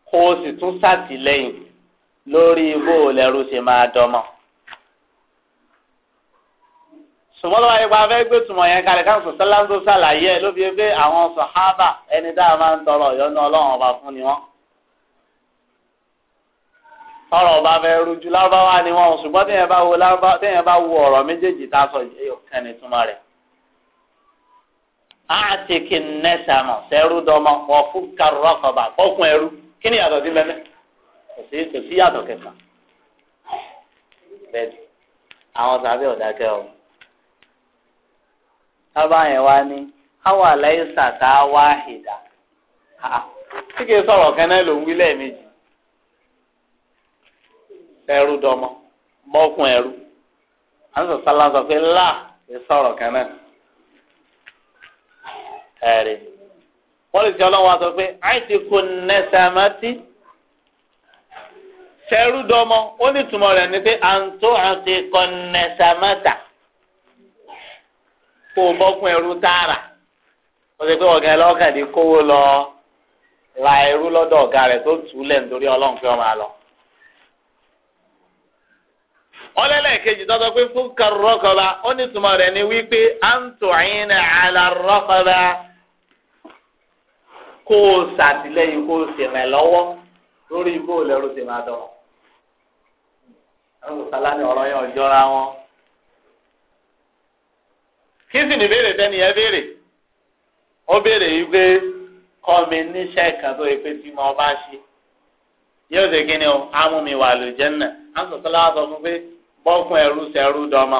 kó o sì tún sàtìlẹ́yìn lórí bó o lẹ́rú ṣe máa dọ́mọ. ṣùgbọ́n lọ́wọ́ ayé pa fẹ́ gbé tùmọ̀ yẹn kalẹ̀ káàkiri sọ́lá ń tó ṣàlàyé ẹ̀ ló fi gbé àwọn sọ̀hábà ẹni dáa máa ń tọrọ ìyọ́nú ọlọ́run ọba fún ni wọ́n. Ọrọ ọba fẹ́ rújú lárúbáwá ni wọn ṣùgbọ́n téèyàn bá wo bá wo ọ̀rọ̀ méjèèjì tá a sọ yìí ọ̀kan ní túmọ̀ rẹ̀. àtìkì nẹ́sàmọ̀ sẹ́rú dọmọ wọ́n fún karọ́kọ̀bà kọ́kùn ẹrú kí ni yàtọ̀ sí bẹ́ẹ̀ kò sí yàtọ̀ kẹfà. bẹ́ẹ̀ni àwọn sábẹ́ ọ̀dákẹ́ o. sábà yẹn wá ní àwọn àlẹ́ ìsàtà wáhìdà. kíkẹ́ sọ̀rọ̀ kẹ́nẹ́ ló ń wí lẹ́ẹ̀mejì. ẹrú dọmọ mọ́kùn ẹrú àwọn sọ̀tà pé là lè sọ̀rọ̀ kan náà ọlọ́wọ́ sọ pé àìsí kò nẹ́sàmátì dọmọ ó ní túmọ̀ ni pé à ń tó àti kò nẹ́sàmátà ẹrú tààrà ti pé ọ̀gá ẹ̀ lọ́kàn ní kówó lọ ra ẹrú lọ́dọ̀ ọ̀gá rẹ̀ tó tù ú lẹ̀ nítorí ọlọ́run ọlẹ́lẹ́kejì tọ́tọ́ pé fún karọ́kọba ó ní rẹ̀ ni wípé à ń tò yín ní alárọ́kọba kó o ṣàtìlẹ́yìn kó o sì rìn lọ́wọ́ lórí ibò lẹ́rù sì máa dọ̀wọ́. àwọn òṣàlá ni ọ̀rọ̀ yẹn wọn. kí sì ní béèrè tẹ́ni ẹ béèrè ó béèrè yìí pé kọ́ mi níṣẹ́ kan tó yẹ pé tí mo bọ́ọ̀kùn ẹrú sẹ́rú dọ́mọ.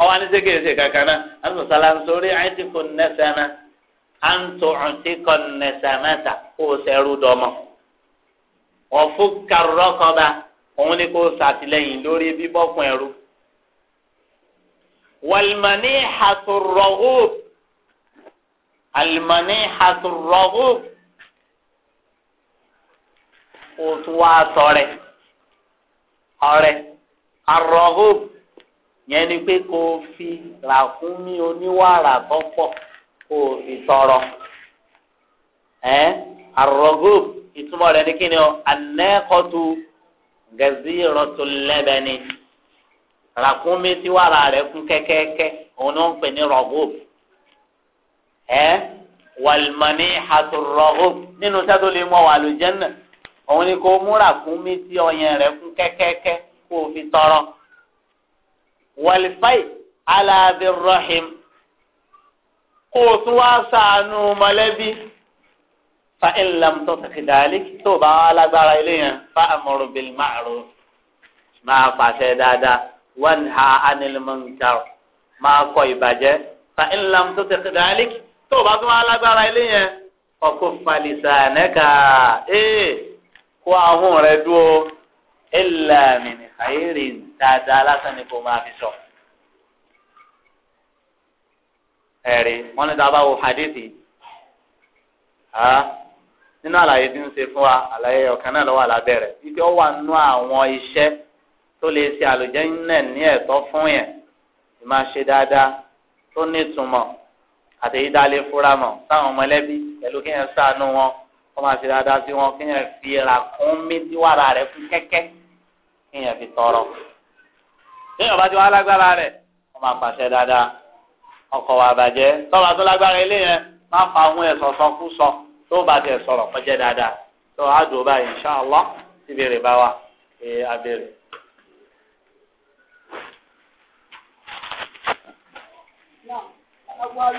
ọwọ́ aníṣe kèrèsè kankan náà alùpùpù sàlánsórí àìsíkò nẹ́sẹ̀mẹ́ àǹtò àǹtíkò nẹ́sẹ̀mẹ́ta kó sẹ́rú dọ́mọ. wọ́n fún karọ́kọ́ba òun ni kó sàtìlẹ́yìn lórí bíbọ́ọ̀kùn ẹrú. wàlmánì hàtúrọ̀hù àlmánì hàtúrọ̀hù kò tún wá sọ̀rẹ̀ ọ̀rẹ́ arọ́hùb yẹn ni pé kó o fi ràkúnmí oníwàrà tó pọ̀ kó o fi tọrọ. ẹ arọ́hùb ìtumọ̀ rẹ̀ ní kí ni ọ anẹ́kọ̀tù gaziratu lẹ́bẹ̀ni ràkúnmí tí wàrà rẹ̀ kún kẹ́kẹ́kẹ́ òun ni wọ́n ń pè ní rọ́hùb. ẹ wàlmọ́ní hatu nínú sẹ́tò lè mọ wàlú òun ni kó o mú ràkúnmí tí ọyàn rẹ̀ kún kẹ́kẹ́kẹ́ kó o fi tọrọ wàlífàì aláàbí rahim kó o tún wá sànù mọ̀lẹ́bí fa ìlànà tó fi dàlí tó o bá wà lágbára ilé yẹn fa àmọ̀rò bìlì màrún máa pàṣẹ dáadáa wọn ha anilmọ̀nkàr máa kọ ìbàjẹ́ fa ìlànà tó fi dàlí tó bá tún wà lágbára ilé yẹn ọkọ̀ falisa nẹ́ka ee kó ahọ́n rẹ dúró illa min khairin dáadáa lásán ni kò máa fi sọ. ẹ̀rí wọn ní tá a bá wo hadithi nínú àlàyé tí ń ṣe fún wa àlàyé ọ̀kan náà lọ́wọ́ àlábẹ́rẹ̀ ibi ó wà nínú àwọn iṣẹ́ tó lè ṣe àlùjànnà ní ẹ̀tọ́ fún yẹn ìmáa ṣe dáadáa tó nítumọ̀ àtẹ̀yídá lè mọ̀ sáwọn ọmọlẹ́bí pẹ̀lú kí yẹn ṣàánú wọn kó máa fi dáadáa sí wọn kéèyàn fi ra kún mí díwára rẹ fún kẹ́kẹ́ kéèyàn fi tọrọ kéèyàn bá ti wá lágbára rẹ kó máa pàṣẹ dáadáa ọkọ̀ wà bàjẹ́ tọ́ba tó lágbára ilé yẹn má fa àwọn ẹ̀sọ̀ sọ kú sọ tó bá tiẹ̀ sọ̀rọ̀ kọjá dáadáa tó a dùn báyìí inṣàlá síbèrè bá wa ṣe abèrè. Now, I want...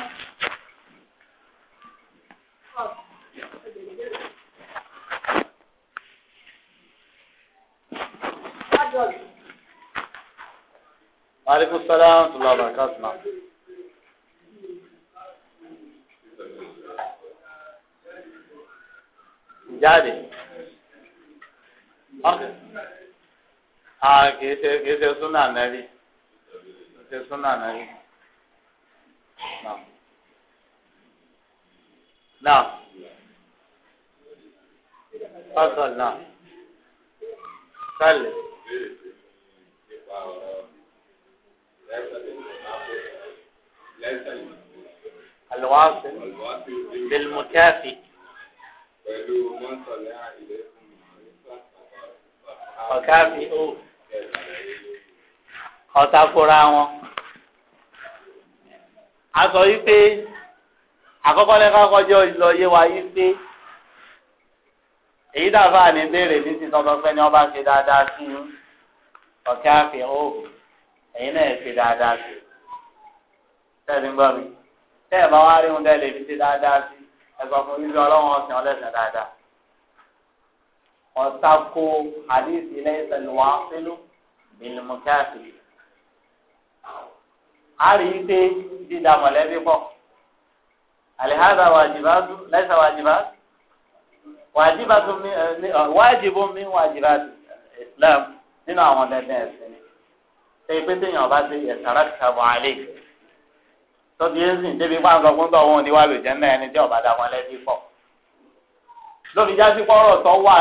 Aleykum salaam tó lọ́wọ́ àkáàtì náà. Jáde. Ọ̀kẹ́. À kìí ṣe kìí ṣe súnà nẹ́rí. Ṣe súnà nẹ́rí. Náà. Náà. Pásọ̀ náà. Sálẹ̀ ìbéèrè tó ní nípa ọ̀rọ̀ الواصل بالمكافي وكافي او ọ̀tàkùrà wọn. a sọ yìí pé àkọ́kọ́ lẹ́ka kọjá ìlọ yé wa yìí pé èyí dàbà ní béèrè ní ti sọ́kọ́ pé ní ọba ṣe dáadáa sí i ọ̀kẹ́ àfi òògùn ẹ̀yin náà ṣe dáadáa sí i tẹ́lẹ̀ ń gbọ́ mi tẹ́ ẹ̀ bá wá rí ohun tẹ́ lè fi ṣe dáadáa sí ẹ̀gbọ́n fún yíyọ ọlọ́run ọ̀sìn ọlẹ́sìn dáadáa ọ̀sá kó àdìsí ilé ìṣẹ̀lẹ̀ wá sílú bìnnìmùkẹ́ àti a rí i pé dídá mọ̀lẹ́bí pọ̀ àlìhádà wàjibá lẹ́sà wàjibá wájibó mi eh, eh, wájibá islam nínú àwọn dandan ẹ̀sìn ni ṣe pé téèyàn bá ṣe ẹ̀sára ṣàbọ̀ àlè tọ́jú yéésìn débi pa nǹkan fún tọ́wọ́n ní wàlú jẹ́ náà ẹni tí ọ̀bá dá wọn lẹ́bí pọ̀ lóbi jásí pọ́rọ̀ tó wà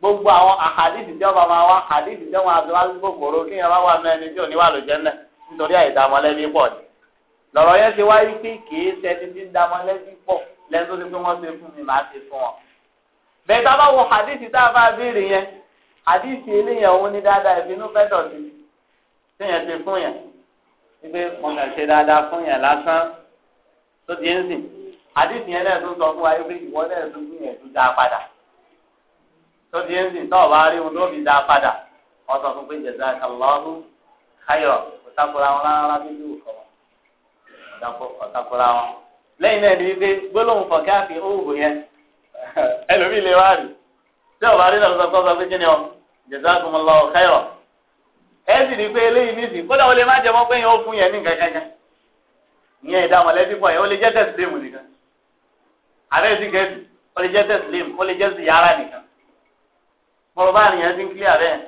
gbogbo àwọn àhàdìsì tí ọba máa wá àhàdìsì tí wọn àti wáṣí kòkòrò kí yẹn bá wà mọ ẹni tí ò ní wàlú jẹ́ nítorí àìdá mọ́lẹ́bí pọ̀ ni lọ́rọ̀ yẹn ti wáyé pé kì í ṣe ti dídá mọ́lẹ́bí pọ̀ lẹ́nu tó ti pé wọ́n ṣe fún mi màá ṣe fún wọn bẹ́ẹ̀ tá a bá wọ hadithi tá a bá béèrè yẹn hadithi eléyàn òun ní dáadáa ìbínú fẹ́ dọ̀tí téèyàn ti fún yàn wípé ọ̀nà ṣe dáadáa fún yàn lásán tó ti ń sìn hadithi yẹn náà tún sọ fún wa wípé ìwọ náà tún gbìyànjú dáa padà tó ti ń sìn tọ́ọ̀ bá rí ohun tó fi dáa padà wọ́n sọ fún pé jazakallahu khayran ọ̀tàkùrà wọn rárá bí lóò kọ́ wọn ọ̀tàkùrà wọn náà ni wípé gbólóhùn fọ̀kẹ́ àfi òwò yẹn. e lè wá rí tí ọba rí lọ́sọ̀ kọ́ sọ pé kí ni ọ jazakumullahu khairan ẹ sì rí i pé eléyìí ní ìsìn kódà ó lè má jẹ mọ́ pé yẹn ó fún yẹn ní nǹkan kankan ìyẹn ìdá mọ̀lẹ́bí pọ̀ yẹn ó lè jẹ́ ziyara nìkan mọ̀rọ̀ bá nìyẹn ti ń kílẹ̀ àbẹ́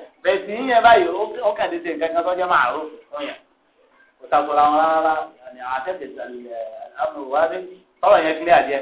bẹ́ẹ̀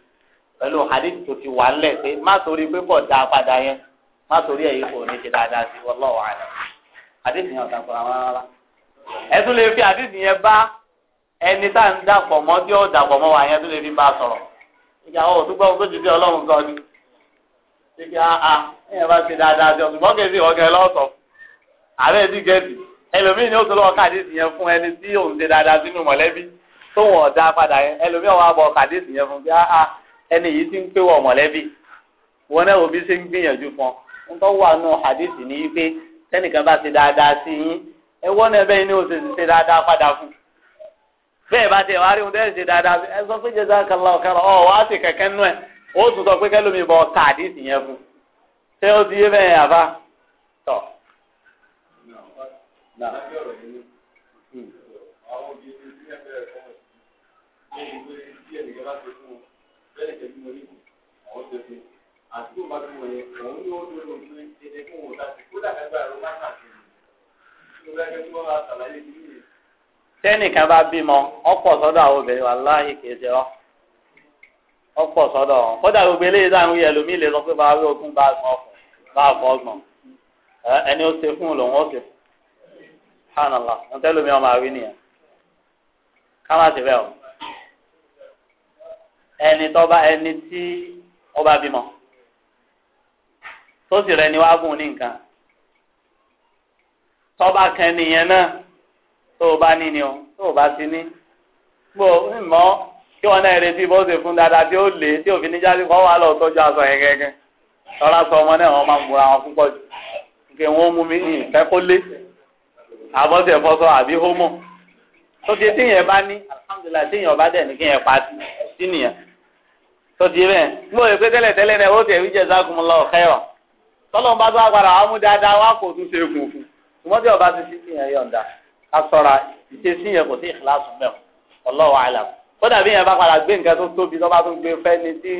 pẹ̀lú hadith tó ti wà ńlẹ̀ pé má torí pé kò dáa padà yẹn má torí ẹ̀yìn kò ní ṣe dáadáa sí wallahu a'lam hadith yẹn ọ̀tàn kò rárá rárá. ẹ tún lè fi hadith yẹn bá ẹni tá à ń dàpọ̀ mọ́ tí ó dàpọ̀ mọ́ wa yẹn tún lè fi bá a sọ̀rọ̀. ìjà ọ̀ tó gbọ́ tó ju bí ọlọ́run gan ni. ṣé kí a ẹ̀yẹ bá ṣe dáadáa sí ọ̀sùnmọ́ kejì ọ̀gẹ̀ lọ́sọ̀ ààrẹ gẹ̀ẹ́sì ẹlòmíì ni ó ẹni yìí ti ń pé wọ mọ̀lẹ́bí wọn náà òbí ṣe ń gbìyànjú fún un tó wà nù hadithi ní pé tẹnìkan bá ṣe dáadáa sí yín ẹ wọ́n náà bẹ́ẹ̀ ni ó ṣe ṣe dáadáa padà fún un bẹ́ẹ̀ bá tẹ̀ wárí ohun tẹ́lẹ̀ ṣe dáadáa ẹ sọ pé jazakallahu khairan ọ̀ wá sí kẹ̀kẹ́ nú ẹ̀ ó tún sọ pé kẹ́lómi bọ̀ ọ̀ka hadithi yẹn fún un ṣé ó ti yé bẹ́ẹ̀ àbá tọ̀. Àwọn òbí ẹni tí ẹ bẹ̀rẹ̀ fún ẹ̀ bẹ́ẹ̀ ṣe bí mo ní àwọn tó ṣe àti tó bá fi wọ̀nyẹ òun ní ó lórí ojú ẹni fún wọn láti kó dàgbàgbà rẹ má nà sí i ló dájọ́ tí wọ́n bá ṣàlàyé bí mi. tẹ́nìkan bá bímọ ọ̀pọ̀ sọ́dọ̀ àwọn obìnrin wa láàyè kìí ṣe ọ́ ọ̀pọ̀ kódà gbogbo eléyìí dáhùn yẹ lómi lè sọ pé bá wí ogún bá gbọ́n bá gbọ́n gbọ́n ẹni ó ṣe fún un lòun ó ṣe fún un hàn án lọ wọn tẹ́lómi ọmọ àwìn nìyẹn ká má ṣe bẹ́ẹ̀ o ẹni tọ́ba ẹni tí ọba bímọ tó sì rẹ ni wàá gùn ní nǹkan tọ́ba kan nìyẹn náà tó o bá ní ni o tó o bá ti ní gbọ́ mọ́ kí wọn náà retí bó ṣe fún dáadáa tí ó lè tí òfin níjàdí kọ́ wà lọ́ọ́ tọ́jú aṣọ yẹn gẹ́gẹ́ tọ́lá sọ ọmọ náà wọ́n máa ń bora wọn púpọ̀ jù nke wọn mú mi ìfẹ́ kó lé àbọ̀tẹ̀ fọ́sọ àbí hómọ̀ tó ti tíyẹn bá ní alihamudulilayi tíyẹn ọba dẹ̀ ní kíyẹn pa sí nìyẹn tọ́jú bẹ́ẹ̀ mo rò pé tẹ́lẹ̀ tẹ́lẹ̀ náà ó tẹ̀ wí jẹ́ sákùnmọ́lá ọ̀kẹ́ ọ̀ tọ́lọ́n bá bá padà wá mú dáadáa wá kò tún ṣe é kùn fún ṣùgbọ́n tí ọba ti ṣí sí yẹn yọ̀ǹda ká sọ̀ra ìṣesí yẹn kò sí ìkìláàsù mẹ́ọ̀ ọlọ́wọ́ àìlà ó dàbí yẹn bá padà gbé nǹkan tó tóbi tó bá tún gbé fẹ́ ni tí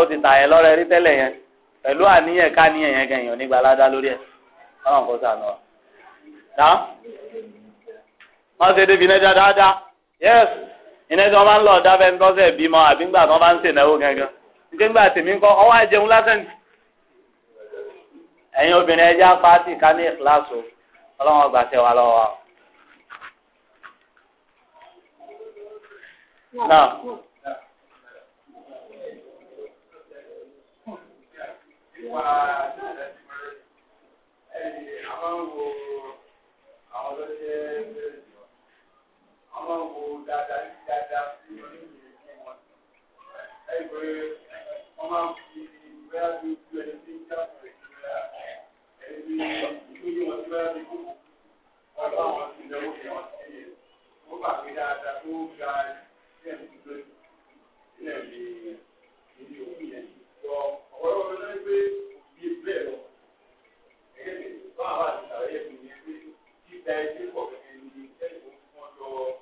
ó ti tà lọ́rẹ́ rí tẹ́lẹ̀ yẹn pẹ̀lú àníyàn ká iná tí wọ́n bá ń lọ dábẹ́ ń tọ́sẹ̀ bímọ àbí ńgbà tí wọ́n bá ń ṣènáwó gangan nígbà ńgbà tèmi kọ́ ọwọ́ àjẹun lásán ni. ẹ̀yin obìnrin ẹja pàtì ká ní ìkíláàsì ọlọ́wọ́n gbà tẹ̀ wá lọ́wọ́ wa. Àwọn wo àwọn ló ṣe àwọn wo dáadáa dáadáa sí oníwèé kí wọn ẹ gbé wọn máa ń fi bóyá bí ojú ẹni tí ń jáde rẹ ti rẹ ẹni tí ìlú yìí wọn ti bóyá bí kókò wọn bá wọn ti lọ wọn wọn ti yẹ wọn bá gbé dáadáa tó ga ilé ẹni tó lóyún ilé ẹni ìdí òkú yẹn lọ ọ̀rọ̀ ọ̀rọ̀ náà gbé bí ìbílẹ̀ lọ ẹgbẹ́ mi bá àwọn àti sàrẹ́ yẹn fi yẹn gbé ìgbà ẹgbẹ́ pọ̀ kẹ́kẹ́ ní ẹgbẹ́ ìwọ̀n fún ọjọ́.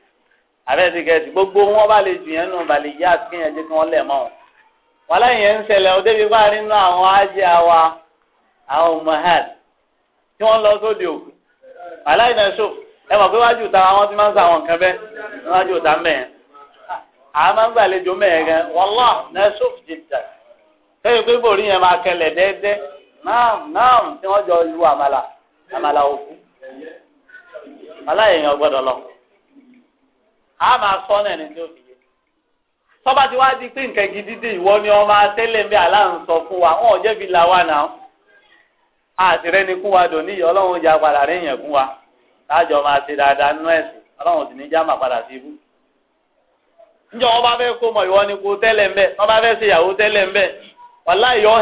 àbẹ́sí kẹ́sì gbogbo wọn bá lè jìyàn nù balẹ̀ yá kíyàn jẹ́ kí wọ́n lẹ̀ mọ́ wọn. wọn lẹ́yìn yẹn ń ṣẹlẹ̀ ó débi bá nínú àwọn ájá wa àwọn mohad tí wọ́n lọ sóde òkú aláì náà ṣò ẹ mọ̀ pé wájú ta wọn ti máa ń sa àwọn nǹkan bẹ́ẹ̀ wájú ta mẹ́ẹ̀ àwọn máa ń gbàlejò mẹ́ẹ̀ gan wọ́lá náà ṣò jìjà kẹ́yìn pé bòrí yẹn máa kẹlẹ̀ dẹ́ẹ́dẹ́ náà náà tí wọ́n a máa sọ náà ní tí ó fi yé sọba ti wá di pé nǹkan gidi dị ìwọ ni ọmọ atẹlẹ bí aláǹ sọ fún wa wọn ò jẹ̀bi là náà àtìrẹ kún wa dùn níyì ọlọrun ìjà padà rí wa láàjọ máa ṣe dáadáa nínú sì ní padà sí ibú bá fẹ́ kó ni kó tẹ́lẹ̀ ń bá fẹ́ ṣe ìyàwó tẹ́lẹ̀ ń láì yọ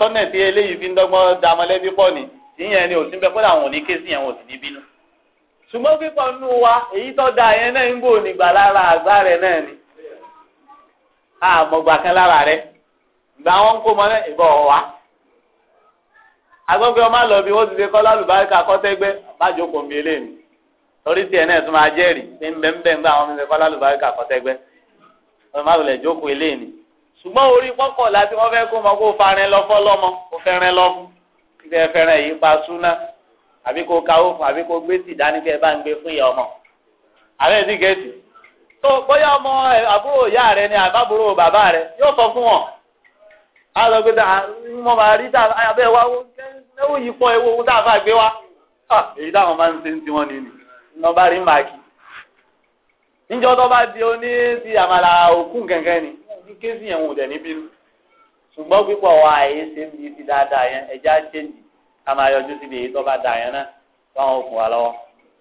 wọn tí eléyìí fi ń dọ́gbọ́n pọ̀ ní ìyẹn ni kó ṣùgbọ́n pípọ̀ nù wa èyí tó da yẹn náà ń bò nígbà lára àgbà rẹ̀ náà ni àmọ̀gbà kan lára rẹ̀ ìgbà wọn ń kó mọ́ náà ìbọn ọ̀wá agbọ́n pé ọmọ àlọ́ bí wọ́n ti ṣe kọ́ lálùbáríkà kọ́tẹ́gbẹ́ bájò kò mí eléyìí torí tiẹ̀ náà tún máa jẹ́rìí pé ńbẹ́ńbẹ́ ńgbà wọn ti ṣe kọ́ lálùbáríkà kọ́tẹ́gbẹ́ ọmọ àlọ́ jókòó eléyìí ṣùgbọ́n orí pọ́kọ̀ àbí kó kawó fún àbí kó gbé sí ìdánikẹ́ bá ń gbé fún ìyá ọmọ àbẹ́ ti gẹ̀ẹ́sì tó bóyá ọmọ àbúrò ìyá rẹ ni àbábúrò bàbá rẹ yóò sọ fún wọn á lọ gbé dáa mo máa rí dáa abẹ́ wa ó yí pọ̀ ewu owó dáa fà gbé wa èyí táwọn máa ń ṣe ń tiwọn nínú iná bá rí màkì níjọ́ tó bá di oní ti àmàlà òkú kẹ̀kẹ́ ni ní kéésì yẹn wò dẹ̀ níbí ṣùgbọ́n pípọ̀ wa àyè ṣe ń bi ti dáadáa yẹn ẹja ṣe ń di ká yọjú síbi èyí tó bá da yẹn náà lọ́wọ́ fún wa lọ́wọ́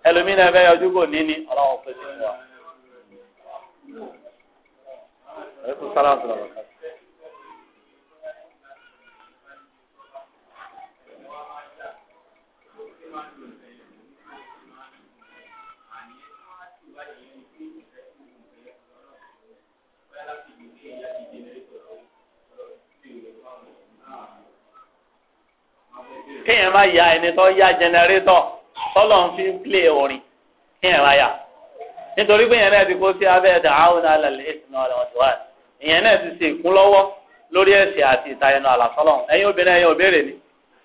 ẹlòmínà fẹ́ yọjú kò ní ní ọlọ́wọ́ fún wa. kéèyàn má ya ẹni tó ya jẹnẹrétọ̀ tọ́lọ̀ ń fi ń plé orin kéèyàn má ya nítorí pé ìyẹn náà ti kó sí abẹ́ ẹ̀dá àwọn alàlẹ́ ìsìnà ọ̀rẹ́ wọn ti wá ìyẹn náà ti ṣe ìkúnlọ́wọ́ lórí ẹ̀sìn àti ìtayẹnu àlàsọ́lọ̀ ẹ̀yin obìnrin ẹ̀yin òbéèrè ni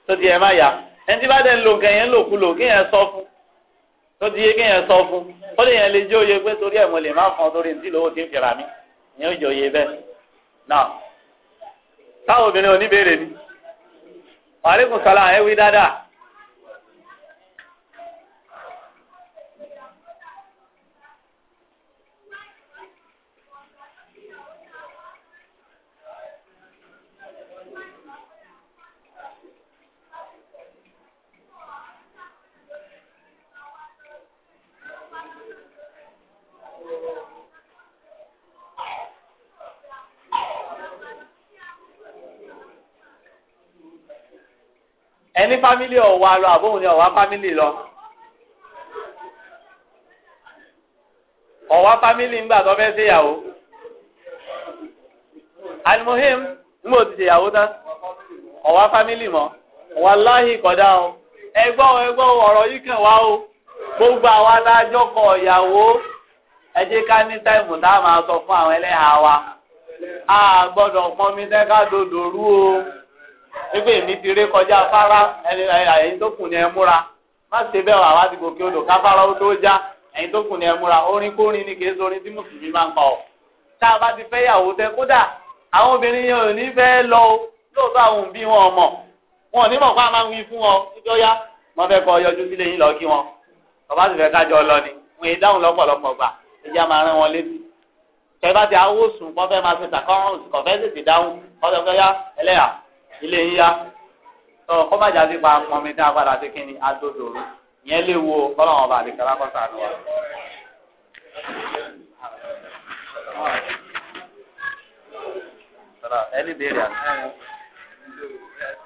tó ti yẹ má ya ẹni tí bá dẹ̀ ń lo nǹkan yẹn lòkulò kéèyàn sọ fún tó ti yẹ kéèyàn sọ fún ó lè yẹn lè jẹ́ òye pé torí ẹ̀ mo lè má fọ́n torí ní lówó ti ń fìrà mí ìyẹn ò jẹ́ òye bẹ́ẹ̀ náà táwọn obìnrin oníbèrè ni wàhálẹ́kùn sọlá ẹ wí dáadáa. ẹni fámílì ọ̀wà lọ àbóhùn ni ọ̀wà fámílì lọ. ọ̀wà fámílì ń gbà tó fẹ́ ṣe ìyàwó. alimohim ń bò ti ṣe ìyàwó tán ọ̀wà fámílì mọ́ wàláhì kọ̀dá o ẹgbọ́ ẹgbọ́ ọ̀rọ̀ yìí kàn wá o gbogbo àwa adájọ́ kọ ìyàwó ẹ jẹ́ ká ní táìmù tá a máa sọ fún àwọn ẹlẹ́hàá wa a gbọ́dọ̀ pọnmi tẹ́ ká dodò rú o. nígbà èmi ti ré kọjá afárá ẹni ẹyin tó kù ní ẹ múra má ṣe bẹ́ẹ̀ wà wá ti gòkè odò káfárá ó tó já ẹyin tó kù ní ẹ múra orin kórin ni kì í sorin tí mùsùlùmí máa ń pa ọ. tá a bá ti fẹ́ yàwó tẹ kódà àwọn obìnrin yẹn ò ní fẹ́ lọ o lóòótọ́ àwọn òbí wọn ọmọ wọn ò ní mọ̀ pé a máa ń wí fún wọn níjọ́ yá wọn fẹ́ kọ yọjú sílé yín lọ kí wọn bàbá sì fẹ́ kájọ lọ ni wọn èyí dáhùn lọ́pọ̀lọpọ̀ gbà ìjà máa rán wọn létí tẹ bá ti awó sùn kọfẹ máa ṣe sàkọrùn kọfẹ sì ti dáhùn kọfẹ fẹ yá ẹlẹ́yà ilé ń yá tọ́ kọ́bàjà ti pa pọnmi tí a padà sí kíni adódò rú lè wo ọlọ́run ọba àlekẹ́ lákọ́sà ni wọ́n. ẹni àná.